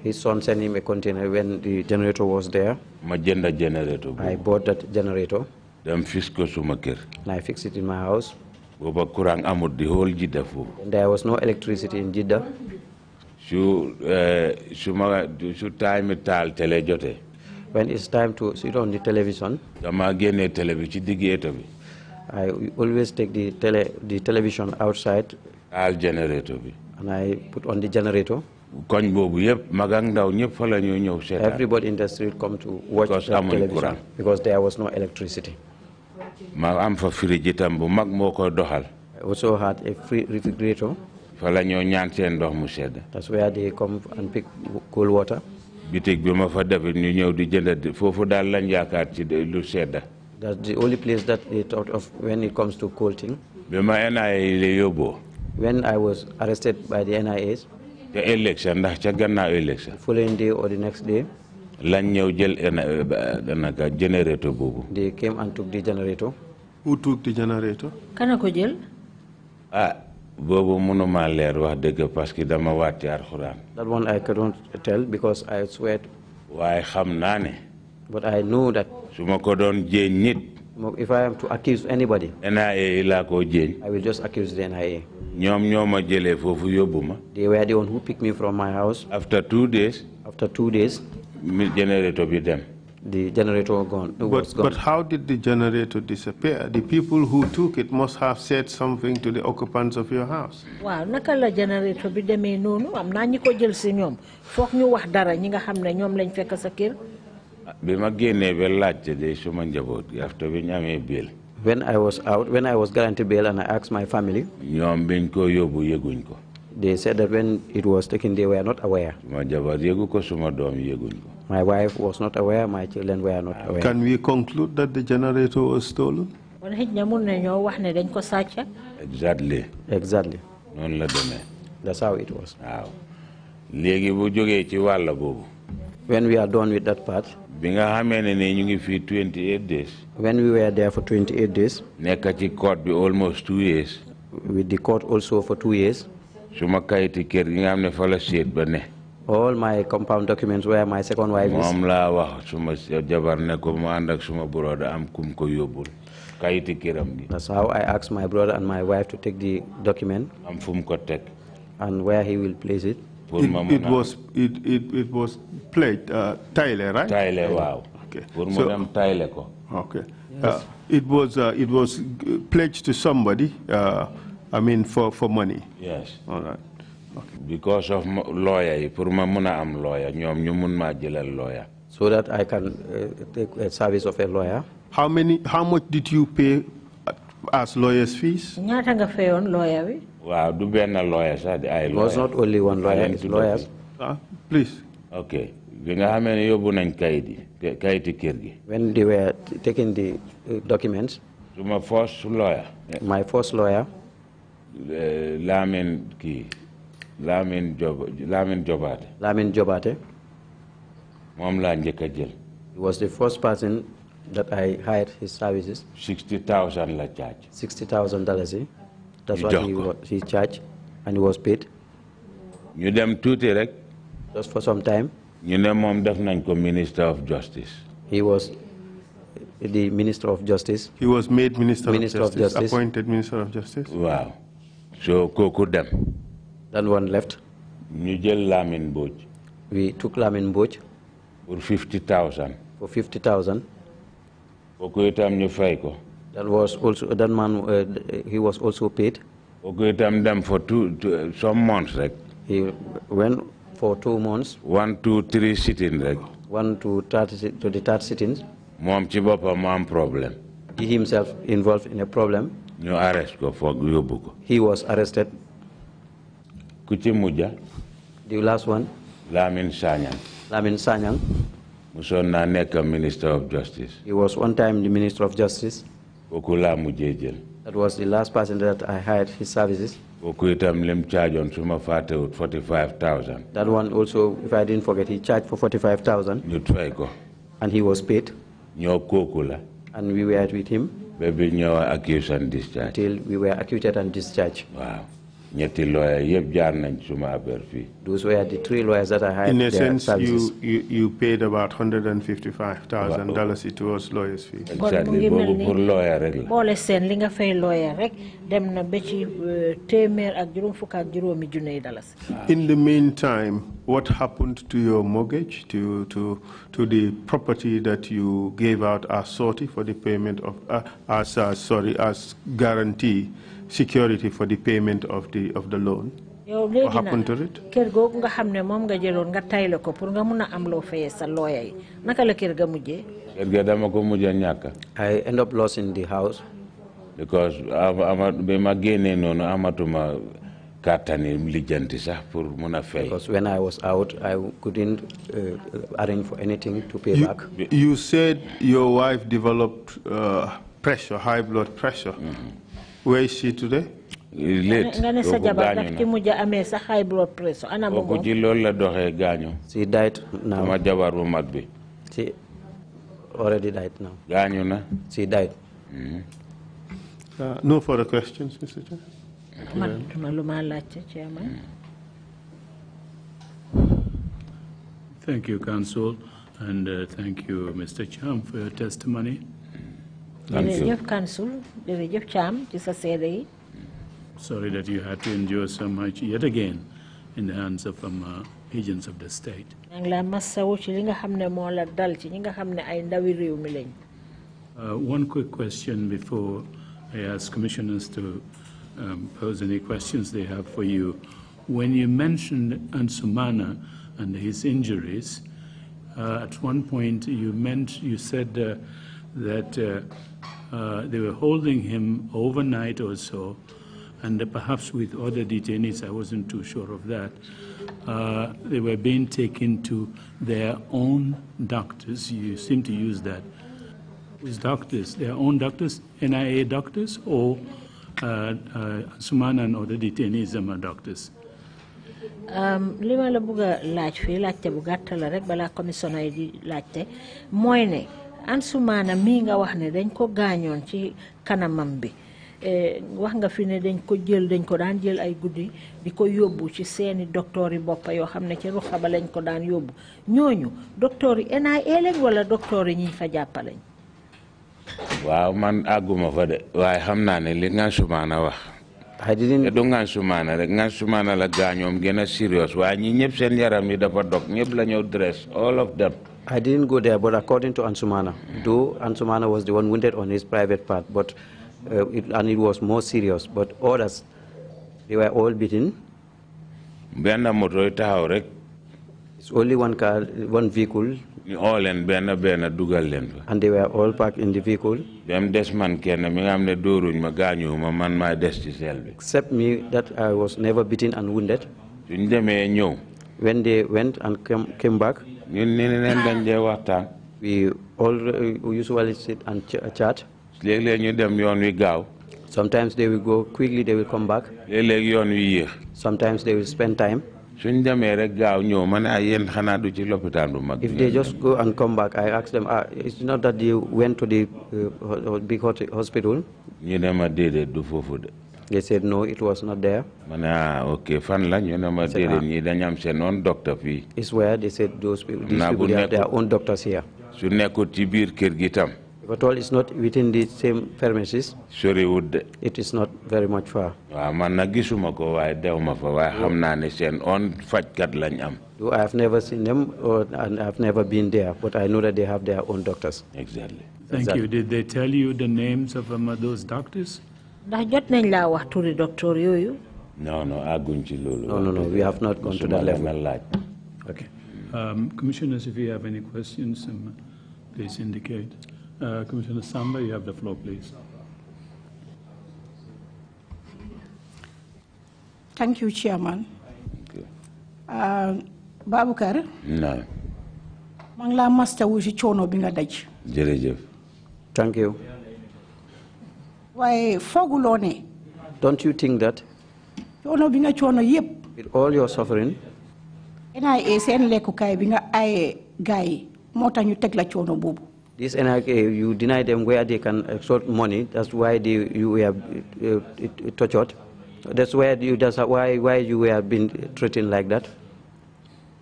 His son sent him a container when the generator was there. Ma jenda generator. I bought that generator. Dem fix I fixed it in my house there was no electricity in Jeddah. Eh, when it's time to sit on the television, I always take the, tele, the television outside I'll generator and I put on the generator. everybody in the street come to watch the television because there was no electricity ma am fa fridge bu mag moo doxal. also had a free refrigerator. fa la ñoo ñaan seen ndox mu sedd. that's where they come and pick cool water. bitig bi ma fa defit ñu ñëw di jënd foofu daal lañ yaakaar ci lu sedda that's the only place that they thought of when it comes to cold thing. bi ma NIA when I was arrested by the NIAs. the election ndax ca gannaaw election. following day or the next day jël euh, they came and took the generator. who took the generator. kana Kujel. ah boobu mënuma leer wax paski damawati que dama that one I couldn't tell because I swear. Why xam naa but I know that. Sumakodon ma nit. if I am to accuse anybody. NIA laa koo I will just accuse the NIA. Nyom ñoo ma jëlee foofu they were the one who picked me from my house. after two days. after two days generator be them. The generator gone. But, gone. but how did the generator disappear? The people who took it must have said something to the occupants of your house. Wow, nakala generator bi demé nonu am na ñi ko jël ci ñom fokk ñu wax dara ñi nga xamné ñom lañ fekk sa kër. Bi ma génné ba laacc de suma njabot after bi ñamé bill. When I was out, when I was guaranteed bail and I asked my family. Ñom biñ ko yobbu yeguñ ko. They said that when it was taken, they were not aware. Suma jabar yegu ko, suma doom yeguñ ko. My wife was not aware, my children were not ah. aware. Can we conclude that the generator was stolen? Exactly. Exactly. That's how it was. When we are done with that part, when we were there for 28 days, nekk ci court bi almost two years. With the court also for two years all my compound documents where my second wife is. moom laa wax suma jabar ne ko mu ànd suma brother am kum ko yóbbul kayiti këram gi. that's how I asked my brother and my wife to take the document. am fum mu ko teg. and where he will place it. pour it was it it it was played uh, tile right. Tile wow. okay So mu dem Tayle ko. okay uh, it was uh it was pledged to somebody uh I mean for for money. yes all right because of lawyer yi pour ma mun a am lawyer ñoom ñu mun maa jëlal lawyer. so that I can uh, take a service of a lawyer. How many? How much did you pay as lawyers' fees? ñaata nga fayoon lawyer bi. waaw du benn lawyer sax ay lawyer. was not only one lawyer it's lawyers. ah please. okay bi nga xamee ne yóbbu nañ kayit yi kayiti kër gi. when they were taking the uh, documents. suma first lawyer. my first lawyer. Lamin kii. Lamine Job Lamine Jobaate. Lamine Jobaate. moom laa jël. he was the first person that I hired his services. sixty thousand la charge. sixty thousand dollars eh? that's what he was he charged and he was paid. ñu dem tuuti rek. just for some time. ñu ne moom def nañ ko minister of justice. he was the minister of justice. he was made minister, minister of, justice, of justice appointed minister of justice. Wow. so go dem. Then one left. we took Lamin Boj. For fifty thousand. for fifty thousand. kooku itam that was also that man uh, he was also paid. Okay, itam dem for two, two some months rek. he went for two months. one two three sitting rek. one to thirty to the third sittings. moom ci boppam mu he himself involved in a problem. You arrest go for yóbbu ko. he was arrested Kuchimuja. The last one. Lamin Sanyang. Lamin Sanyang. Musona Neka, Minister of Justice. He was one time the Minister of Justice. Okula Mujejel. That was the last person that I hired his services. Okuitam Lim charge on Suma Fata 45,000. That one also, if I didn't forget, he charged for 45,000. Nutwego. And he was paid. Nyokokula. And we were with him. Baby, accused and discharged. Till we were acquitted and discharged. Wow ñetti lawyer jaar nañ suma affaire those were the three lawyers that I hired. in a sense you you you paid about hundred and fifty five thousand dollars towards lawyers fee. exactly boobu pour lawyer rek la. boole seen li nga fay lawyer rek dem na ba ci euh, téeméer ak juróom fukk ak juróomi junne in the meantime what happened to your mortgage to to to the property that you gave out as sortie for the payment of uh, as uh, sorry as guarantee security for the payment of the of the loan? What happened to it? nga nga nga tayle ko pour nga am sa naka la dama ko I end up losing the house. because amatuma sax pour because when I was out I couldn't uh, arrange for anything to pay back. you said your wife developed uh, pressure high blood pressure. Mm-hmm. Where is she today? late nga died now already died now hmm. uh, no further questions Mr Chairman thank you Council, and uh, thank you Mr Cham for your testimony jërëjëf council jërëjëf Cham ci sa seede yi. sorry that you had to endure so much yet again in the hands of um, uh, agents of the state. maa ngi laa masawu ci li nga xam ne la dal ci ñi nga xam ne ay ndawi réew mi lañ. Uh, one quick question before I ask commissioners to um, pose any questions they have for you. When you mentioned Ansumana and his injuries, uh, at one point you meant you said. Uh, that uh, uh, they were holding him overnight or so, and perhaps with other detainees, I wasn't too sure of that. Uh, they were being taken to their own doctors. You seem to use that. With doctors, their own doctors, NIA doctors, or uh, uh, Suman and other detainees are doctors. Um, lima la bëgg laaj fii laajte bu la rek balaa commissionnaire di laajte mooy ne Ansumaana mii nga wax ne dañ ko gaañoon ci kanamam bi eh, wax nga fi ne dañ ko jël dañ ko daan jël ay guddi di ko yóbbu ci seeni docteur yi bopp yoo xam ne ci ruxa ba lañ ko daan yóbbu ñooñu docteur yi NIA lañ yi ñi fa jàppaleñ waaw man àgguma fa de waaye xam naa ne li Ansumaana wax te du Ansumaana rek Ansumaana la gaañoom gën a sérieux waaye ñii ñëpp seen yaram yi dafa dog ñëpp la ñëw dress all of them I didn't go there, but according to Ansumana, though Ansumana was the one wounded on his private part, but uh, it, and it was more serious. But others, they were all beaten. It's only one car, one vehicle. All and benna And they were all packed in the vehicle. Dem des man kenn mi nga xamne dooruñ man ma Except me that I was never beaten and wounded. When they went and came, came back we all uh, usually sit and ch uh, chat. sometimes they will go quickly they will come back. sometimes they will spend time. Ah, if they just go and come back I ask them ah it's not that you went to the uh, big hospital. They said no, it was not there. Mana ah, okay, fan la ñu ma dédé ah. ñi dañ am seen non doctor fi. It's where they said those people, these people they have their own doctors here. Su nekkut ci biir kër gi tam. If all is not within the same premises. Sori would. It is not very much far. Waaw man na gisuma ko waaye dewma fa waaye xam naa ne seen on fajkat lañ am. I have never seen them or, and I've never been there, but I know that they have their own doctors. Exactly. Thank exactly. you. Did they tell you the names of um, those doctors? ndax jot nañ laa wax turi docteur yooyu. non non àgguñ ci loolu. non non we have not gone to that level. laaj. okay. Um, commissioners, if you have any questions, um, please indicate. Uh, Commissioner Samba, you have the floor, please. Thank you, Chairman. Thank you. Uh, Babukar. No. maa ngi laa mastawu ci coono bi nga daj. jërëjëf. Thank you. Why Fogulone? don't you think that. You coono bi a coono yëpp. with all your suffering. NIA seen lekkukaay bi nga aye gaa yi moo tax ñu take la coono boobu. this NIA you deny them where they can extort money that's why they you were uh, tortured that's why you that's why why you were being treated like that.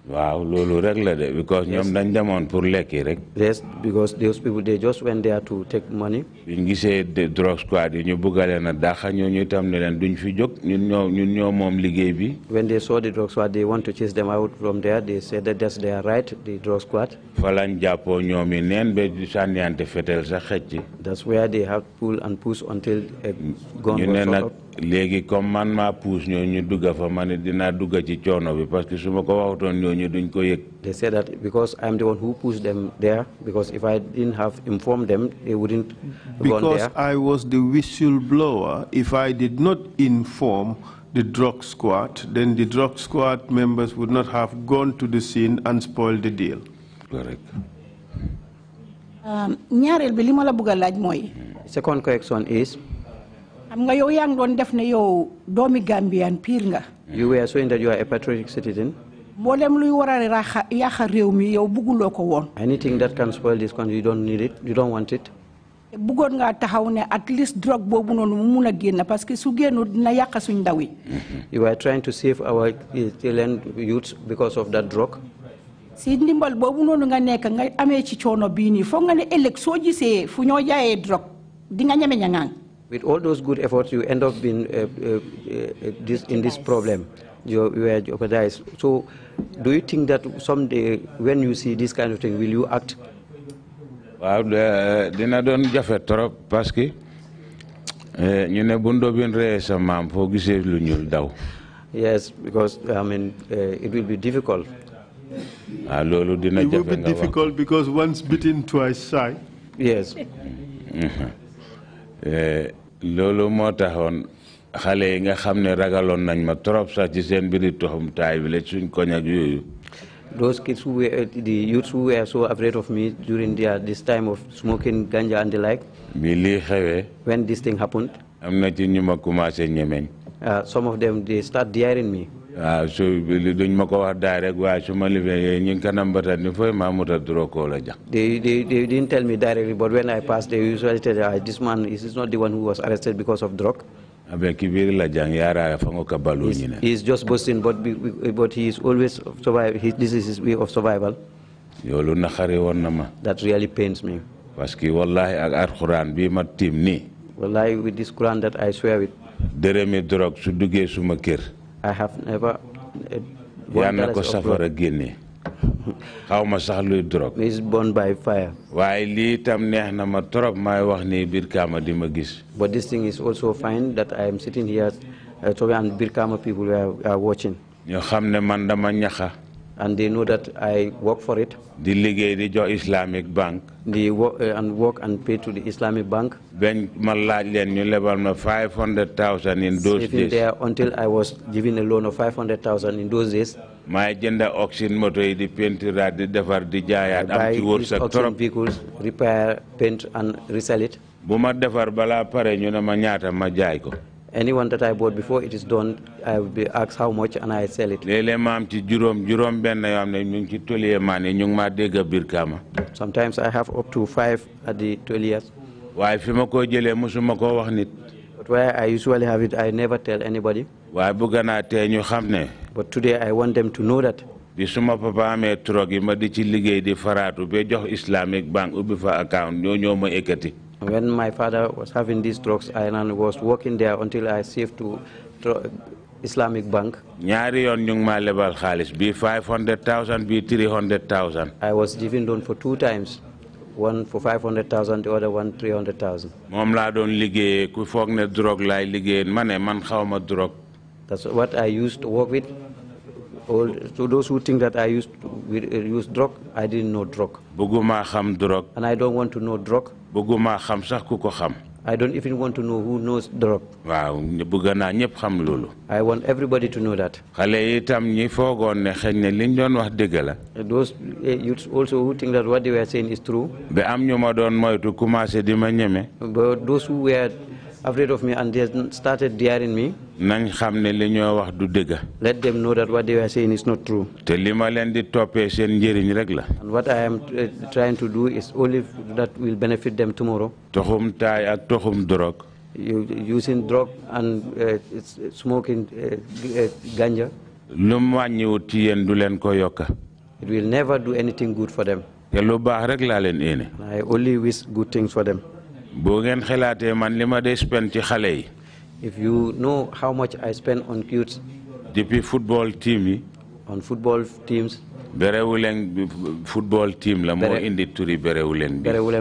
waaw loolu rek la de because ñoom dañ demoon pour lekki rek. yes because those people they just went there to take money. ñu gisee drug squad yi ñu buggale na dàqa ñooñu itam leen duñ fi jóg ñun ñoo ñun ñoo moom liggéey bi. when they saw the drug squad they want to chase them out from there they said that that's right the drug squad. fa lañ jàppoo ñoom yi neen ba sànniyante fetel sax xëcc. that's where they have pull and push until. ñu ne nag léegi comme man ma maa puus ñu dugg fa ma ne dinaa dugg ci coono bi parce que su ko ñooñu duñ ko yëg. they said that because I am the one who pushed them there because if I didn't have informed them they wouldn't gone there. because I was the whistleblower if I did not inform. the drug squad, then the drug squad members would not have gone to the scene and spoiled the deal. Correct. Um, ñaareel second correction is. you were saying that you are a patriotic citizen. booleem luy war a raxa yàqa réew mi yow bugguloo ko woon. anything that can spoil this country you don't need it you don't want it. bëggoon ngaa taxaw ne at least drogue boobu noonu mu mun a génn parce que su génnul dina yàq suñ ndaw yi. [laughs] you are trying to save our children youth because of that drug. si ndimbal boobu noonu nga nekk nga amee ci coono bii nii foog nga ne ëllëg soo gisee fu ñoo jaayee drogue di nga ñeme ñangaan. with all those good efforts you end you were jeopardized. So, do you think that someday when you see this kind of thing, will you act? Eh, ne yes because I mean uh, it will be difficult. Ah, it will be difficult because once bitten twice shy. yes. Mm-hmm. Eh, Lolo moo xale yi nga nañ ma trop sax ci seen toxum bi suñ those kids who were the youths who were so afraid of me during their, this time of smoking ganja and the like. bi lii xewee. when this thing happened. am ci ñu ma commencé ñemeñ. Uh, some of them they start daring me. So su duñ ma wax direct waaye su ma lifee eh, ni la jax. they they they didn't tell me directly but when I passed they usually tell me ah, this man is not the one who was arrested because of drug. He's, he's just boasting, but, but he is always survive. He, this is his way of survival. That really pains me. wallahi with this Quran that I swear with. I have never. Uh, Yàlla na ko safara xaw ma sax luy drogue. is born by fire. waaye lii tam neex na ma trop maay wax ni Birkama di ma gis. but this thing is also fine that I am sitting here uh, Toba Birkama people are watching. ñu xam ne man dama ñaxa. and they know that I work for it. di liggéey di jox Islamic Bank. di uh, work and pay to the Islamic Bank. ben ma laaj leen ñu lebal na five hundred thousand in those days. in those days. maay jënd oxyne moto yi di peinturaat di defar di jaayaat. am ci wërsëg trop vehicles repair paint bu ma defar balaa pare ñu ne ma ñaata ma jaay ko. anyone that I bought before it is done, I will be asked how much and I sell it. Sometimes I have up to five at the 12 years. But where I usually have it, I never tell anybody. waaye bëgg naa tee ñu xam ne. But today I want them to know that. bi suma papa amee trog yi ma di ci liggéey di faraatu ba jox Islamic Bank ubbi fa account ñoo ñoo ma ekkati. When my father was having these drugs, I was working there until I saved to Islamic Bank. ñaari yoon ñu ngi maa lebal xaalis bi 500000 bi 300000. I was given loan for two times one for 500,000, the other one 300,000. Mom la don ku fogg drogue lay mané man xawma drogue. That's what I used to work with. All, so those who think that I used uh, use drug, I didn't know drug. Buguma xam drug. And I don't want to know drug. Buguma xam sax ku xam. I don't even want to know who knows drop. waaw bëgg naa ñëpp xam loolu. I want everybody to know that. xale itam ñi foogoon ne xëy na liñ doon wax dëgg la. those eh, youths also who think that what they were saying is true. ba am ñu ma doon moytu commencé di ma ñeme. but those who were. afraid of me and they started daring me. li ñoo wax du let them know that what they were saying is not true. te li ma leen di toppee seen njëriñ rek la. and what I am eh, trying to do is only that will benefit them tomorrow. toxum taay ak toxum drogue. using drug and eh, eh, smoking ganja. lu mu wàññiwut ci yéen du leen ko yokka. it will never do anything good for them. te lu baax rek laa leen yéene. I only wish good things for them if you know how much I spend on kids. depuis football team on football teams. Berewulen football team la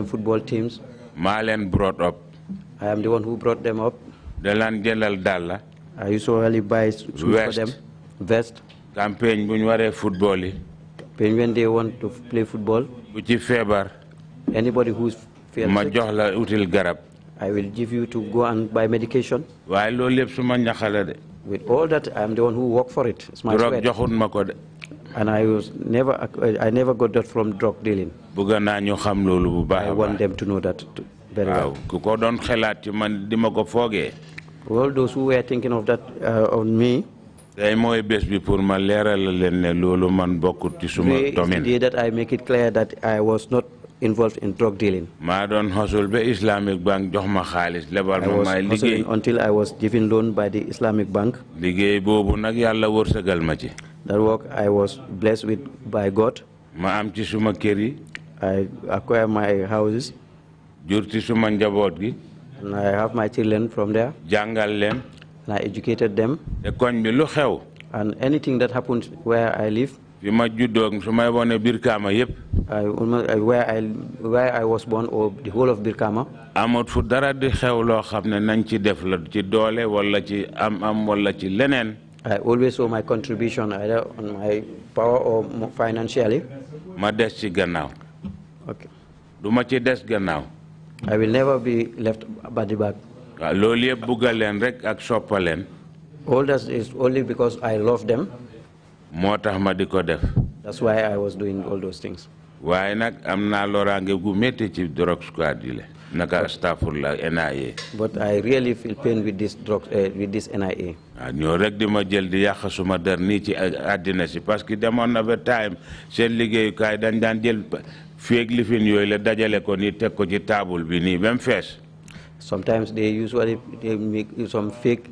football teams. maa brought up. I am the one who brought them up. da laan jëndal dàlla. I usually buy for them. vest. Campaign. bu ñu waree football yi. when they want to play football. anybody who's ma jox la garab. I will give you to go and buy medication. suma ñaxala de. with all that I am the one who work for it. it's my drug joxun de. and I was never I never got that from drug dealing. ñu xam bu baax I want them to know that very well. ku ko ci man ko all those who were thinking of that uh, on me. tey mooy bés bi pour ma leeralal ne man ci suma domaine. that I make it clear that I was not involved in drug dealing. Islamic Bank? I was hustling until I was given loan by the Islamic Bank. That work I was blessed with by God. I acquire my houses. And I have my children from there. And I educated them. And anything that happened where I live fi ma juddoog su may wone Birkama yëpp. I where I where I was born or the whole of Birkama. amut fu dara di xew loo xam ne nañ ci def la ci doole wala ci am-am wala ci leneen. I always owe my contribution either on my power or financially. ma des ci gannaaw. ok du ma ci des gannaaw. I will never be left by the back. waaw loolu yëpp bugga rek ak soppa leen. all that is only because I love them moo ma di def. that's why I was doing all those things. waaye nak am naa loraange gu métti ci drug squad yi la. naka stafurla NIA. but I really feel pain with this drug eh, with this NIA. waaw ñoo rek di ma jël di yàq suma der nii ci àddina si parce que demoon na ba time seen liggéeyukaay dañ daan jël féeg lifin yooyu la dajale ko nii teg ko ci table bi nii ba mu sometimes they usually they make some fake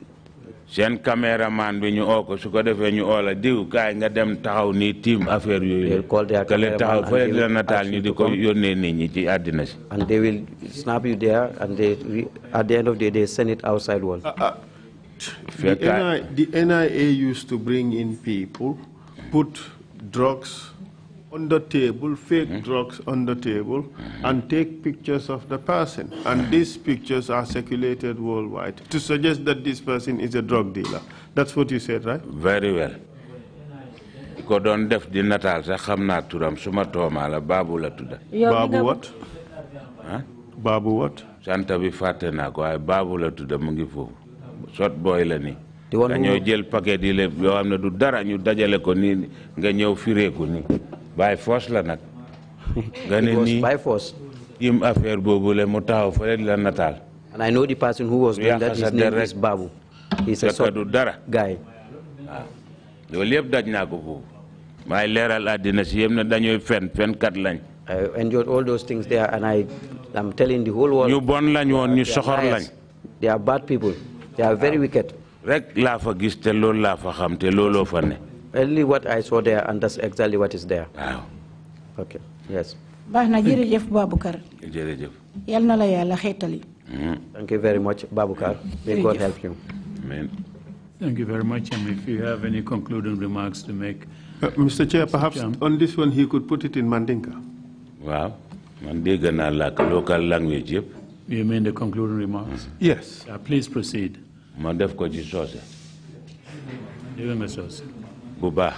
seen caméraman bi ñu oo ko su ko defee ñu oo diw kaay nga dem taxaw nii tiim affair yooyu. kële taxaw fële di la nataal ñu di ko yónnee nit ñi ci àddina si. and they will snap you there at the end of the day send it outside world. Ah, ah. the NIA used to bring in people put drugs. on the table, fake mm drugs on the table, mm -hmm. and take pictures of the person. And mm these pictures are circulated worldwide to suggest that this person is a drug dealer. That's what you said, right? Very well. ko doon def di natal sax xam naa turam suma toomaa la baabu la tudda baabu wat Babu what? wat santa bi fàtte naa ko waaye baabu la tudda mu ngi foofu sot booy la nii dañoo jël paquet yi lépp yoo xam du dara ñu dajale ko nii nga ñëw fireeku nii by force la nag. nga ne by force. im affaire boobu la mu taxaw fële la nataal. and I know the person who was doing that his name is Babu. he's a sort dara guy. waaw loolu yëpp daj naa ko foofu. maay leeral àddina si yëpp na dañuy fen fen kat lañ. I enjoyed all those things there and I am telling the whole world. ñu bon lañ woon ñu soxor lañ. they are bad people. they are very wicked. rek laa fa gis te loolu laa fa xam te looloo fa ne only what I saw there, and that's exactly what is there. Wow. Okay, yes. baax na jërëjëf yal hmm. thank you very much Babukar. may God help you. amen. thank you very much and if you have any concluding remarks to make. Uh, Mr. Chair, perhaps on this one he could put it in Mandinka. Wow. Mandinka na local language yep. You mean the concluding remarks? Mm -hmm. Yes. Uh, please proceed. Mandef ko ci uh,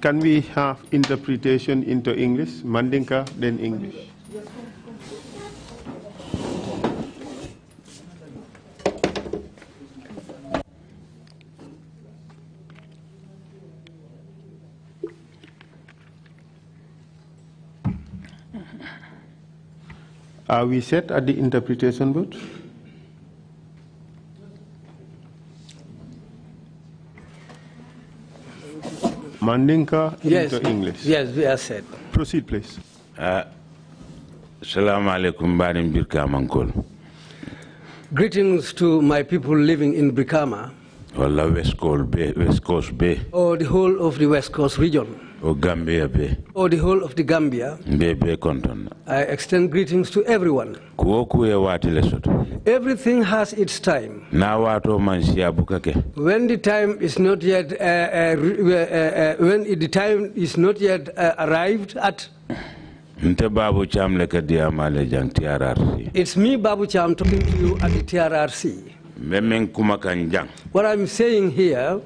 can we have interpretation into English? Mandinka, then English. Are we set at the interpretation booth? Mandinka yes. into English. Yes, we are set. Proceed, please. Uh, Assalamu alaikum barim birkamankol. Greetings to my people living in Brikama. Walla West Coast Bay. Or the whole of the West Coast region. o gambia be o the whole of the gambia be be kontonna i extend greetings to everyone kuwo e wati lesoto everything has its time na wato man siya bukake when the time is not yet uh, uh, uh, uh, when the time is not yet uh, arrived at Nte Babu Cham leke diamale jang TRRC. It's me, Babu Cham, talking to you at the TRRC. What I'm saying here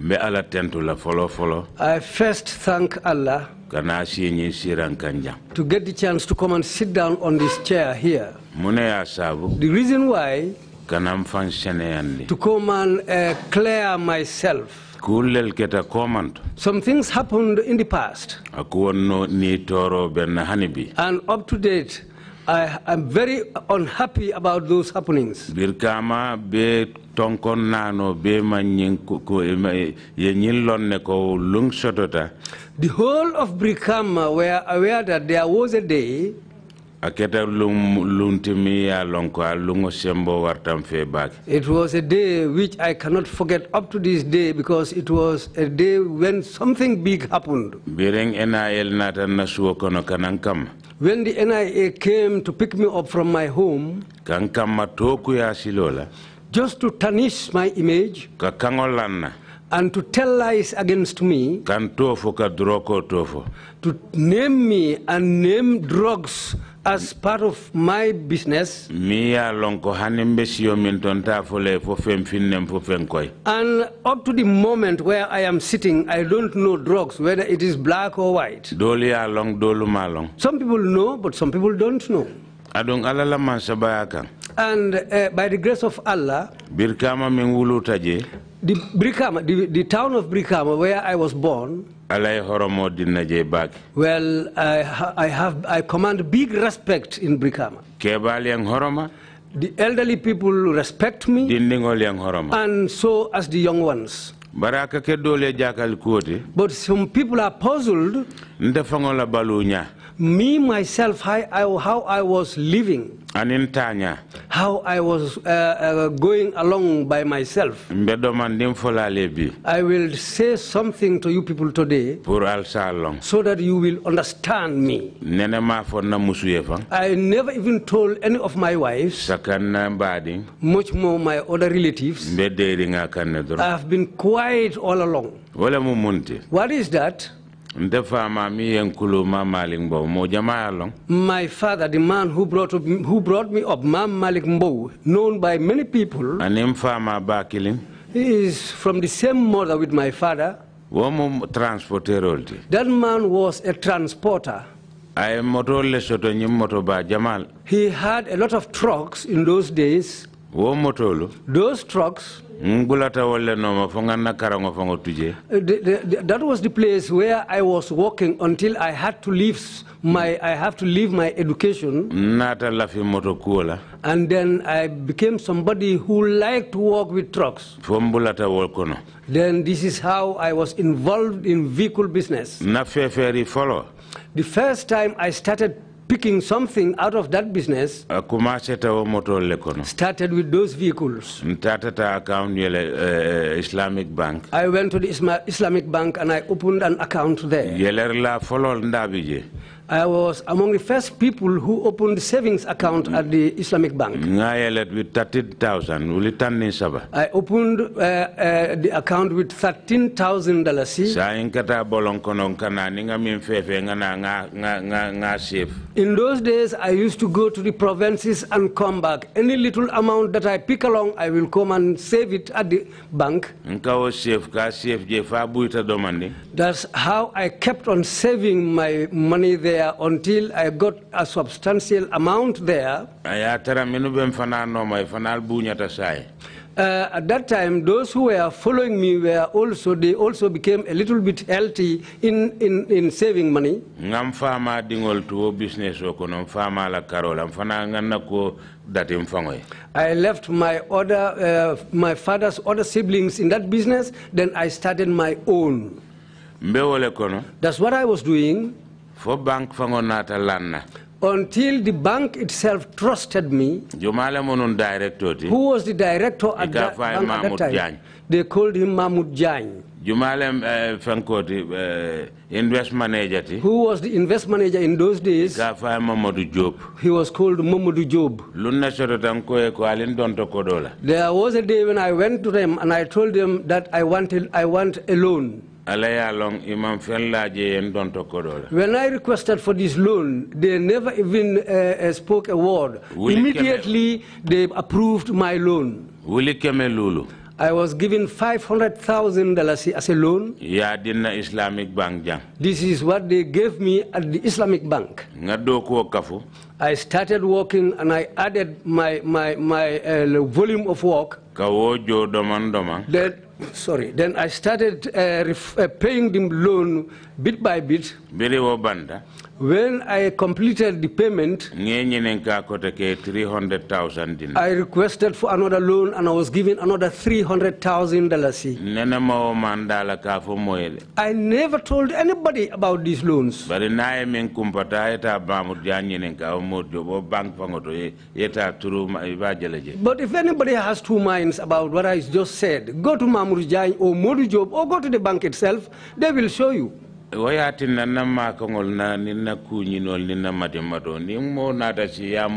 mbe ala tentu la folo folo i first thank allah kana sinyi siran kanja to get the chance to come and sit down on this chair here mune ya sabu the reason why kanam fan seneyandi to come and uh, clear myself kullel keta komanto some things happened in the past akuwonno ni toro ben hanibi and up to date I am very unhappy about those happenings. Birkama be tonkon nano be ko The whole of Brikama were aware that there was a day it was a day which I cannot forget up to this day because it was a day when something big happened. When the NIA came to pick me up from my home, just to tarnish my image, and to tell lies against me, to name me and name drugs as part of my business mi ya lonko be mbesiyo min ton ta fole fo fem finnem fo fen koy and up to the moment where i am sitting i don't know drugs whether it is black or white dol ya long dolu ma long some people know but some people don't know adon ala la man sa bayaka and uh, by the grace of allah birkama min wulutaje the brikama the, the town of brikama where i was born Well, I, ha I have I command big respect in Brikama. Kebaliang horoma. The elderly people respect me. Dindingol yang horoma. And so as the young ones. Baraka ke kedole jakal kuote. But some people are puzzled. Ndefangola balunya. Me myself, how I, how I was living anintanya how i was uh, uh, going along by myself i will say something to you people today so that you will understand me i never even told any of my wives much more my other relatives i have been quiet all along what is that my father, the man who brought, up, who brought me up, Mam Malik Mbow, known by many people, he is from the same mother with my father. That man was a transporter. Jamal. He had a lot of trucks in those days. Those trucks uh, that was the place where I was working until I had to leave my I have to leave my education. And then I became somebody who liked to work with trucks. Then this is how I was involved in vehicle business. The first time I started picking something out of that business euh, started with those vehicles. Euh, Islamic Bank. I went to the Islamic Bank and I opened an account there. I was among the first people who opened savings account at the Islamic Bank. with I opened uh, uh, the account with $13,000. In those days, I used to go to the provinces and come back. Any little amount that I pick along, I will come and save it at the bank. That's how I kept on saving my money there there until I got a substantial amount there. Uh, at that time, those who were following me were also, they also became a little bit healthy in, in, in saving money. I left my other, uh, my father's other siblings in that business, then I started my own. That's what I was doing fo bank fango nata lanna until the bank itself trusted me. director. Who was the director at that, bank at that time? They called him Mahmoud Jany. jumale uh, eh, Fankoti, uh, eh, invest manager. Ti. Who was the invest manager in those days? Mamadou Job. He was called Mamadou Job. There was a day when I went to them and I told them that I wanted, I want a loan. When I requested for this loan, they never even uh, uh spoke a word. Immediately, they approved my loan. I was given $500,000 as a loan. Yeah, dinna Islamic Bank This is what they gave me at the Islamic Bank. I started working and I added my, my, my uh, volume of work Then, sorry, then I started uh, uh, paying them loan bit by bit. Bili wo banda. When I completed the payment, I requested for another loan and I was given another $300,000. I never told anybody about these loans. But if anybody has two minds about what I just said, go to Mamur or Modu Job or go to the bank itself, they will show you na nata si ya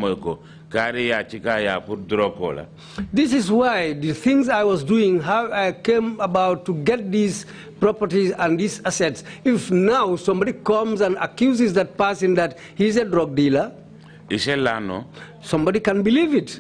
ya ya this is why the things i was doing how i came about to get these properties and these assets if now somebody comes and accuses that person that he's a drug dealer Iselano. Somebody can believe it.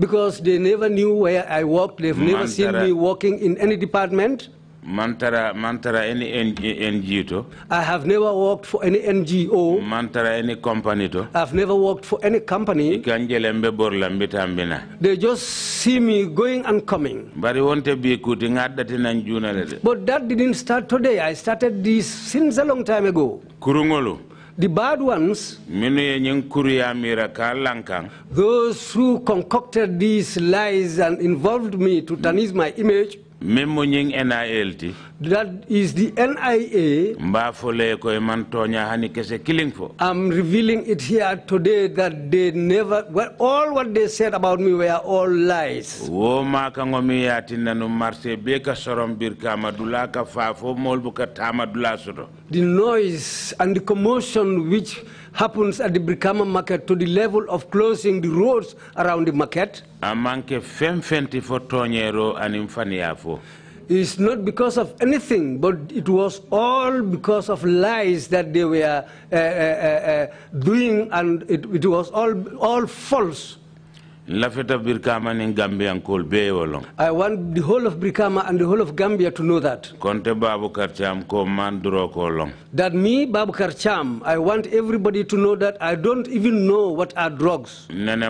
Because they never knew where I worked. They've never seen me working in any department. Mantara Mantara any NGO I have never worked for any NGO. Mantara any company to. I've never worked for any company. Ikanjelembe They just see me going and coming. But won't be cutting at that in June. But that didn't start today. I started this since a long time ago. Kurungolo. The bad ones, those who concocted these lies and involved me to tarnish my image, memmoñing NIL ti that is the NIA mbafole koy man hani kese killing fo I'm revealing it here today that they never well, all what they said about me were all lies wo ma ka ngomi yati nanu marché be ka sorom bir kama ka fa fo mol bu the noise and the commotion which happens at the Brikama market to the level of closing the roads around the market is not because of anything, but it was all because of lies that they were uh, uh, uh, uh doing, and it, it was all, all false lafeta Birkama nin bee wo loŋ I want the whole of Brikama and the whole of Gambia to know that. konte Babukar ko man duro ko loŋ That me, Babukar Cham, I want everybody to know that I don't even know what are drugs. nene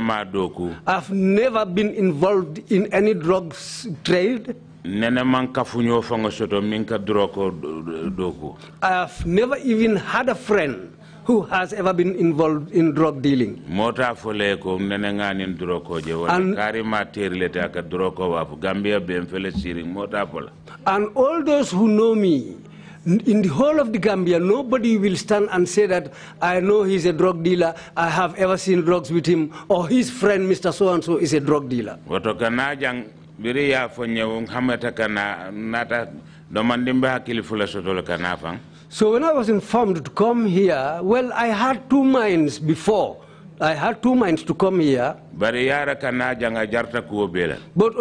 I've never been involved in any drugs trade. nene man soto min ka duro ko I have never even had a friend who has ever been involved in drug dealing. And all those who know me in the whole of the Gambia, nobody will stand and say that I know he's a drug dealer, I have ever seen drugs with him, or his friend, Mr. So-and-so, is a drug dealer. biri ya fonye hamata kana nata domandimba fula so when I was informed to come here, well, I had two minds before. I had two minds to come here. But on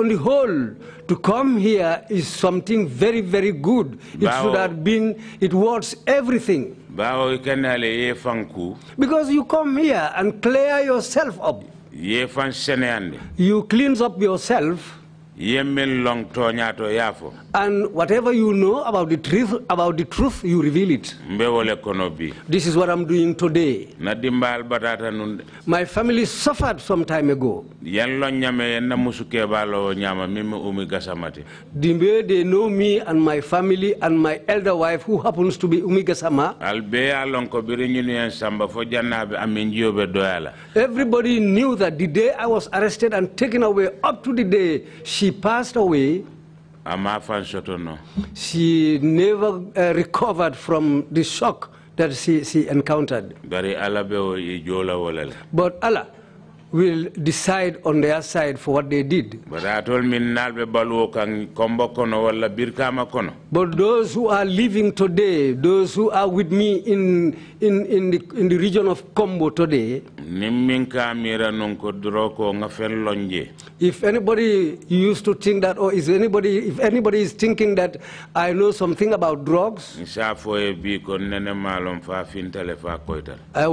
the whole, to come here is something very, very good. It should have been, it was everything. Because you come here and clear yourself up. You cleanse up yourself. And whatever you know about the truth, about the truth, you reveal it. This is what I'm doing today. My family suffered some time ago. The they know me and my family and my elder wife, who happens to be Umigasama. Everybody knew that the day I was arrested and taken away, up to the day she passed away. She never uh, recovered from the shock that she, she encountered. But Allah will decide on their side for what they did. But those who are living today, those who are with me in, in, in, the, in the region of Combo today, if anybody used to think that, or is anybody, if anybody is thinking that I know something about drugs, I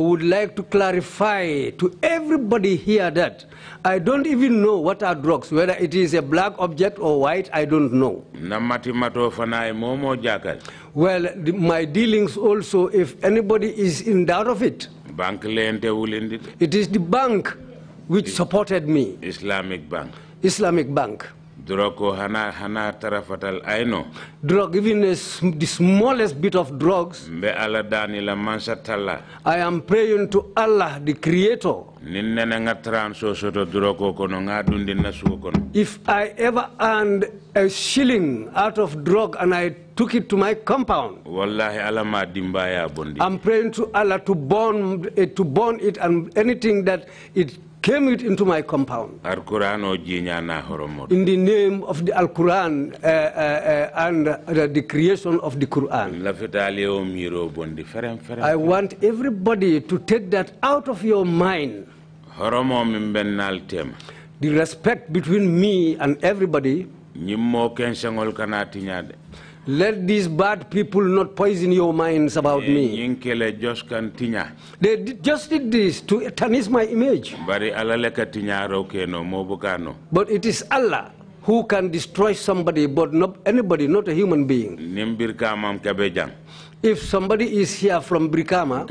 would like to clarify to everybody here hear that. I don't even know what are drugs, whether it is a black object or white, I don't know. Well, the, my dealings also, if anybody is in doubt of it, it is the bank which supported me. Islamic Bank. Islamic Bank. Drug even a, the smallest bit of drugs. I am praying to Allah, the Creator. If I ever earned a shilling out of drug and I took it to my compound, I'm praying to Allah to burn, eh, to burn it and anything that it came it into my compound. In the name of the Al Quran uh, uh, uh, and the creation of the Quran. I want everybody to take that out of your mind. The respect between me and everybody. Let these bad people not poison your minds about me. They just did this to tarnish my image. But it is Allah who can destroy somebody, but not anybody, not a human being. If somebody is here from Brikama,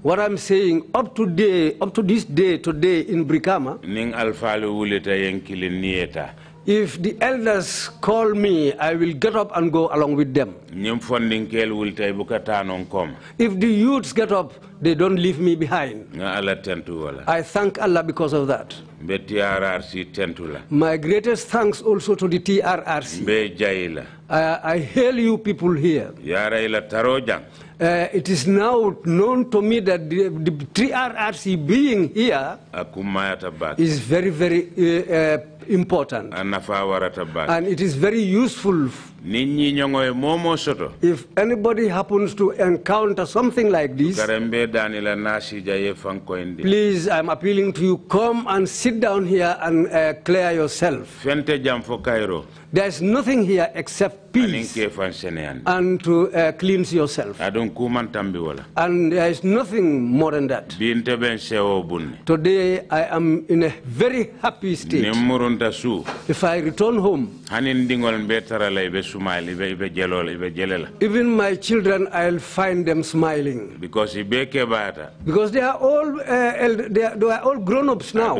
what I'm saying up to day, up to this day, today in Brikama, if the elders call me, I will get up and go along with them. If the youths get up, they don't leave me behind. I thank Allah because of that. My greatest thanks also to the TRRC. I hail you people here. Uh, it is now known to me that the, the TRRC being here is very, very uh, uh important. And it is very useful if anybody happens to encounter something like this, please, I'm appealing to you, come and sit down here and uh, clear yourself. There's nothing here except peace and to uh, cleanse yourself. And there is nothing more than that. Today I am in a very happy state wonta suu if i return home hanin ndingol mbe tarala sumali jelela even my children i'll find them smiling because ibe because they are all uh, they, are, they are all grown ups now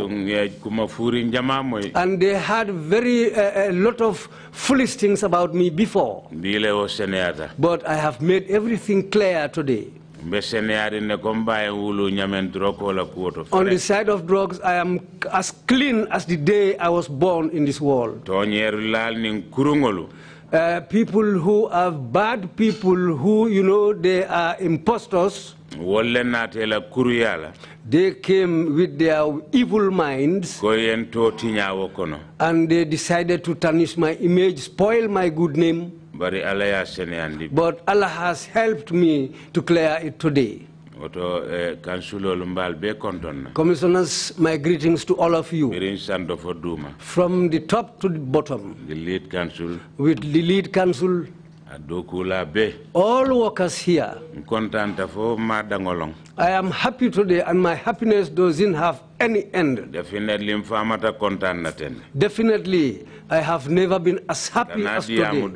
kuma moy and they had very uh, a lot of foolish things about me before o seneata but i have made everything clear today on the side of drugs, I am as clean as the day I was born in this world. Uh, people who are bad people who, you know, they are impostors. They came with their evil minds and they decided to tarnish my image, spoil my good name. But Allah has helped me to clear it today. Eh, Commissioners, my greetings to all of you. From the top to the bottom. The lead council. With the lead council. All workers here. I am happy today and my happiness doesn't have any end. Definitely, I never been as happy as today.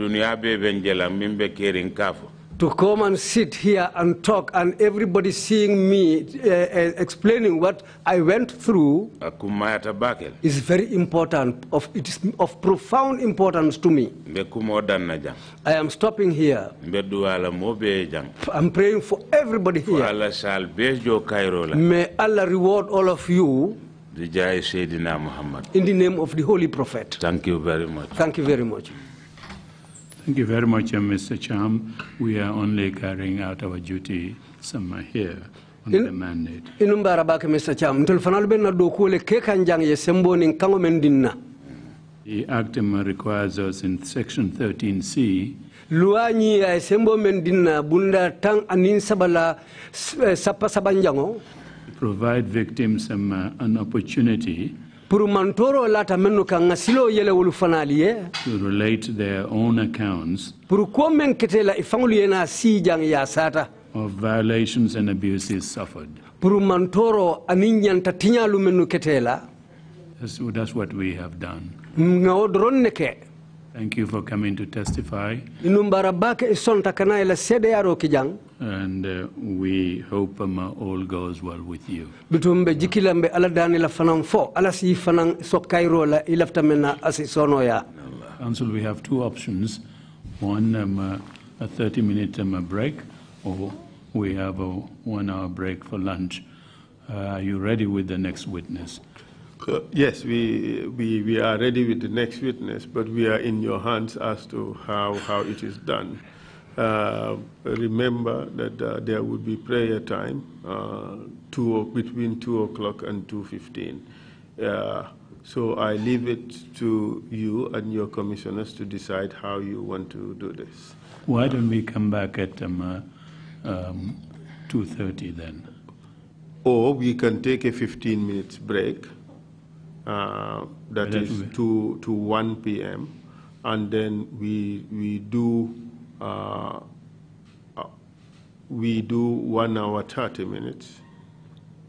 to come and sit here and talk and everybody seeing me uh, uh, explaining what I went through is very important. Of, it is of profound importance to me. I am stopping here. I'm praying for everybody here. May Allah reward all of you in the name of the Holy Prophet. Thank you very much. Thank you very much. Thank you very much, uh, Mr. Cham. We are only carrying out our duty somewhere here. inum bara bake mr cham ntol fanal ben na do kule ke kan jang ye sembo nin kango the act requires us in section 13c luani ya sembo men bunda tang anin sabala eh, sapa sabanjango provide victims some uh, an opportunity pour mantoro lata menno kan ngasilo yele wolu fanali ye eh? to relate their own accounts pour ko men ketela ifangulu yena si jang ya sata of violations and abuses suffered pour mantoro amin nyanta tinyalu menno ketela that's, that's what we have done dron neke thank you for coming to testify inumbara bake sonta kana ila sede yaro kijang and uh, we hope um, all goes well with you dutum be ala dani la fanan fo ala si fanan so kairo la ilafta mena asi sonoya council we have two options one um, uh, a 30 minute um, break or we have a one hour break for lunch uh, are you ready with the next witness uh, yes, we, we, we are ready with the next witness, but we are in your hands as to how, how it is done. Uh, remember that uh, there will be prayer time uh, between 2 o'clock and 2.15. Uh, so I leave it to you and your commissioners to decide how you want to do this. Why don't we come back at um, uh, um, 2.30 then? Or we can take a 15 minutes break, that, that is to, to 1 p.m., and then we, we do uh, uh, we do one hour 30 minutes.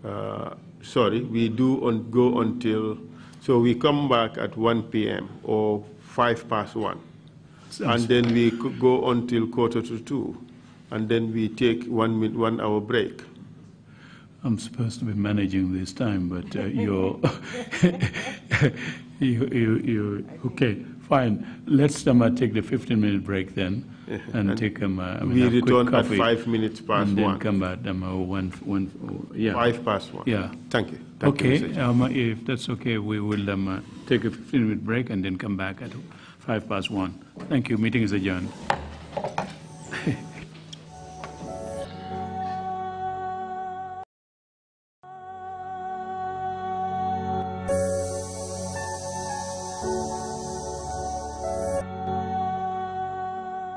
Uh, sorry, we do on, go until, so we come back at 1 p.m. or 5 past 1. Sounds and then we go until quarter to 2. And then we take one, min one hour break. I'm supposed to be managing this time, but uh, you're, [laughs] you, you, you, okay, fine. Let's um, take the 15 minute break then. [laughs] and take um, uh, I mean, we a return quick coffee at five minutes past and then one. come back um, uh, one, one, oh, yeah. Five past one. Yeah. Thank you. Thank okay, you, um, if that's okay, we will um, uh, take a 15 minute break and then come back at five past one. Thank you. Meeting is adjourned. [laughs]